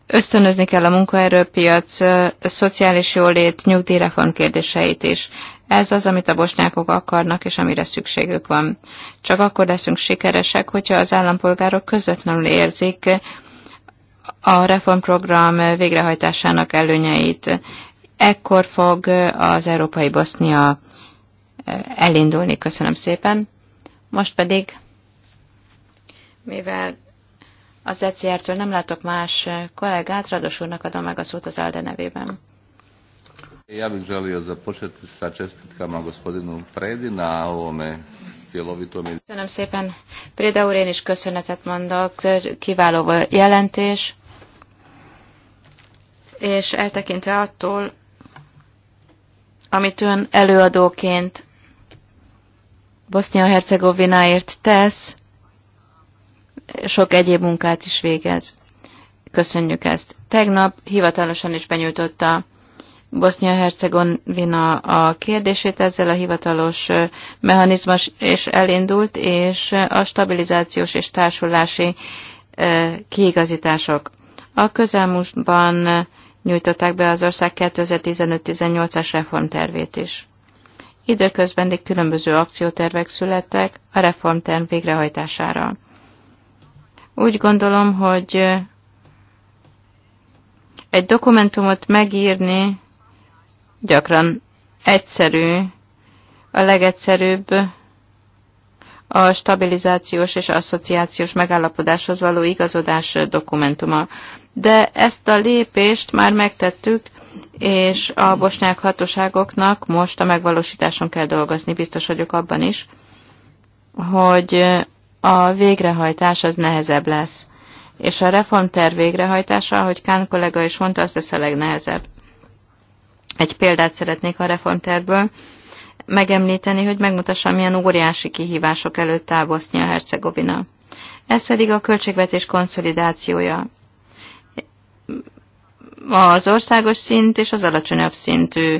Ösztönözni kell a munkaerőpiac, a szociális jólét, nyugdíjreform kérdéseit is. Ez az, amit a bosnyákok akarnak, és amire szükségük van. Csak akkor leszünk sikeresek, hogyha az állampolgárok közvetlenül érzik a reformprogram végrehajtásának előnyeit. Ekkor fog az Európai Bosznia elindulni. Köszönöm szépen. Most pedig, mivel az ECR-től nem látok más kollégát, Rados úrnak adom meg a szót az ALDE nevében. Ja bih želio započeti sa čestitkama gospodinu Predi na ovome cjelovitom... Köszönöm szépen. Preda úr, én is köszönetet mondok. Kiváló jelentés. És eltekintve attól, amit ön előadóként Bosznia-Hercegovináért tesz, sok egyéb munkát is végez. Köszönjük ezt. Tegnap hivatalosan is benyújtotta Bosznia-Hercegovina a kérdését, ezzel a hivatalos mechanizmus és elindult, és a stabilizációs és társulási kiigazítások. A közelmúltban nyújtották be az ország 2015-18-as reformtervét is. Időközben még különböző akciótervek születtek a reformterv végrehajtására. Úgy gondolom, hogy egy dokumentumot megírni gyakran egyszerű, a legegyszerűbb a stabilizációs és asszociációs megállapodáshoz való igazodás dokumentuma de ezt a lépést már megtettük, és a bosnyák hatóságoknak most a megvalósításon kell dolgozni, biztos vagyok abban is, hogy a végrehajtás az nehezebb lesz. És a reformterv végrehajtása, ahogy Kán kollega is mondta, az lesz a legnehezebb. Egy példát szeretnék a reformtervből megemlíteni, hogy megmutassam, milyen óriási kihívások előtt áll Bosznia-Hercegovina. Ez pedig a költségvetés konszolidációja az országos szint és az alacsonyabb szintű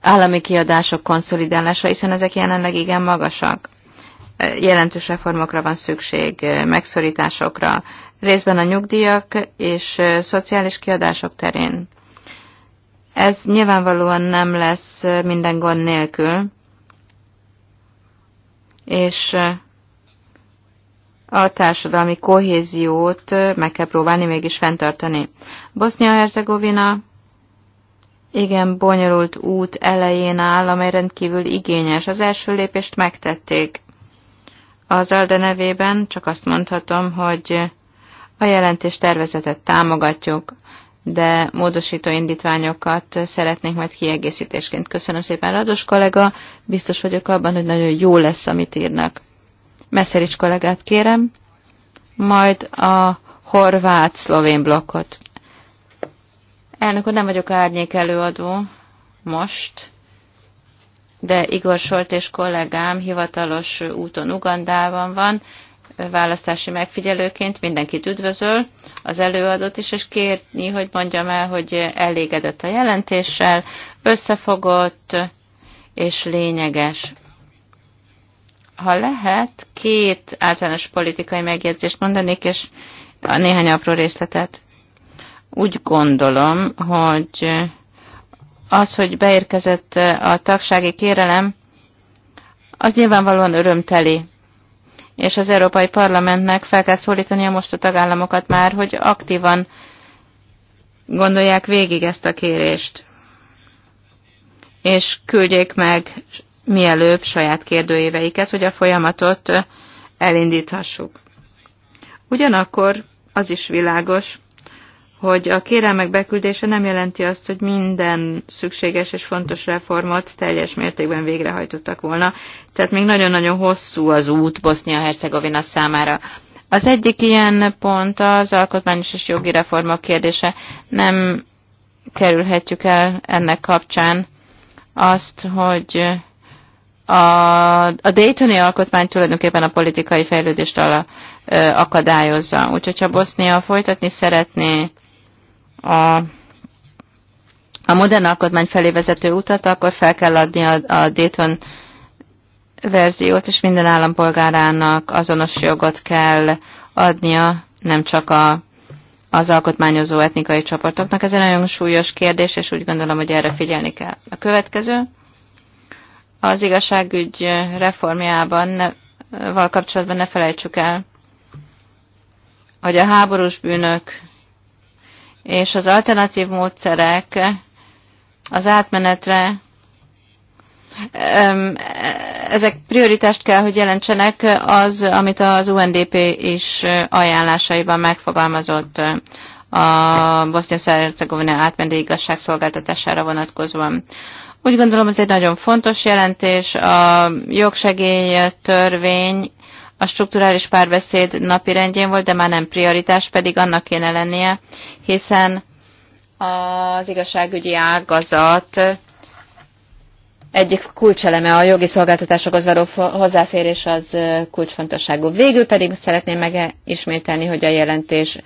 állami kiadások konszolidálása, hiszen ezek jelenleg igen magasak. Jelentős reformokra van szükség, megszorításokra, részben a nyugdíjak és szociális kiadások terén. Ez nyilvánvalóan nem lesz minden gond nélkül, és a társadalmi kohéziót meg kell próbálni mégis fenntartani. Bosznia-Herzegovina igen bonyolult út elején áll, amely rendkívül igényes. Az első lépést megtették. Az Alde nevében csak azt mondhatom, hogy a jelentés tervezetet támogatjuk, de módosító indítványokat szeretnénk majd kiegészítésként. Köszönöm szépen, Rados kollega, biztos vagyok abban, hogy nagyon jó lesz, amit írnak. Meszerics kollégát kérem, majd a horvát-szlovén blokkot. Elnök úr, nem vagyok árnyék előadó most, de Igor Solt és kollégám hivatalos úton Ugandában van, választási megfigyelőként mindenkit üdvözöl, az előadót is, és kérni, hogy mondjam el, hogy elégedett a jelentéssel, összefogott és lényeges ha lehet, két általános politikai megjegyzést mondanék, és néhány apró részletet. Úgy gondolom, hogy az, hogy beérkezett a tagsági kérelem, az nyilvánvalóan örömteli. És az Európai Parlamentnek fel kell szólítania most a tagállamokat már, hogy aktívan gondolják végig ezt a kérést, és küldjék meg mielőbb saját kérdőíveiket, hogy a folyamatot elindíthassuk. Ugyanakkor az is világos, hogy a kérelmek beküldése nem jelenti azt, hogy minden szükséges és fontos reformot teljes mértékben végrehajtottak volna. Tehát még nagyon-nagyon hosszú az út Bosznia-Hercegovina számára. Az egyik ilyen pont az alkotmányos és jogi reformok kérdése. Nem kerülhetjük el ennek kapcsán azt, hogy a, a Daytoni alkotmány tulajdonképpen a politikai fejlődést ala, ö, akadályozza. Úgyhogy ha Bosznia folytatni szeretné a, a modern alkotmány felé vezető utat, akkor fel kell adni a, a Dayton verziót, és minden állampolgárának azonos jogot kell adnia, nem csak a, az alkotmányozó etnikai csoportoknak. Ez egy nagyon súlyos kérdés, és úgy gondolom, hogy erre figyelni kell. A következő az igazságügy reformjában ne, val kapcsolatban ne felejtsük el, hogy a háborús bűnök és az alternatív módszerek az átmenetre ezek prioritást kell, hogy jelentsenek az, amit az UNDP is ajánlásaiban megfogalmazott a bosznia szerzegovina átmeneti igazságszolgáltatására vonatkozóan. Úgy gondolom, ez egy nagyon fontos jelentés. A jogsegély törvény a strukturális párbeszéd napi rendjén volt, de már nem prioritás, pedig annak kéne lennie, hiszen az igazságügyi ágazat egyik kulcseleme a jogi szolgáltatásokhoz való hozzáférés az kulcsfontosságú. Végül pedig szeretném megismételni, hogy a jelentés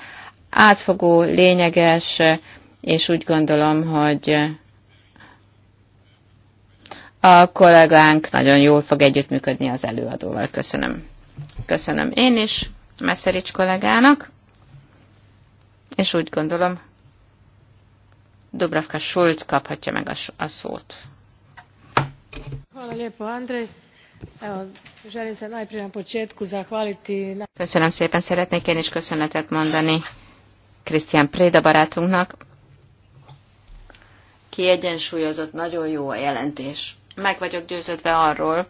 átfogó, lényeges, és úgy gondolom, hogy a kollégánk nagyon jól fog együttműködni az előadóval. Köszönöm. Köszönöm én is Meszerics kollégának, és úgy gondolom, Dubravka Schulz kaphatja meg a, a szót. Köszönöm szépen, szeretnék én is köszönetet mondani Krisztián Préda barátunknak. Kiegyensúlyozott, nagyon jó a jelentés meg vagyok győződve arról,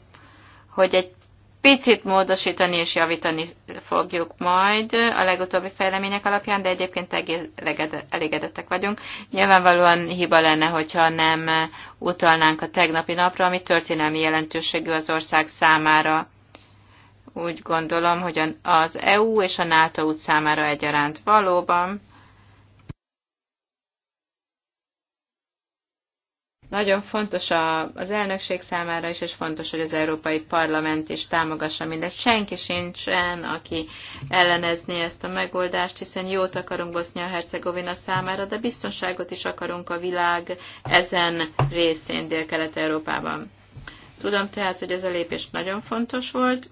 hogy egy picit módosítani és javítani fogjuk majd a legutóbbi fejlemények alapján, de egyébként elégedettek vagyunk. Nyilvánvalóan hiba lenne, hogyha nem utalnánk a tegnapi napra, ami történelmi jelentőségű az ország számára. Úgy gondolom, hogy az EU és a NATO út számára egyaránt valóban Nagyon fontos a, az elnökség számára is, és fontos, hogy az Európai Parlament is támogassa mindezt. Senki sincsen, aki ellenezni ezt a megoldást, hiszen jót akarunk Bosznia-Hercegovina számára, de biztonságot is akarunk a világ ezen részén, Dél-Kelet-Európában. Tudom tehát, hogy ez a lépés nagyon fontos volt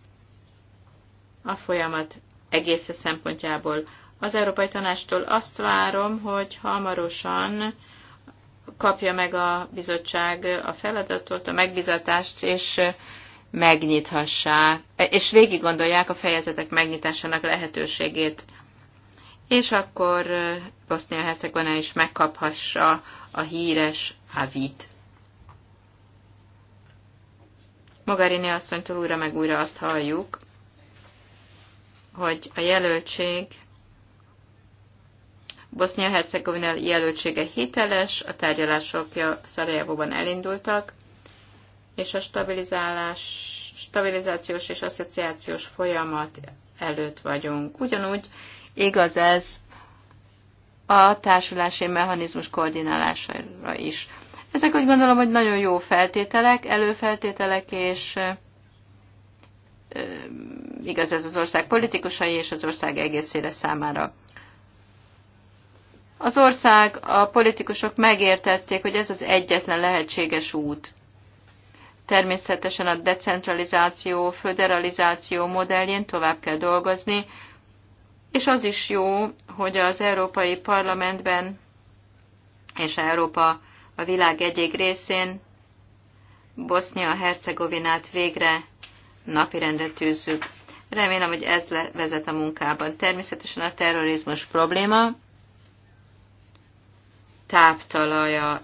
a folyamat egész szempontjából. Az Európai Tanástól azt várom, hogy hamarosan kapja meg a bizottság a feladatot, a megbizatást, és megnyithassák, és végig gondolják a fejezetek megnyitásának lehetőségét. És akkor Bosznia-Hercegovina is megkaphassa a híres Avit. Mogarini asszonytól újra meg újra azt halljuk, hogy a jelöltség Bosznia-Hercegovina jelöltsége hiteles, a tárgyalások Szarajevóban elindultak, és a stabilizálás, stabilizációs és asszociációs folyamat előtt vagyunk. Ugyanúgy igaz ez a társulási mechanizmus koordinálására is. Ezek úgy gondolom, hogy nagyon jó feltételek, előfeltételek, és igaz ez az ország politikusai és az ország egészére számára. Az ország, a politikusok megértették, hogy ez az egyetlen lehetséges út. Természetesen a decentralizáció, föderalizáció modelljén tovább kell dolgozni, és az is jó, hogy az Európai Parlamentben és Európa a világ egyik részén Bosznia-Hercegovinát végre napirendre tűzzük. Remélem, hogy ez vezet a munkában. Természetesen a terrorizmus probléma, táptalaja,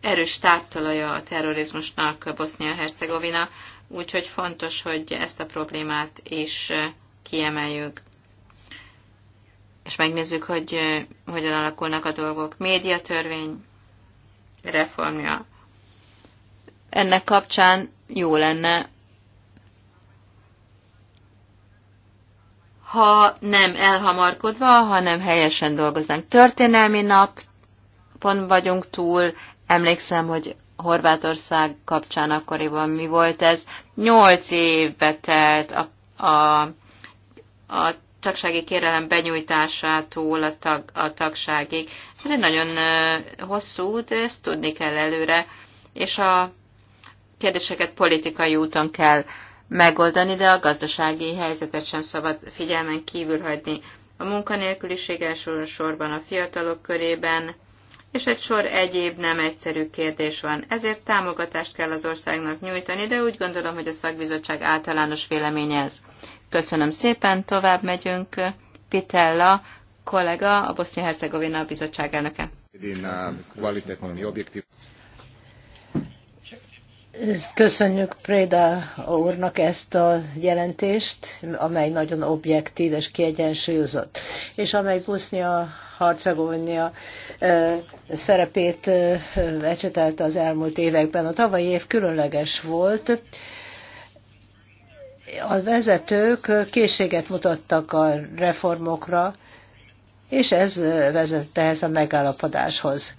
erős táptalaja a terrorizmusnak Bosznia-Hercegovina, úgyhogy fontos, hogy ezt a problémát is kiemeljük. És megnézzük, hogy eh, hogyan alakulnak a dolgok. Médiatörvény reformja. Ennek kapcsán jó lenne ha nem elhamarkodva, hanem helyesen dolgoznánk. Történelmi nap, pont vagyunk túl, emlékszem, hogy Horvátország kapcsán akkoriban mi volt ez. Nyolc évbe telt a, a, a tagsági kérelem benyújtásától a, tag, a tagságig. Ez egy nagyon hosszú út, ezt tudni kell előre, és a kérdéseket politikai úton kell megoldani, de a gazdasági helyzetet sem szabad figyelmen kívül hagyni. A munkanélküliség elsősorban a fiatalok körében, és egy sor egyéb nem egyszerű kérdés van. Ezért támogatást kell az országnak nyújtani, de úgy gondolom, hogy a szakbizottság általános véleménye ez. Köszönöm szépen, tovább megyünk. Pitella, kollega, a Bosznia-Hercegovina bizottság elnöke. Eh, Köszönjük Préda úrnak ezt a jelentést, amely nagyon objektív és kiegyensúlyozott, és amely Bosznia-Hercegovina szerepét ecsetelte az elmúlt években. A tavalyi év különleges volt, a vezetők készséget mutattak a reformokra, és ez vezette ehhez a megállapodáshoz.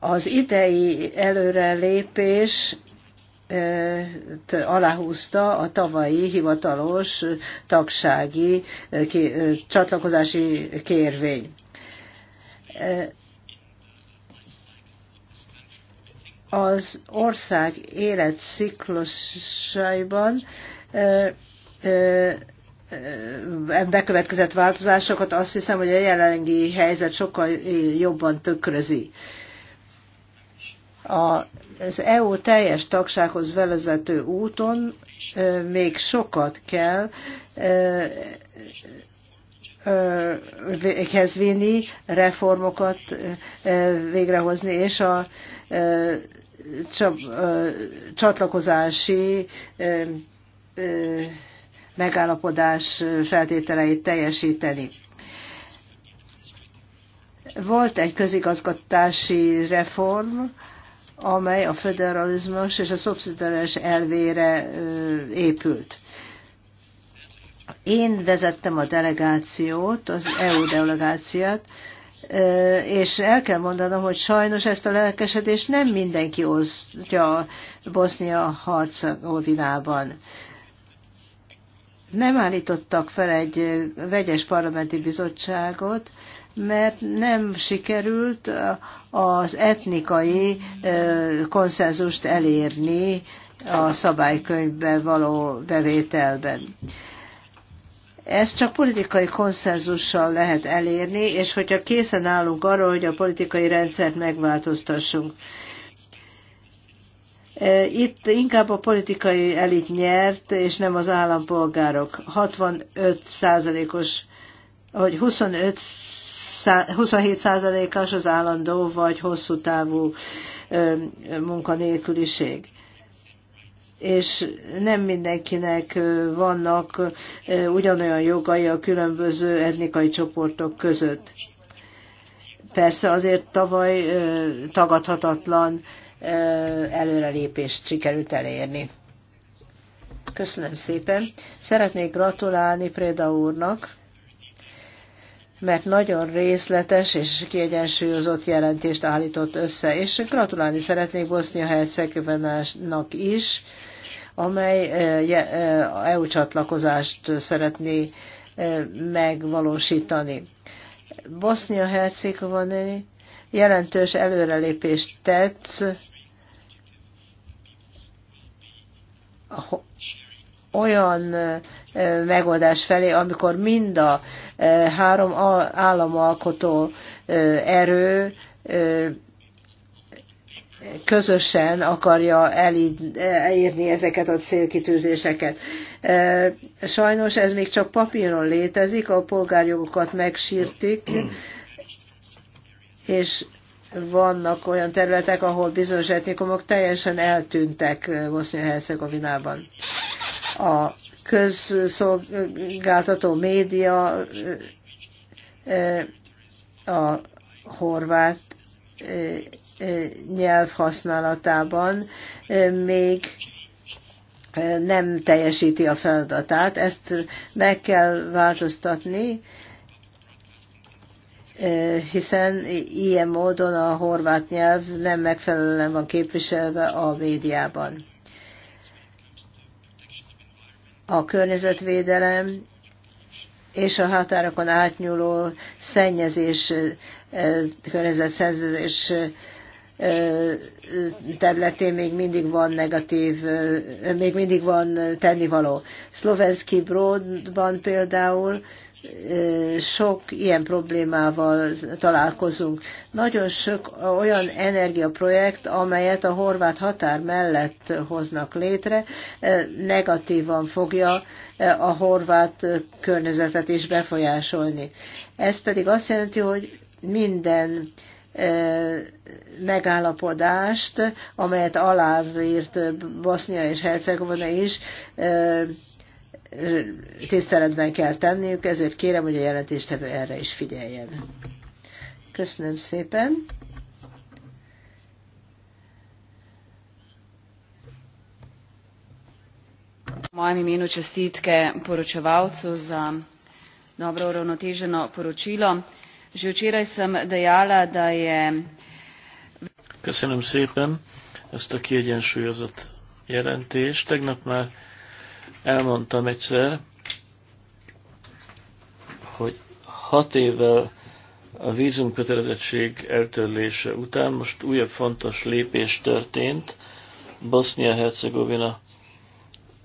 Az idei előrelépés Eh, aláhúzta a tavalyi hivatalos tagsági eh, eh, csatlakozási kérvény. Az ország életciklusaiban bekövetkezett változásokat azt hiszem, hogy a jelenlegi helyzet sokkal jobban tökrözi az EU teljes tagsághoz vezető úton még sokat kell hez vinni, reformokat végrehozni, és a csatlakozási megállapodás feltételeit teljesíteni. Volt egy közigazgatási reform, amely a federalizmus és a szubszidiaris elvére épült. Én vezettem a delegációt, az EU delegációt, és el kell mondanom, hogy sajnos ezt a lelkesedést nem mindenki osztja Bosznia harcovinában. Nem állítottak fel egy vegyes parlamenti bizottságot, mert nem sikerült az etnikai konszenzust elérni a szabálykönyvbe való bevételben. Ezt csak politikai konszenzussal lehet elérni, és hogyha készen állunk arra, hogy a politikai rendszert megváltoztassunk. Itt inkább a politikai elit nyert, és nem az állampolgárok. 65 százalékos, vagy 25 27%-as az állandó vagy hosszú távú munkanélküliség és nem mindenkinek vannak ugyanolyan jogai a különböző etnikai csoportok között. Persze azért tavaly tagadhatatlan előrelépést sikerült elérni. Köszönöm szépen. Szeretnék gratulálni Préda úrnak mert nagyon részletes és kiegyensúlyozott jelentést állított össze, és gratulálni szeretnék Bosznia-Hercegovinának is, amely eh, eh, EU csatlakozást szeretné eh, megvalósítani. Bosznia-Hercegovina jelentős előrelépést tett olyan megoldás felé, amikor mind a három államalkotó erő közösen akarja elérni ezeket a célkitűzéseket. Sajnos ez még csak papíron létezik, a polgárjogokat megsírtik, és vannak olyan területek, ahol bizonyos etnikumok teljesen eltűntek Bosznia-Hercegovinában a közszolgáltató média, a horvát nyelv használatában még nem teljesíti a feladatát. Ezt meg kell változtatni, hiszen ilyen módon a horvát nyelv nem megfelelően van képviselve a médiában a környezetvédelem és a határokon átnyúló szennyezés, környezetszennyezés területén még mindig van negatív, még mindig van tennivaló. Szlovenszki Brodban például sok ilyen problémával találkozunk. Nagyon sok olyan energiaprojekt, amelyet a horvát határ mellett hoznak létre, negatívan fogja a horvát környezetet is befolyásolni. Ez pedig azt jelenti, hogy minden megállapodást, amelyet aláírt Bosznia és Hercegovina is, tiszteletben kell tenniük, ezért kérem, hogy a jelentéstevő erre is figyeljen. Köszönöm szépen. mojem imenu čestitke poročevalcu za dobro uravnoteženo poročilo. že včeraj sem dejala da je. Köszönöm szépen ezt a kiegyensúlyozott jelentést. Tegnap már elmondtam egyszer, hogy hat évvel a vízumkötelezettség eltörlése után most újabb fontos lépés történt Bosznia-Hercegovina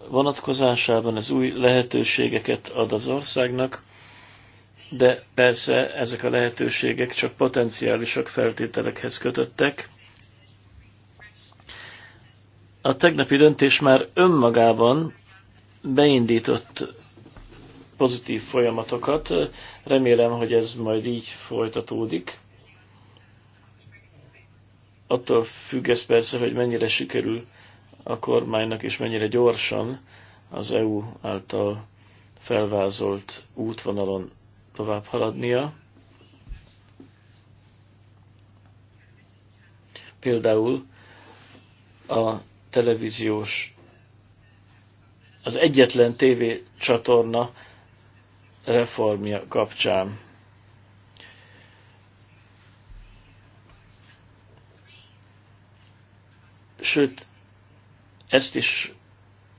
vonatkozásában, ez új lehetőségeket ad az országnak, de persze ezek a lehetőségek csak potenciálisak feltételekhez kötöttek. A tegnapi döntés már önmagában beindított pozitív folyamatokat. Remélem, hogy ez majd így folytatódik. Attól függ ez persze, hogy mennyire sikerül a kormánynak, és mennyire gyorsan az EU által felvázolt útvonalon tovább haladnia. Például a televíziós az egyetlen TV csatorna reformja kapcsán. Sőt, ezt is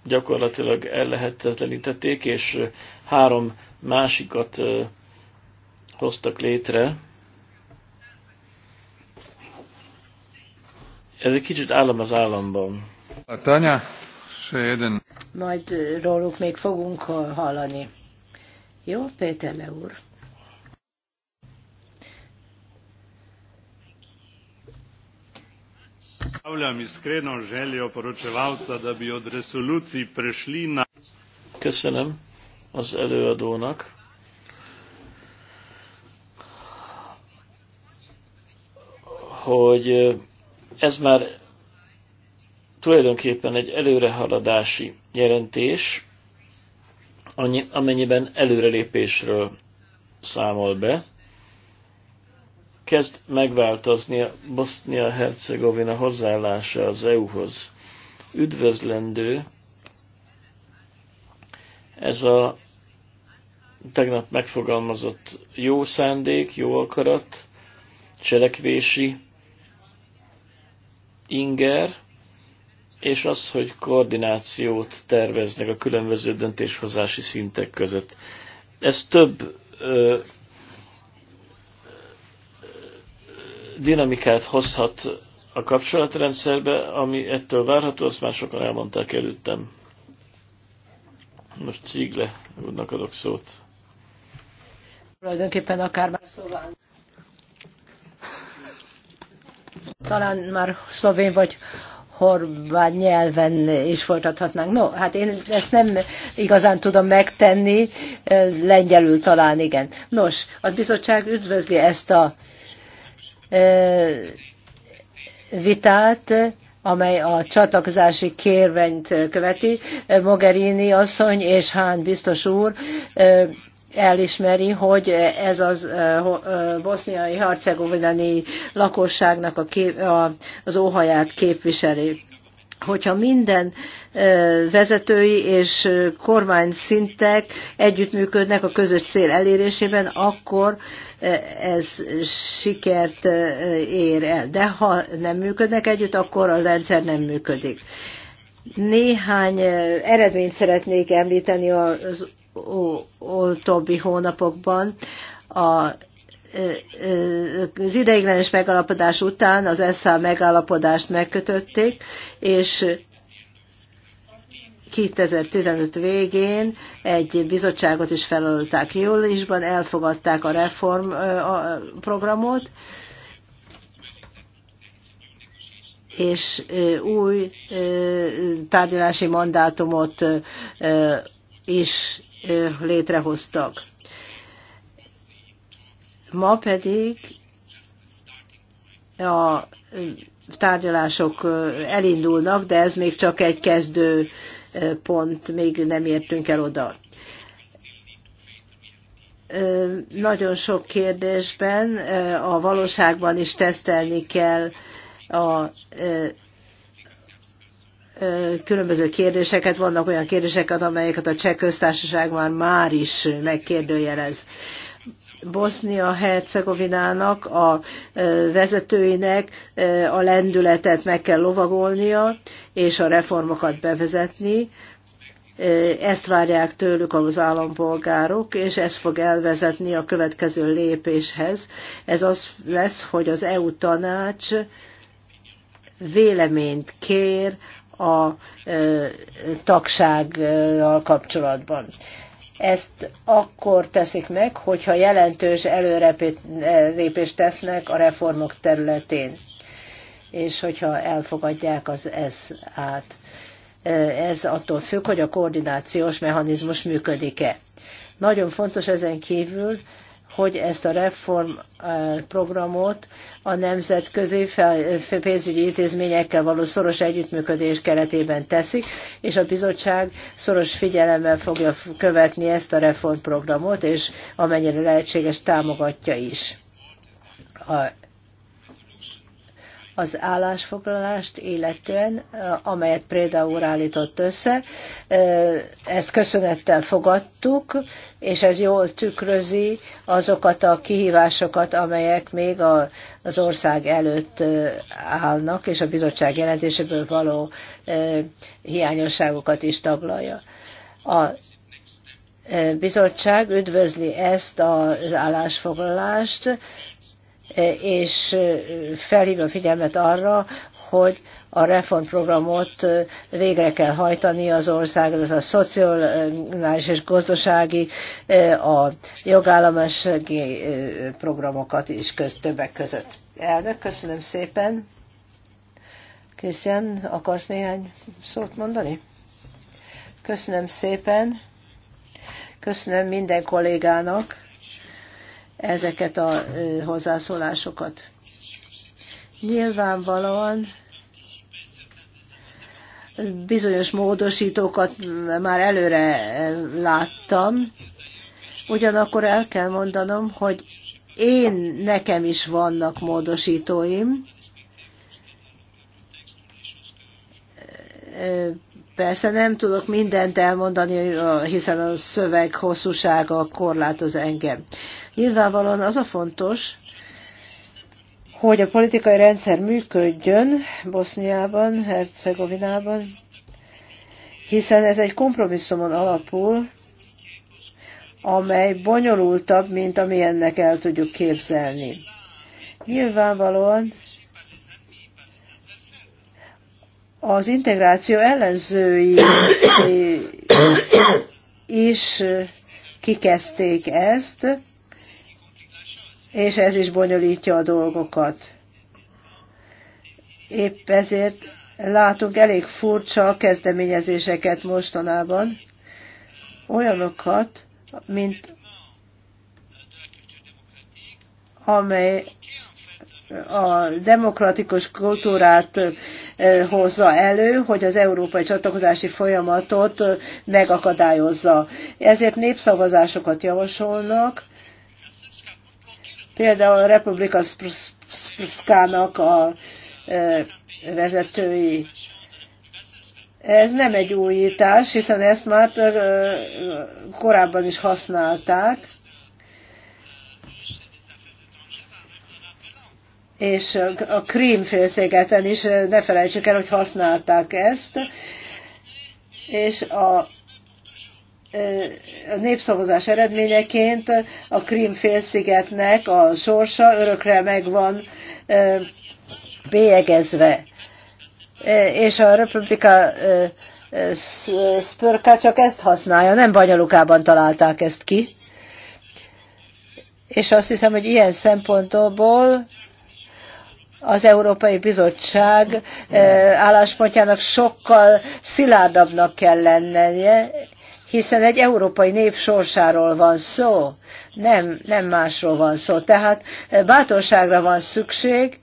gyakorlatilag ellehetetlenítették, és három másikat hoztak létre. Ez egy kicsit állam az államban. Tanya, Schäden. Majd róluk még fogunk hallani. Jó, Péter Le úr. Köszönöm az előadónak. hogy eh, ez már tulajdonképpen egy előrehaladási jelentés, amennyiben előrelépésről számol be. Kezd megváltozni a Bosznia-Hercegovina hozzáállása az EU-hoz. Üdvözlendő ez a tegnap megfogalmazott jó szándék, jó akarat, cselekvési inger, és az, hogy koordinációt terveznek a különböző döntéshozási szintek között. Ez több ö, dinamikát hozhat a kapcsolatrendszerbe, ami ettől várható, azt már sokan elmondták előttem. Most Cigle úrnak adok szót. Tulajdonképpen akár már szóval. Talán már szlovén vagy horvát nyelven is folytathatnánk. No, hát én ezt nem igazán tudom megtenni, lengyelül talán igen. Nos, a bizottság üdvözli ezt a vitát, amely a csatlakozási kérvényt követi. Mogherini asszony és Hán biztos úr elismeri, hogy ez az boszniai harcegovinani lakosságnak a kép, a, az óhaját képviseli. Hogyha minden vezetői és kormány szintek együttműködnek a közös cél elérésében, akkor ez sikert ér el. De ha nem működnek együtt, akkor a rendszer nem működik néhány eredményt szeretnék említeni az utóbbi hónapokban a az ideiglenes megalapodás után az ESZA megállapodást megkötötték, és 2015 végén egy bizottságot is jól júliusban, elfogadták a reformprogramot, és új tárgyalási mandátumot is létrehoztak. Ma pedig a tárgyalások elindulnak, de ez még csak egy kezdő pont, még nem értünk el oda. Nagyon sok kérdésben a valóságban is tesztelni kell a különböző kérdéseket, vannak olyan kérdéseket, amelyeket a cseh köztársaság már, már is megkérdőjelez. bosnia hercegovinának a vezetőinek a lendületet meg kell lovagolnia, és a reformokat bevezetni. Ezt várják tőlük az állampolgárok, és ez fog elvezetni a következő lépéshez. Ez az lesz, hogy az EU tanács véleményt kér a e, tagsággal kapcsolatban. Ezt akkor teszik meg, hogyha jelentős előrépést e, tesznek a reformok területén, és hogyha elfogadják az ez át. E, ez attól függ, hogy a koordinációs mechanizmus működik-e. Nagyon fontos ezen kívül, hogy ezt a reformprogramot eh, a nemzetközi pénzügyi intézményekkel való szoros együttműködés keretében teszik, és a bizottság szoros figyelemmel fogja követni ezt a reformprogramot, és amennyire lehetséges támogatja is. A az állásfoglalást illetően, eh, amelyet Préda úr állított össze. Eh, ezt köszönettel fogadtuk, és ez jól tükrözi azokat a kihívásokat, amelyek még a, az ország előtt eh, állnak, és a bizottság jelentéséből való hiányosságokat is taglalja. A bizottság üdvözli ezt az állásfoglalást, és felhívom a figyelmet arra, hogy a reformprogramot végre kell hajtani az az a szociális és gazdasági, a jogállamisági programokat is köz, többek között. Elnök, köszönöm szépen. Krisztián, akarsz néhány szót mondani? Köszönöm szépen. Köszönöm minden kollégának ezeket a hozzászólásokat. Nyilvánvalóan bizonyos módosítókat már előre láttam, ugyanakkor el kell mondanom, hogy én nekem is vannak módosítóim, Persze nem tudok mindent elmondani, hiszen a szöveg hosszúsága korlátoz engem. Nyilvánvalóan az a fontos, hogy a politikai rendszer működjön Boszniában, Hercegovinában, hiszen ez egy kompromisszumon alapul, amely bonyolultabb, mint amilyennek el tudjuk képzelni. Nyilvánvalóan az integráció ellenzői is kikezdték ezt, és ez is bonyolítja a dolgokat. Épp ezért látunk elég furcsa kezdeményezéseket mostanában, olyanokat, mint amely a demokratikus kultúrát hozza elő, hogy az európai csatlakozási folyamatot megakadályozza. Ezért népszavazásokat javasolnak, Például a Republika Spruszkának a e, vezetői. Ez nem egy újítás, hiszen ezt már e, korábban is használták. és a félszégeten is, e, ne felejtsük el, hogy használták ezt, és a a népszavazás eredményeként a Krím félszigetnek a sorsa örökre megvan bélyegezve. És a Republika Spörka csak ezt használja, nem Banyalukában találták ezt ki. És azt hiszem, hogy ilyen szempontból az Európai Bizottság álláspontjának sokkal szilárdabbnak kell lennie, hiszen egy európai nép sorsáról van szó, nem, nem másról van szó. Tehát eh, bátorságra van szükség,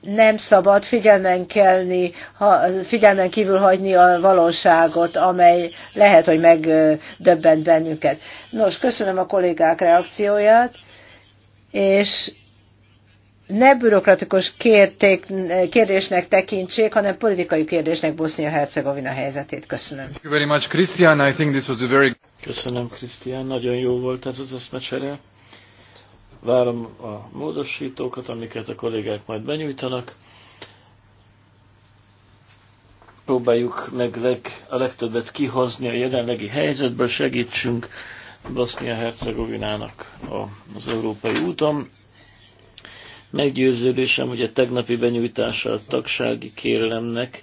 nem szabad figyelmen, kelni, ha, figyelmen kívül hagyni a valóságot, amely lehet, hogy megdöbbent bennünket. Nos, köszönöm a kollégák reakcióját, és ne bürokratikus kérték, kérdésnek tekintsék, hanem politikai kérdésnek Bosznia-Hercegovina helyzetét. Köszönöm. Thank you very much, Christian. I think this was a very... Köszönöm, Krisztián. Nagyon jó volt ez az eszmecsere. Várom a módosítókat, amiket a kollégák majd benyújtanak. Próbáljuk meg leg, a legtöbbet kihozni a jelenlegi helyzetből, segítsünk Bosznia-Hercegovinának az európai úton. Meggyőződésem, hogy a tegnapi benyújtása a tagsági kérelemnek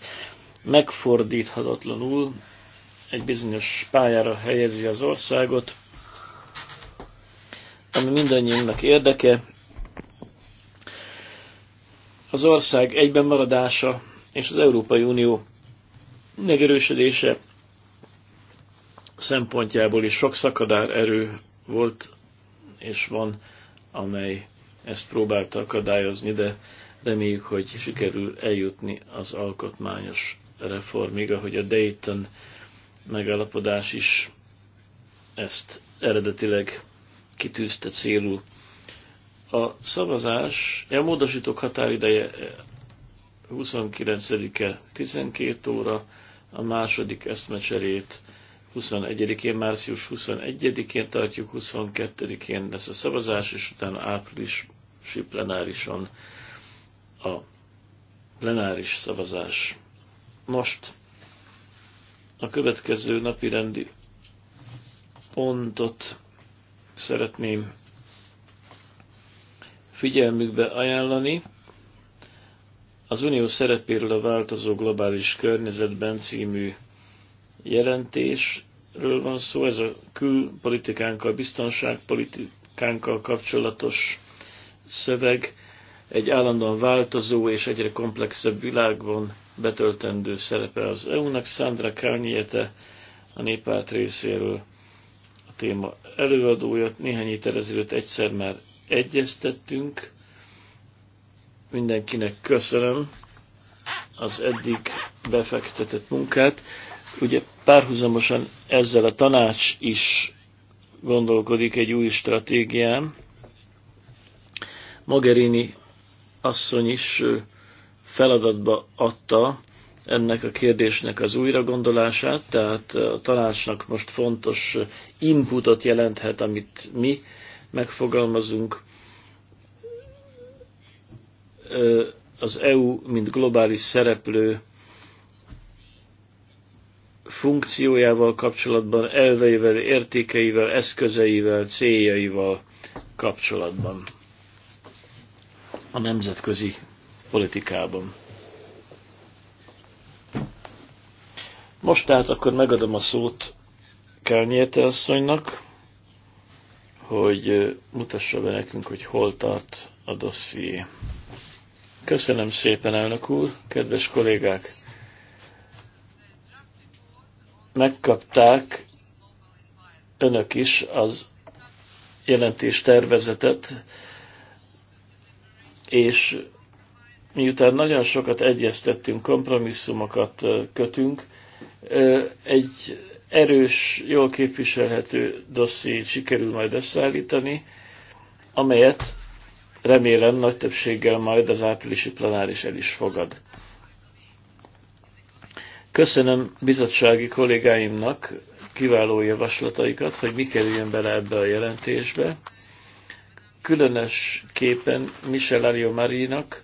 megfordíthatatlanul egy bizonyos pályára helyezi az országot, ami mindannyiunknak érdeke. Az ország egyben maradása és az Európai Unió megerősödése szempontjából is sok szakadár erő volt és van, amely ezt próbálta akadályozni, de reméljük, hogy sikerül eljutni az alkotmányos reformig, ahogy a Dayton megállapodás is ezt eredetileg kitűzte célul. A szavazás, a módosítók határideje 29-e 12 óra, a második eszmecserét 21-én, március 21-én tartjuk, 22-én lesz a szavazás, és utána áprilisi plenárison a plenáris szavazás. Most a következő napi rendi pontot szeretném figyelmükbe ajánlani. Az Unió szerepéről a változó globális környezetben című jelentésről van szó, ez a külpolitikánkkal, biztonságpolitikánkkal kapcsolatos szöveg egy állandóan változó és egyre komplexebb világban betöltendő szerepe az EU-nak. Sandra Kányéte a néppárt részéről a téma előadója. Néhány héttel ezelőtt egyszer már egyeztettünk. Mindenkinek köszönöm az eddig befektetett munkát. Ugye párhuzamosan ezzel a tanács is gondolkodik egy új stratégián. Mogherini asszony is feladatba adta ennek a kérdésnek az újragondolását, tehát a tanácsnak most fontos inputot jelenthet, amit mi megfogalmazunk. Az EU, mint globális szereplő funkciójával kapcsolatban, elveivel, értékeivel, eszközeivel, céljaival kapcsolatban a nemzetközi politikában. Most tehát akkor megadom a szót Kelnyéte asszonynak, hogy mutassa be nekünk, hogy hol tart a dosszié. Köszönöm szépen, elnök úr, kedves kollégák! megkapták önök is az jelentés tervezetet, és miután nagyon sokat egyeztettünk, kompromisszumokat kötünk, egy erős, jól képviselhető dosszi sikerül majd összeállítani, amelyet remélem nagy többséggel majd az áprilisi plenáris el is fogad. Köszönöm bizottsági kollégáimnak kiváló javaslataikat, hogy mi kerüljön bele ebbe a jelentésbe. Különösképpen Michel Ario Marinak,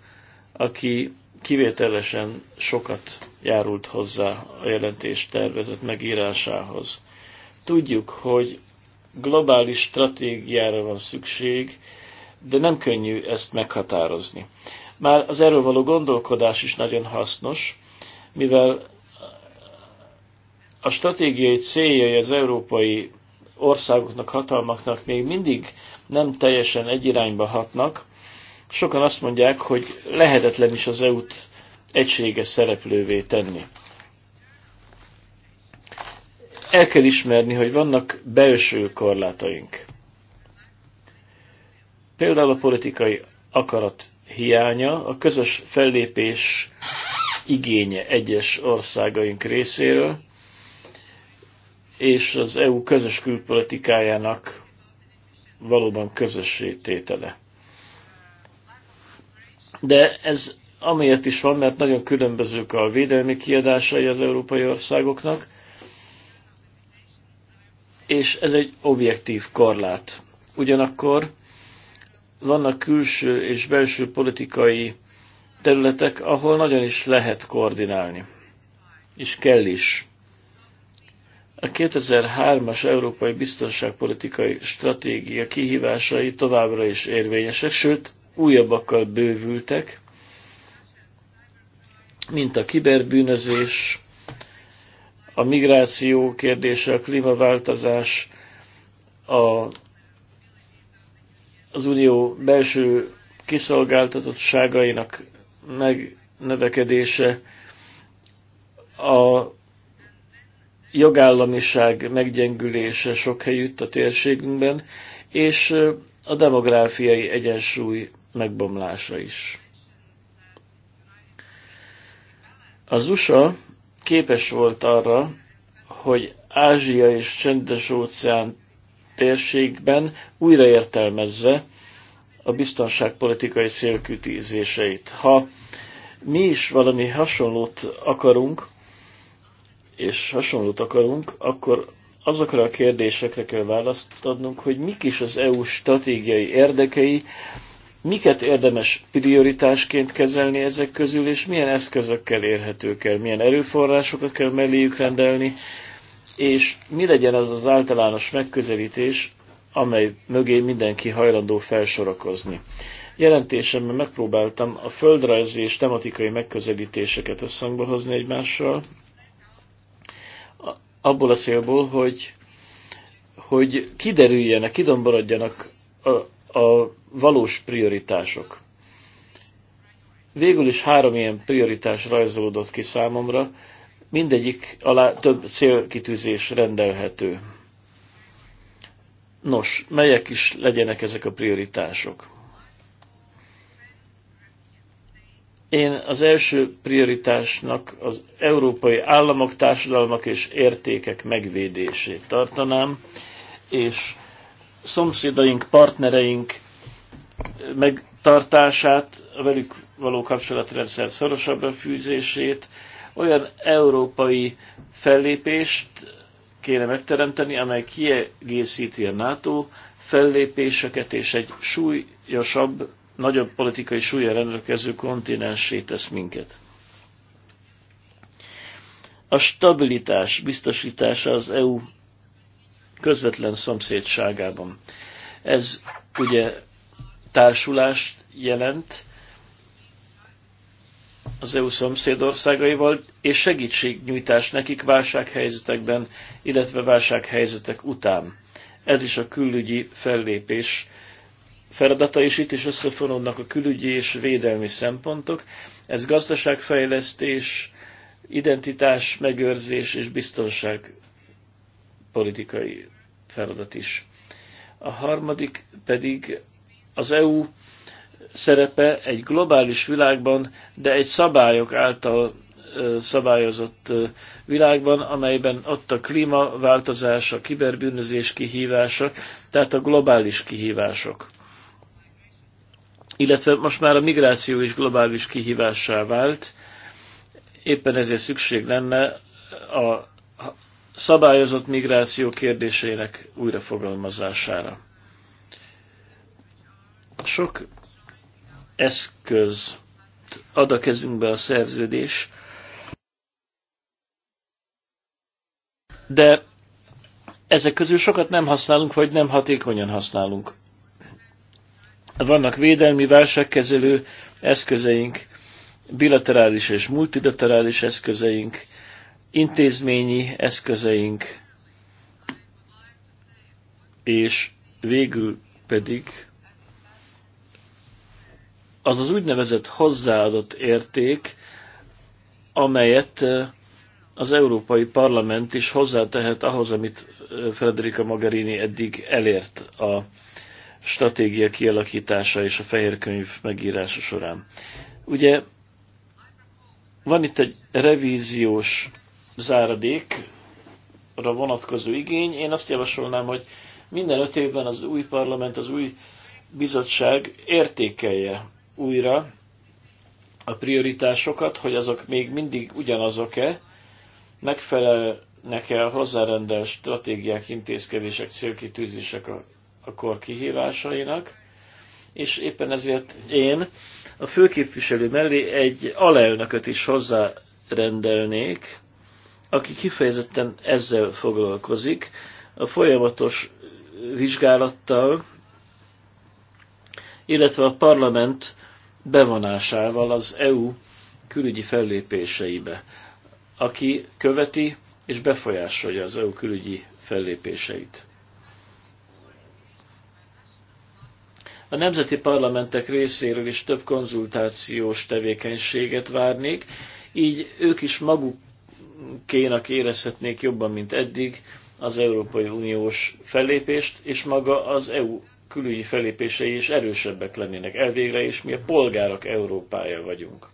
aki kivételesen sokat járult hozzá a jelentés tervezet megírásához. Tudjuk, hogy globális stratégiára van szükség, de nem könnyű ezt meghatározni. Már az erről való gondolkodás is nagyon hasznos, mivel a stratégiai céljai az európai országoknak, hatalmaknak még mindig nem teljesen egy irányba hatnak. Sokan azt mondják, hogy lehetetlen is az EU-t egységes szereplővé tenni. El kell ismerni, hogy vannak belső korlátaink. Például a politikai akarat hiánya, a közös fellépés igénye egyes országaink részéről, és az EU közös külpolitikájának valóban közössé tétele. De ez amiért is van, mert nagyon különbözők a védelmi kiadásai az európai országoknak, és ez egy objektív korlát. Ugyanakkor vannak külső és belső politikai területek, ahol nagyon is lehet koordinálni, és kell is. A 2003-as európai biztonságpolitikai stratégia kihívásai továbbra is érvényesek, sőt újabbakkal bővültek, mint a kiberbűnözés, a migráció kérdése, a klímaváltozás, a, az unió belső kiszolgáltatottságainak megnevekedése, a jogállamiság meggyengülése sok helyütt a térségünkben, és a demográfiai egyensúly megbomlása is. Az USA képes volt arra, hogy Ázsia és Csendes-óceán térségben újraértelmezze a biztonságpolitikai célkütézéseit. Ha mi is valami hasonlót akarunk, és hasonlót akarunk, akkor azokra a kérdésekre kell választ adnunk, hogy mik is az EU stratégiai érdekei, miket érdemes prioritásként kezelni ezek közül, és milyen eszközökkel érhetők el, milyen erőforrásokat kell melléjük rendelni, és mi legyen az az általános megközelítés, amely mögé mindenki hajlandó felsorakozni. Jelentésemben megpróbáltam a földrajzi és tematikai megközelítéseket összhangba hozni egymással, abból a szélból, hogy, hogy kiderüljenek, kidomborodjanak a, a valós prioritások. Végül is három ilyen prioritás rajzolódott ki számomra, mindegyik alá több célkitűzés rendelhető. Nos, melyek is legyenek ezek a prioritások? Én az első prioritásnak az európai államok, társadalmak és értékek megvédését tartanám, és szomszédaink, partnereink megtartását, a velük való kapcsolatrendszer szorosabbra fűzését, olyan európai fellépést kéne megteremteni, amely kiegészíti a NATO fellépéseket, és egy súlyosabb nagyobb politikai súlya rendelkező kontinensé tesz minket. A stabilitás biztosítása az EU közvetlen szomszédságában. Ez ugye társulást jelent az EU szomszédországaival, és segítségnyújtás nekik válsághelyzetekben, illetve válsághelyzetek után. Ez is a külügyi fellépés feladata, és itt is összefonódnak a külügyi és védelmi szempontok. Ez gazdaságfejlesztés, identitás, megőrzés és biztonság politikai feladat is. A harmadik pedig az EU szerepe egy globális világban, de egy szabályok által szabályozott világban, amelyben ott a klímaváltozás, a kiberbűnözés kihívása, tehát a globális kihívások illetve most már a migráció is globális kihívássá vált, éppen ezért szükség lenne a szabályozott migráció kérdésének újrafogalmazására. Sok eszköz ad a kezünkbe a szerződés, de ezek közül sokat nem használunk, vagy nem hatékonyan használunk vannak védelmi válságkezelő eszközeink, bilaterális és multilaterális eszközeink, intézményi eszközeink, és végül pedig az az úgynevezett hozzáadott érték, amelyet az Európai Parlament is hozzátehet ahhoz, amit Federica Magarini eddig elért a stratégia kialakítása és a fehér könyv megírása során. Ugye van itt egy revíziós záradékra vonatkozó igény. Én azt javasolnám, hogy minden öt évben az új parlament, az új bizottság értékelje újra a prioritásokat, hogy azok még mindig ugyanazok-e, megfelelnek-e a hozzárendelt stratégiák, intézkedések, célkitűzések a a kor kihívásainak, és éppen ezért én a főképviselő mellé egy alelnököt is hozzárendelnék, aki kifejezetten ezzel foglalkozik, a folyamatos vizsgálattal, illetve a parlament bevonásával az EU külügyi fellépéseibe, aki követi és befolyásolja az EU külügyi fellépéseit. A nemzeti parlamentek részéről is több konzultációs tevékenységet várnék, így ők is magukénak érezhetnék jobban, mint eddig az Európai Uniós fellépést, és maga az EU külügyi fellépései is erősebbek lennének. Elvégre is mi a polgárok Európája vagyunk.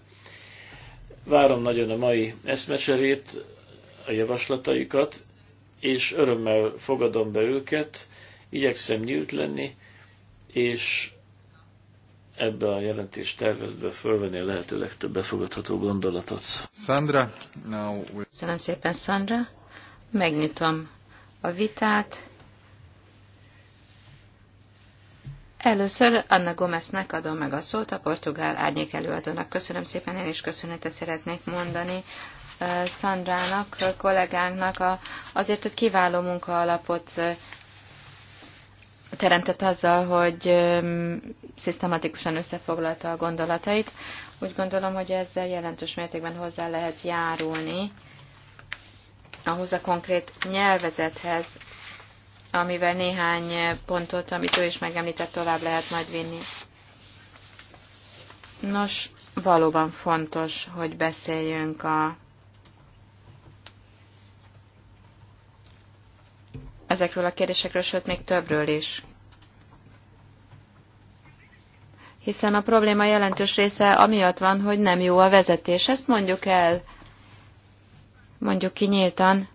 Várom nagyon a mai eszmecserét, a javaslataikat, és örömmel fogadom be őket, igyekszem nyílt lenni, és ebbe a jelentés tervezbe fölvenni a lehető legtöbb befogadható gondolatot. Sandra, now we... Köszönöm szépen, Sandra. Megnyitom a vitát. Először Anna Gomeznek adom meg a szót, a portugál árnyék előadónak. Köszönöm szépen, én is köszönetet szeretnék mondani eh, Szandrának, kollégánknak a, azért, hogy kiváló munka alapot eh, teremtett azzal, hogy szisztematikusan összefoglalta a gondolatait. Úgy gondolom, hogy ezzel jelentős mértékben hozzá lehet járulni ahhoz a konkrét nyelvezethez, amivel néhány pontot, amit ő is megemlített, tovább lehet majd vinni. Nos, valóban fontos, hogy beszéljünk a ezekről a kérdésekről, sőt még többről is. Hiszen a probléma jelentős része amiatt van, hogy nem jó a vezetés. Ezt mondjuk el, mondjuk kinyíltan,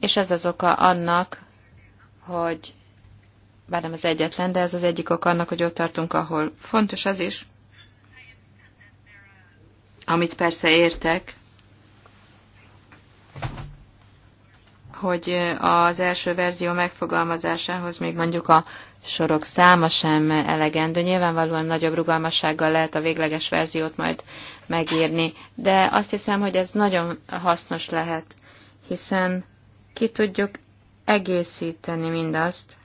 és ez az oka annak, hogy bár nem az egyetlen, de ez az egyik ok annak, hogy ott tartunk, ahol fontos az is, amit persze értek, hogy az első verzió megfogalmazásához még mondjuk a sorok száma sem elegendő. Nyilvánvalóan nagyobb rugalmassággal lehet a végleges verziót majd megírni, de azt hiszem, hogy ez nagyon hasznos lehet, hiszen ki tudjuk egészíteni mindazt,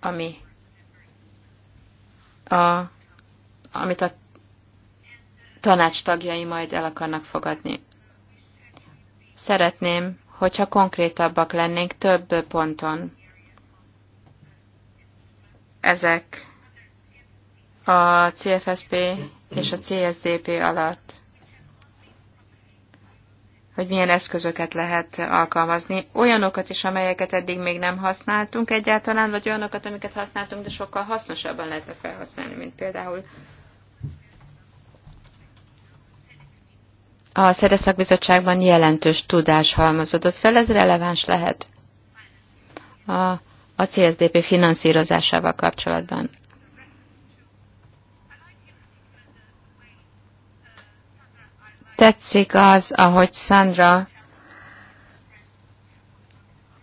ami a, amit a tanács tagjai majd el akarnak fogadni. Szeretném hogyha konkrétabbak lennénk több ponton. Ezek a CFSP és a CSDP alatt, hogy milyen eszközöket lehet alkalmazni. Olyanokat is, amelyeket eddig még nem használtunk egyáltalán, vagy olyanokat, amiket használtunk, de sokkal hasznosabban lehet felhasználni, mint például A Szereszakbizottságban jelentős tudás halmozódott fel, ez releváns lehet a, a CSDP finanszírozásával kapcsolatban. Tetszik az, ahogy Sandra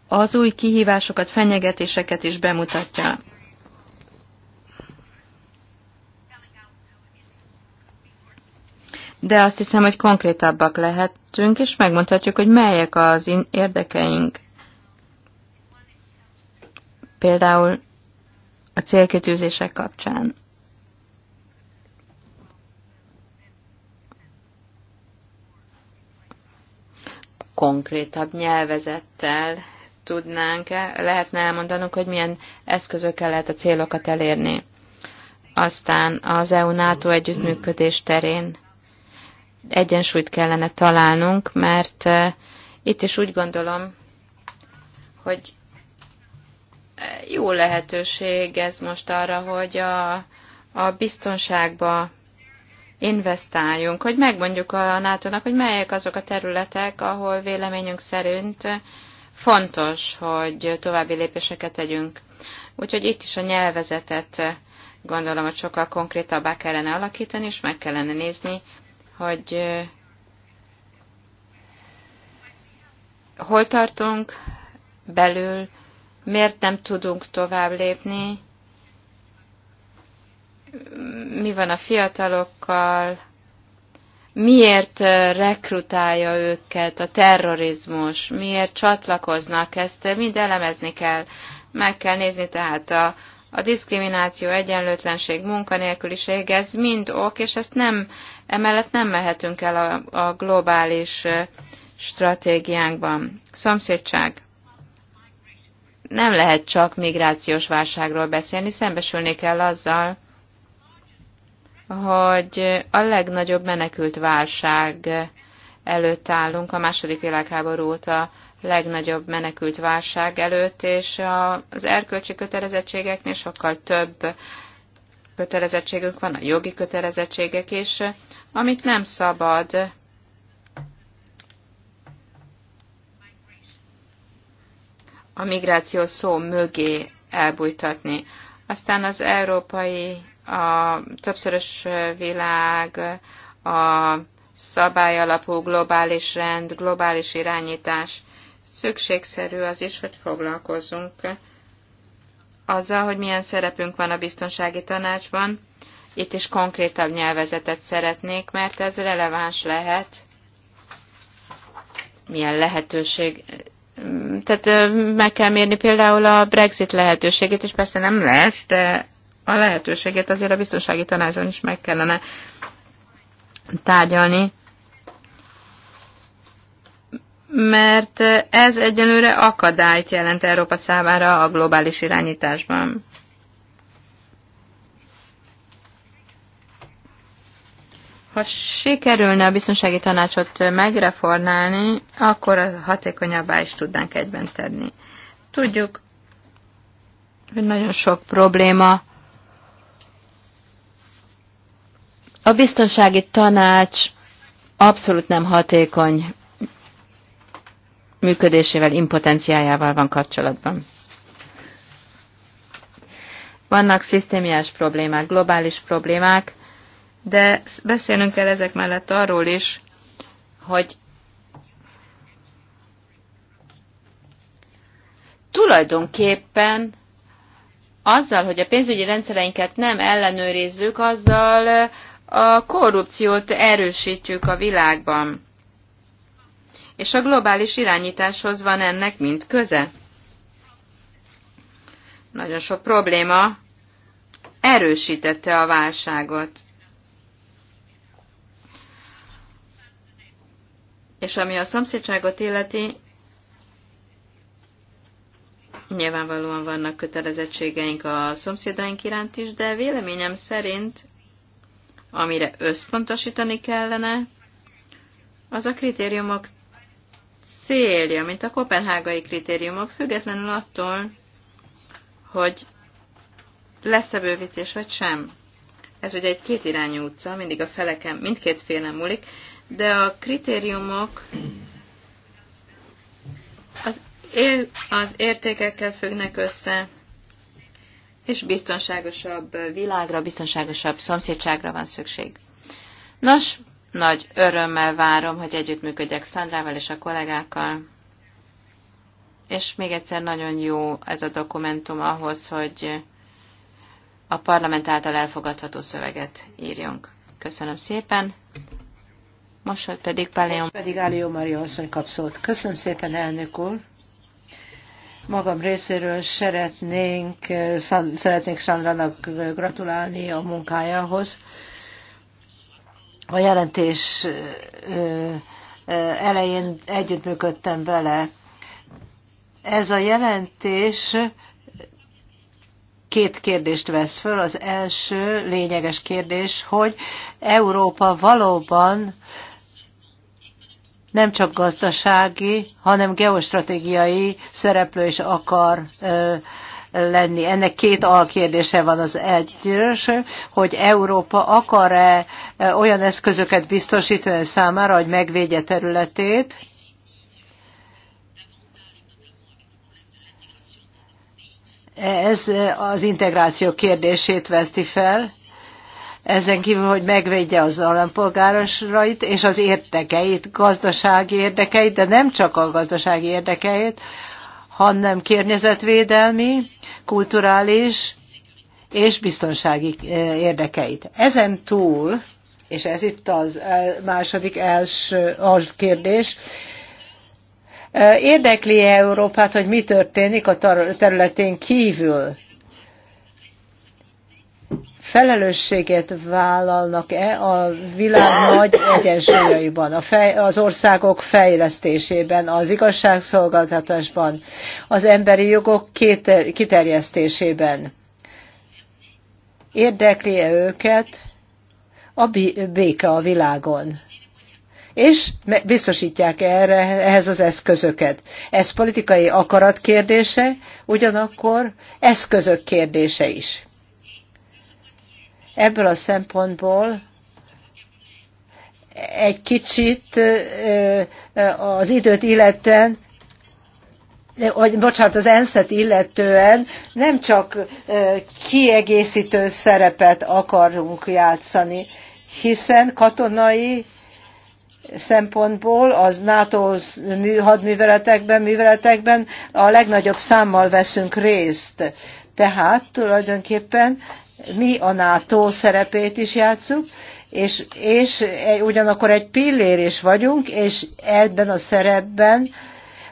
az új kihívásokat, fenyegetéseket is bemutatja. de azt hiszem, hogy konkrétabbak lehetünk, és megmondhatjuk, hogy melyek az érdekeink. Például a célkitűzések kapcsán. Konkrétabb nyelvezettel tudnánk, -e, lehetne elmondanunk, hogy milyen eszközökkel lehet a célokat elérni. Aztán az EU-NATO együttműködés terén egyensúlyt kellene találnunk, mert eh, itt is úgy gondolom, hogy eh, jó lehetőség ez most arra, hogy a, a biztonságba investáljunk, hogy megmondjuk a nato hogy melyek azok a területek, ahol véleményünk szerint fontos, hogy további lépéseket tegyünk. Úgyhogy itt is a nyelvezetet eh, gondolom, hogy sokkal konkrétabbá kellene alakítani, és meg kellene nézni, hogy hol tartunk belül, miért nem tudunk tovább lépni, mi van a fiatalokkal, miért rekrutálja őket a terrorizmus, miért csatlakoznak, ezt mind elemezni kell, meg kell nézni tehát a, a diszkrimináció, egyenlőtlenség, munkanélküliség, ez mind ok, és ezt nem Emellett nem mehetünk el a, a globális stratégiánkban. Szomszédság. Nem lehet csak migrációs válságról beszélni, szembesülni kell azzal, hogy a legnagyobb menekült válság előtt állunk, a második világháború óta legnagyobb menekült válság előtt, és az erkölcsi kötelezettségeknél sokkal több kötelezettségünk van, a jogi kötelezettségek is, amit nem szabad a migráció szó mögé elbújtatni. Aztán az európai, a többszörös világ, a szabályalapú globális rend, globális irányítás. Szükségszerű az is, hogy foglalkozzunk azzal, hogy milyen szerepünk van a biztonsági tanácsban, itt is konkrétabb nyelvezetet szeretnék, mert ez releváns lehet. Milyen lehetőség. Tehát meg kell mérni például a Brexit lehetőségét, és persze nem lesz, de a lehetőséget azért a biztonsági tanácson is meg kellene tárgyalni mert ez egyenlőre akadályt jelent Európa számára a globális irányításban. Ha sikerülne a biztonsági tanácsot megreformálni, akkor a hatékonyabbá is tudnánk egyben tenni. Tudjuk, hogy nagyon sok probléma A biztonsági tanács abszolút nem hatékony működésével, impotenciájával van kapcsolatban. Vannak szisztémiás problémák, globális problémák, de beszélnünk kell ezek mellett arról is, hogy tulajdonképpen azzal, hogy a pénzügyi rendszereinket nem ellenőrizzük, azzal a korrupciót erősítjük a világban. És a globális irányításhoz van ennek mind köze. Nagyon sok probléma erősítette a válságot. És ami a szomszédságot illeti, nyilvánvalóan vannak kötelezettségeink a szomszédaink iránt is, de véleményem szerint, amire összpontosítani kellene, az a kritériumok célja, mint a kopenhágai kritériumok, függetlenül attól, hogy lesz-e bővítés vagy sem. Ez ugye egy kétirányú utca, mindig a feleken, mindkét félen múlik, de a kritériumok az, él, az értékekkel függnek össze, és biztonságosabb világra, biztonságosabb szomszédságra van szükség. Nos, nagy örömmel várom, hogy együttműködjek Szandrával és a kollégákkal, és még egyszer nagyon jó ez a dokumentum ahhoz, hogy a parlament által elfogadható szöveget írjunk. Köszönöm szépen! most pedig Pálion. Pedig Álió Maria asszony kap szót. Köszönöm szépen, elnök úr. Magam részéről szeretnénk, szeretnénk Sandranak gratulálni a munkájához. A jelentés elején együttműködtem vele. Ez a jelentés két kérdést vesz föl. Az első lényeges kérdés, hogy Európa valóban nem csak gazdasági, hanem geostratégiai szereplő is akar ö, lenni. Ennek két alkérdése van az egyes, hogy Európa akar-e olyan eszközöket biztosítani számára, hogy megvédje területét, ez az integráció kérdését veti fel, ezen kívül, hogy megvédje az állampolgárosrait és az érdekeit, gazdasági érdekeit, de nem csak a gazdasági érdekeit, hanem környezetvédelmi, kulturális és biztonsági eh, érdekeit. Ezen túl, és ez itt az második első kérdés, eh, érdekli -e Európát, hogy mi történik a területén kívül? felelősséget vállalnak-e a világ nagy egyensúlyaiban, a fej, az országok fejlesztésében, az igazságszolgáltatásban, az emberi jogok kéter, kiterjesztésében. Érdekli-e őket a béke a világon? És biztosítják erre ehhez az eszközöket. Ez politikai akarat kérdése, ugyanakkor eszközök kérdése is. Ebből a szempontból egy kicsit az időt illetően vagy bocsánat, az enszet illetően nem csak kiegészítő szerepet akarunk játszani, hiszen katonai szempontból az NATO hadműveletekben, műveletekben a legnagyobb számmal veszünk részt. Tehát tulajdonképpen mi a NATO szerepét is játszunk, és, és ugyanakkor egy pillér is vagyunk, és ebben a szerepben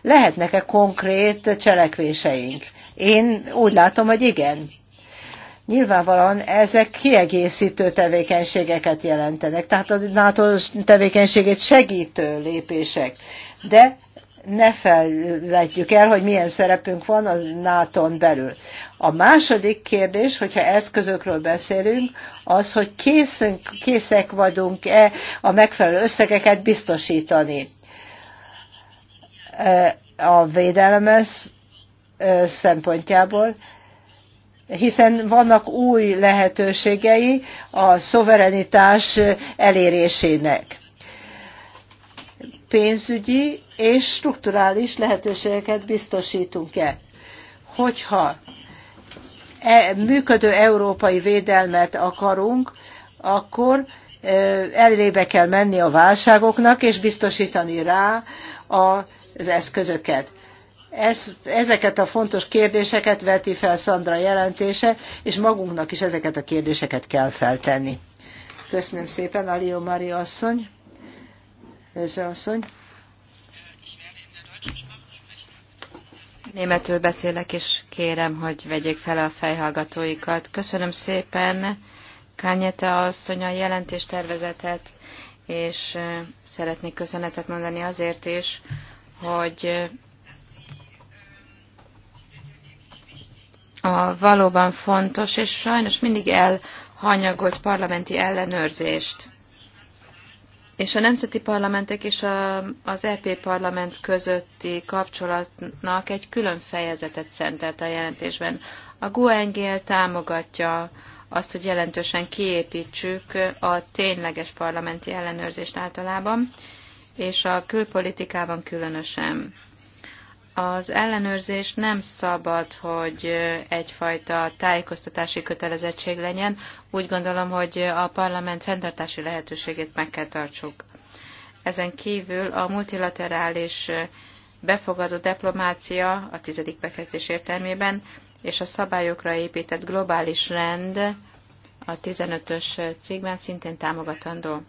lehetnek-e konkrét cselekvéseink? Én úgy látom, hogy igen. Nyilvánvalóan ezek kiegészítő tevékenységeket jelentenek, tehát a NATO tevékenységét segítő lépések. De ne felejtjük el, hogy milyen szerepünk van a nato belül. A második kérdés, hogyha eszközökről beszélünk, az, hogy készünk, készek vagyunk-e a megfelelő összegeket biztosítani. A védelemes szempontjából, hiszen vannak új lehetőségei a szoverenitás elérésének pénzügyi és strukturális lehetőségeket biztosítunk-e. Hogyha e működő európai védelmet akarunk, akkor e, elébe kell menni a válságoknak, és biztosítani rá az eszközöket. Ez, ezeket a fontos kérdéseket veti fel Szandra jelentése, és magunknak is ezeket a kérdéseket kell feltenni. Köszönöm szépen, Alió Mária asszony. Őze asszony. Németül beszélek, és kérem, hogy vegyék fel a fejhallgatóikat. Köszönöm szépen Kányeta asszony a jelentéstervezetet, és szeretnék köszönetet mondani azért is, hogy a valóban fontos, és sajnos mindig elhanyagolt parlamenti ellenőrzést és a nemzeti parlamentek és a, az EP parlament közötti kapcsolatnak egy külön fejezetet szentelt a jelentésben. A GUNGL támogatja azt, hogy jelentősen kiépítsük a tényleges parlamenti ellenőrzést általában, és a külpolitikában különösen. Az ellenőrzés nem szabad, hogy egyfajta tájékoztatási kötelezettség legyen. Úgy gondolom, hogy a parlament fenntartási lehetőségét meg kell tartsuk. Ezen kívül a multilaterális befogadó diplomácia a tizedik bekezdés értelmében és a szabályokra épített globális rend a 15-ös cikkben szintén támogatandó.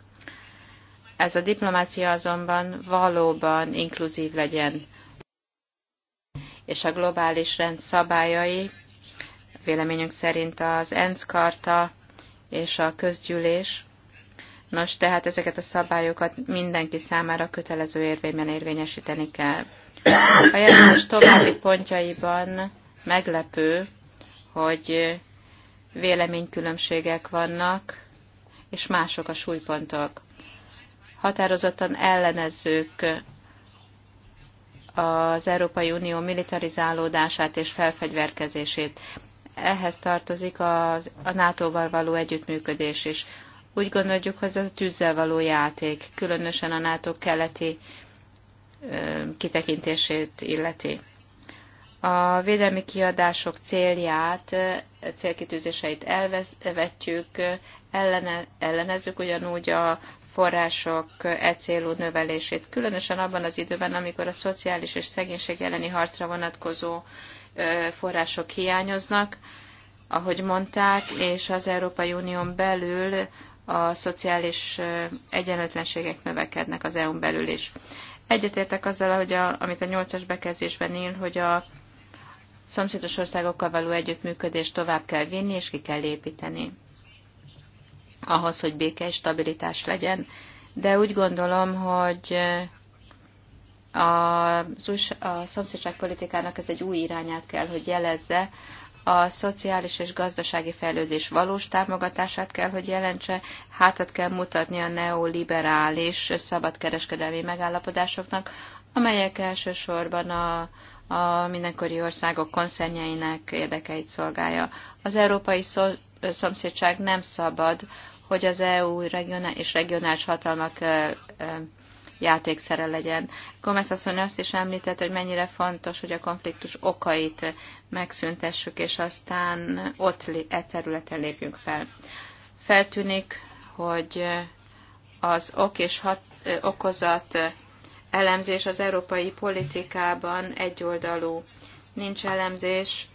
Ez a diplomácia azonban valóban inkluzív legyen és a globális rend szabályai, véleményünk szerint az ENSZ karta és a közgyűlés, Nos, tehát ezeket a szabályokat mindenki számára kötelező érvényben érvényesíteni kell. A jelentés további pontjaiban meglepő, hogy véleménykülönbségek vannak, és mások a súlypontok. Határozottan ellenezzük az Európai Unió militarizálódását és felfegyverkezését. Ehhez tartozik a, a NATO-val való együttműködés is. Úgy gondoljuk, hogy ez a tűzzel való játék, különösen a NATO keleti ö, kitekintését illeti. A védelmi kiadások célját, célkitűzéseit elvetjük, ellene, ellenezzük ugyanúgy a források e célú növelését, különösen abban az időben, amikor a szociális és szegénység elleni harcra vonatkozó források hiányoznak, ahogy mondták, és az Európai Unión belül a szociális egyenlőtlenségek növekednek az EU-n belül is. Egyetértek azzal, hogy a, amit a nyolcas bekezdésben ír, hogy a szomszédos országokkal való együttműködést tovább kell vinni és ki kell építeni ahhoz, hogy béke és stabilitás legyen. De úgy gondolom, hogy a, a szomszédságpolitikának ez egy új irányát kell, hogy jelezze, a szociális és gazdasági fejlődés valós támogatását kell, hogy jelentse, hátat kell mutatni a neoliberális szabadkereskedelmi megállapodásoknak, amelyek elsősorban a, a mindenkori országok konszernjeinek érdekeit szolgálja. Az európai szó, szomszédság nem szabad, hogy az EU és regionális hatalmak játékszere legyen. Gomez asszony azt is említett, hogy mennyire fontos, hogy a konfliktus okait megszüntessük, és aztán ott e területen lépjünk fel. Feltűnik, hogy az ok és hat, okozat elemzés az európai politikában egyoldalú. Nincs elemzés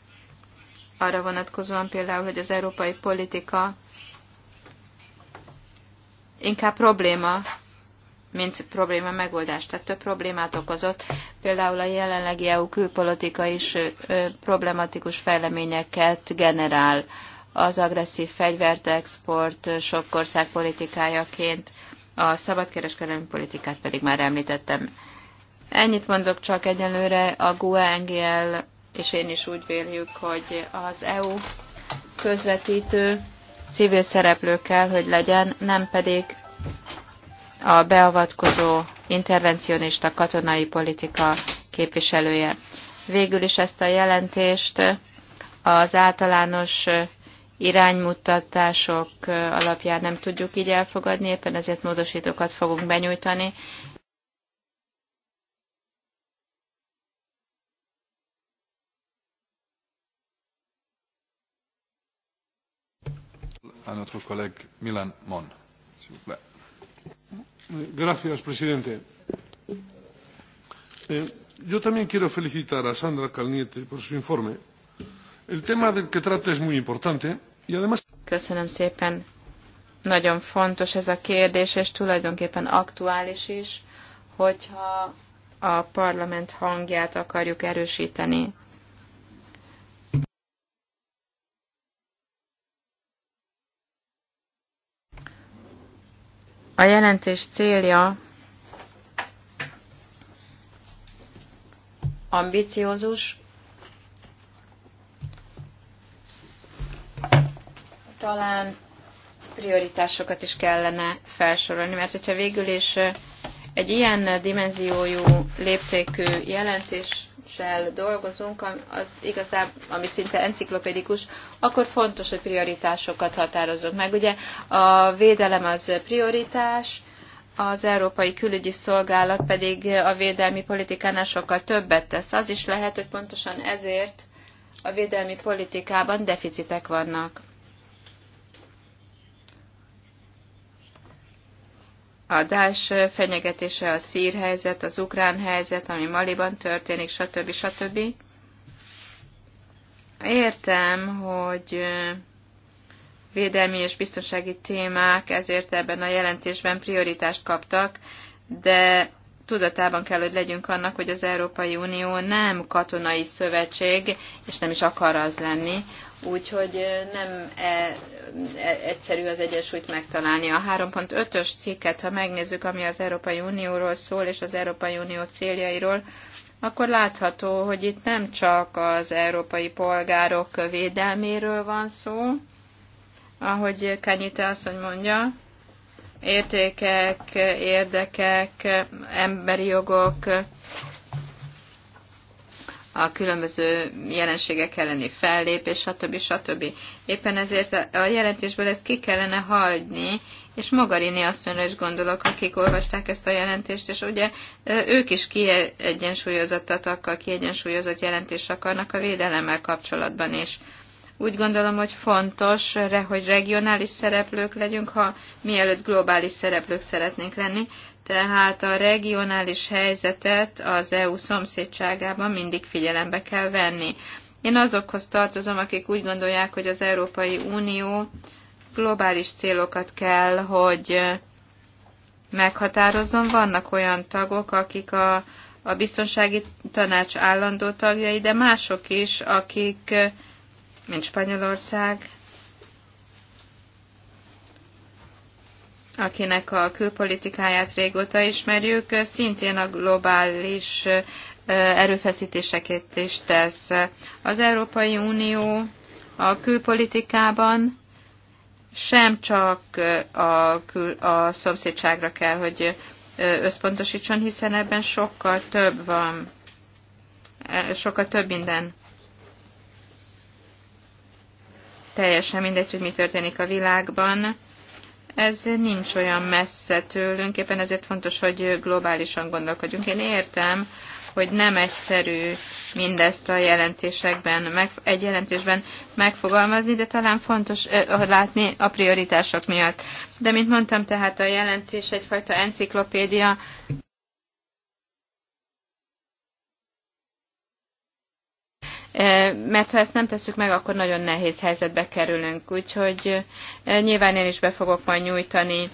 arra vonatkozóan például, hogy az európai politika inkább probléma, mint probléma megoldás. Tehát több problémát okozott. Például a jelenlegi EU külpolitika is problematikus fejleményeket generál. Az agresszív export, sok ország politikájaként, a szabadkereskedelmi politikát pedig már említettem. Ennyit mondok csak egyelőre a GUE-NGL, és én is úgy véljük, hogy az EU közvetítő civil szereplő kell, hogy legyen, nem pedig a beavatkozó intervencionista katonai politika képviselője. Végül is ezt a jelentést az általános iránymutatások alapján nem tudjuk így elfogadni, éppen ezért módosítókat fogunk benyújtani, à notre collègue Milan Mon. S'il vous plaît. Gracias, presidente. Eh, yo también quiero felicitar a Sandra Calniete por su informe. El tema del que trata es muy importante y además. Köszönöm szépen. Nagyon fontos ez a kérdés, és tulajdonképpen aktuális is, hogyha a parlament hangját akarjuk erősíteni A jelentés célja ambiciózus, talán prioritásokat is kellene felsorolni, mert hogyha végül is egy ilyen dimenziójú léptékű jelentés jelentéssel dolgozunk, az igazából, ami szinte enciklopedikus, akkor fontos, hogy prioritásokat határozunk meg. Ugye a védelem az prioritás, az Európai Külügyi Szolgálat pedig a védelmi politikánál sokkal többet tesz. Az is lehet, hogy pontosan ezért a védelmi politikában deficitek vannak. a Dás fenyegetése, a szír helyzet, az ukrán helyzet, ami Maliban történik, stb. stb. Értem, hogy védelmi és biztonsági témák ezért ebben a jelentésben prioritást kaptak, de tudatában kell, hogy legyünk annak, hogy az Európai Unió nem katonai szövetség, és nem is akar az lenni, Úgyhogy nem e, e, egyszerű az egyensúlyt megtalálni. A 3.5-ös cikket, ha megnézzük, ami az Európai Unióról szól, és az Európai Unió céljairól, akkor látható, hogy itt nem csak az európai polgárok védelméről van szó, ahogy Kanyita asszony mondja, értékek, érdekek, emberi jogok, a különböző jelenségek elleni fellépés, stb. stb. Éppen ezért a jelentésből ezt ki kellene hagyni, és Magarini asszonyra is gondolok, akik olvasták ezt a jelentést, és ugye ők is kiegyensúlyozottat akar, kiegyensúlyozott jelentést akarnak a védelemmel kapcsolatban is. Úgy gondolom, hogy fontos, hogy regionális szereplők legyünk, ha mielőtt globális szereplők szeretnénk lenni, tehát a regionális helyzetet az EU szomszédságában mindig figyelembe kell venni. Én azokhoz tartozom, akik úgy gondolják, hogy az Európai Unió globális célokat kell, hogy meghatározzon. Vannak olyan tagok, akik a, a biztonsági tanács állandó tagjai, de mások is, akik, mint Spanyolország, akinek a külpolitikáját régóta ismerjük, szintén a globális erőfeszítéseket is tesz. Az Európai Unió a külpolitikában sem csak a, kül, a szomszédságra kell, hogy összpontosítson, hiszen ebben sokkal több van, e, sokkal több minden. Teljesen mindegy, hogy mi történik a világban ez nincs olyan messze tőlünk, éppen ezért fontos, hogy globálisan gondolkodjunk. Én értem, hogy nem egyszerű mindezt a jelentésekben, meg, egy jelentésben megfogalmazni, de talán fontos ö, látni a prioritások miatt. De mint mondtam, tehát a jelentés egyfajta enciklopédia, mert ha ezt nem tesszük meg, akkor nagyon nehéz helyzetbe kerülünk. Úgyhogy nyilván én is be fogok majd nyújtani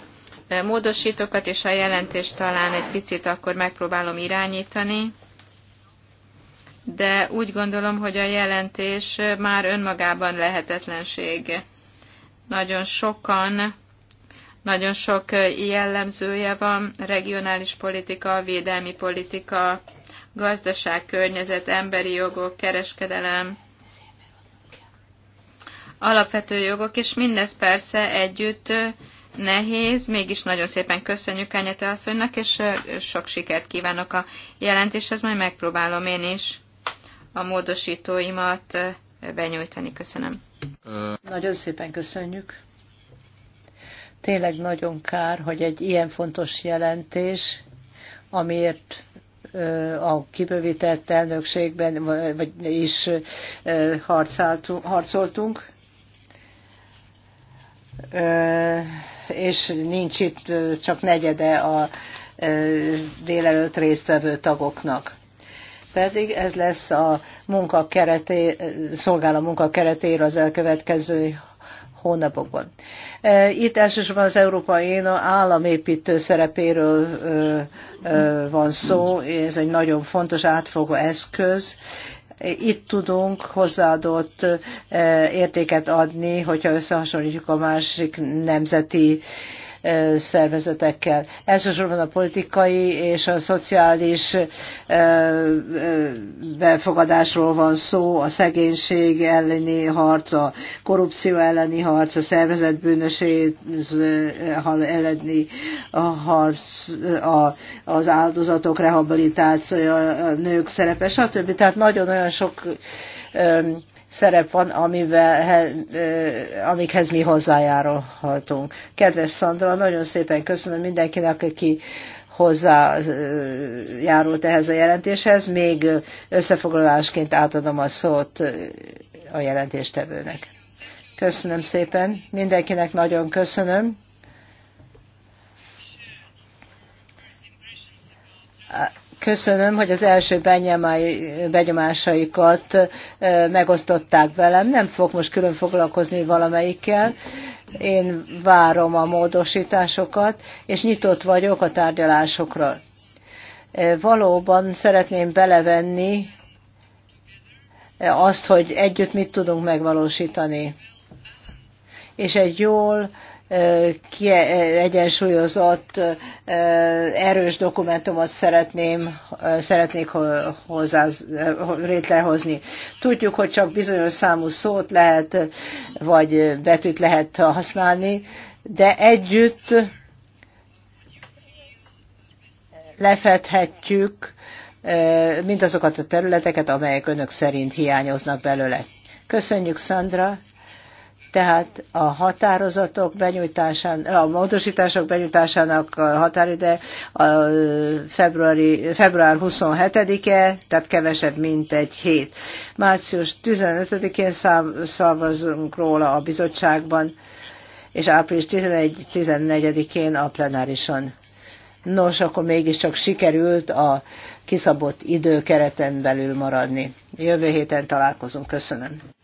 módosítókat, és a jelentést talán egy picit akkor megpróbálom irányítani. De úgy gondolom, hogy a jelentés már önmagában lehetetlenség. Nagyon sokan nagyon sok jellemzője van, regionális politika, védelmi politika, gazdaság, környezet, emberi jogok, kereskedelem, alapvető jogok, és mindez persze együtt nehéz, mégis nagyon szépen köszönjük Enyete asszonynak, és sok sikert kívánok a jelentéshez, majd megpróbálom én is a módosítóimat benyújtani. Köszönöm. Nagyon szépen köszönjük. Tényleg nagyon kár, hogy egy ilyen fontos jelentés, amiért a kibővített elnökségben vagy is harcoltunk. És nincs itt csak negyede a délelőtt résztvevő tagoknak. Pedig ez lesz a munka kereté, szolgál a munka keretére az elkövetkező hónapokban. E, itt elsősorban az Európai államépítő szerepéről van szó, ez egy nagyon fontos átfogó eszköz, itt tudunk hozzáadott e, értéket adni, hogyha összehasonlítjuk a másik nemzeti szervezetekkel. Elsősorban a politikai és a szociális befogadásról van szó, a szegénység elleni harc, a korrupció elleni harc, a szervezetbűnöség elleni a harc, a, az áldozatok rehabilitációja, a nők szerepe, stb. Tehát nagyon nagyon sok szerep van, amivel, amikhez mi hozzájárulhatunk. Kedves Szandra, nagyon szépen köszönöm mindenkinek, aki hozzájárult ehhez a jelentéshez. Még összefoglalásként átadom a szót a jelentéstevőnek. Köszönöm szépen. Mindenkinek nagyon köszönöm köszönöm, hogy az első benyomásaikat megosztották velem. Nem fog most külön foglalkozni valamelyikkel. Én várom a módosításokat, és nyitott vagyok a tárgyalásokra. Valóban szeretném belevenni azt, hogy együtt mit tudunk megvalósítani. És egy jól egyensúlyozott, erős dokumentumot szeretném, szeretnék hozzá létrehozni. Tudjuk, hogy csak bizonyos számú szót lehet, vagy betűt lehet használni, de együtt lefedhetjük mindazokat a területeket, amelyek önök szerint hiányoznak belőle. Köszönjük, Sandra! tehát a határozatok benyújtásán, a módosítások benyújtásának a határide a februári, február 27-e, tehát kevesebb, mint egy hét. Március 15-én szavazunk róla a bizottságban, és április 11-14-én a plenárison. Nos, akkor mégiscsak sikerült a kiszabott időkereten belül maradni. Jövő héten találkozunk. Köszönöm.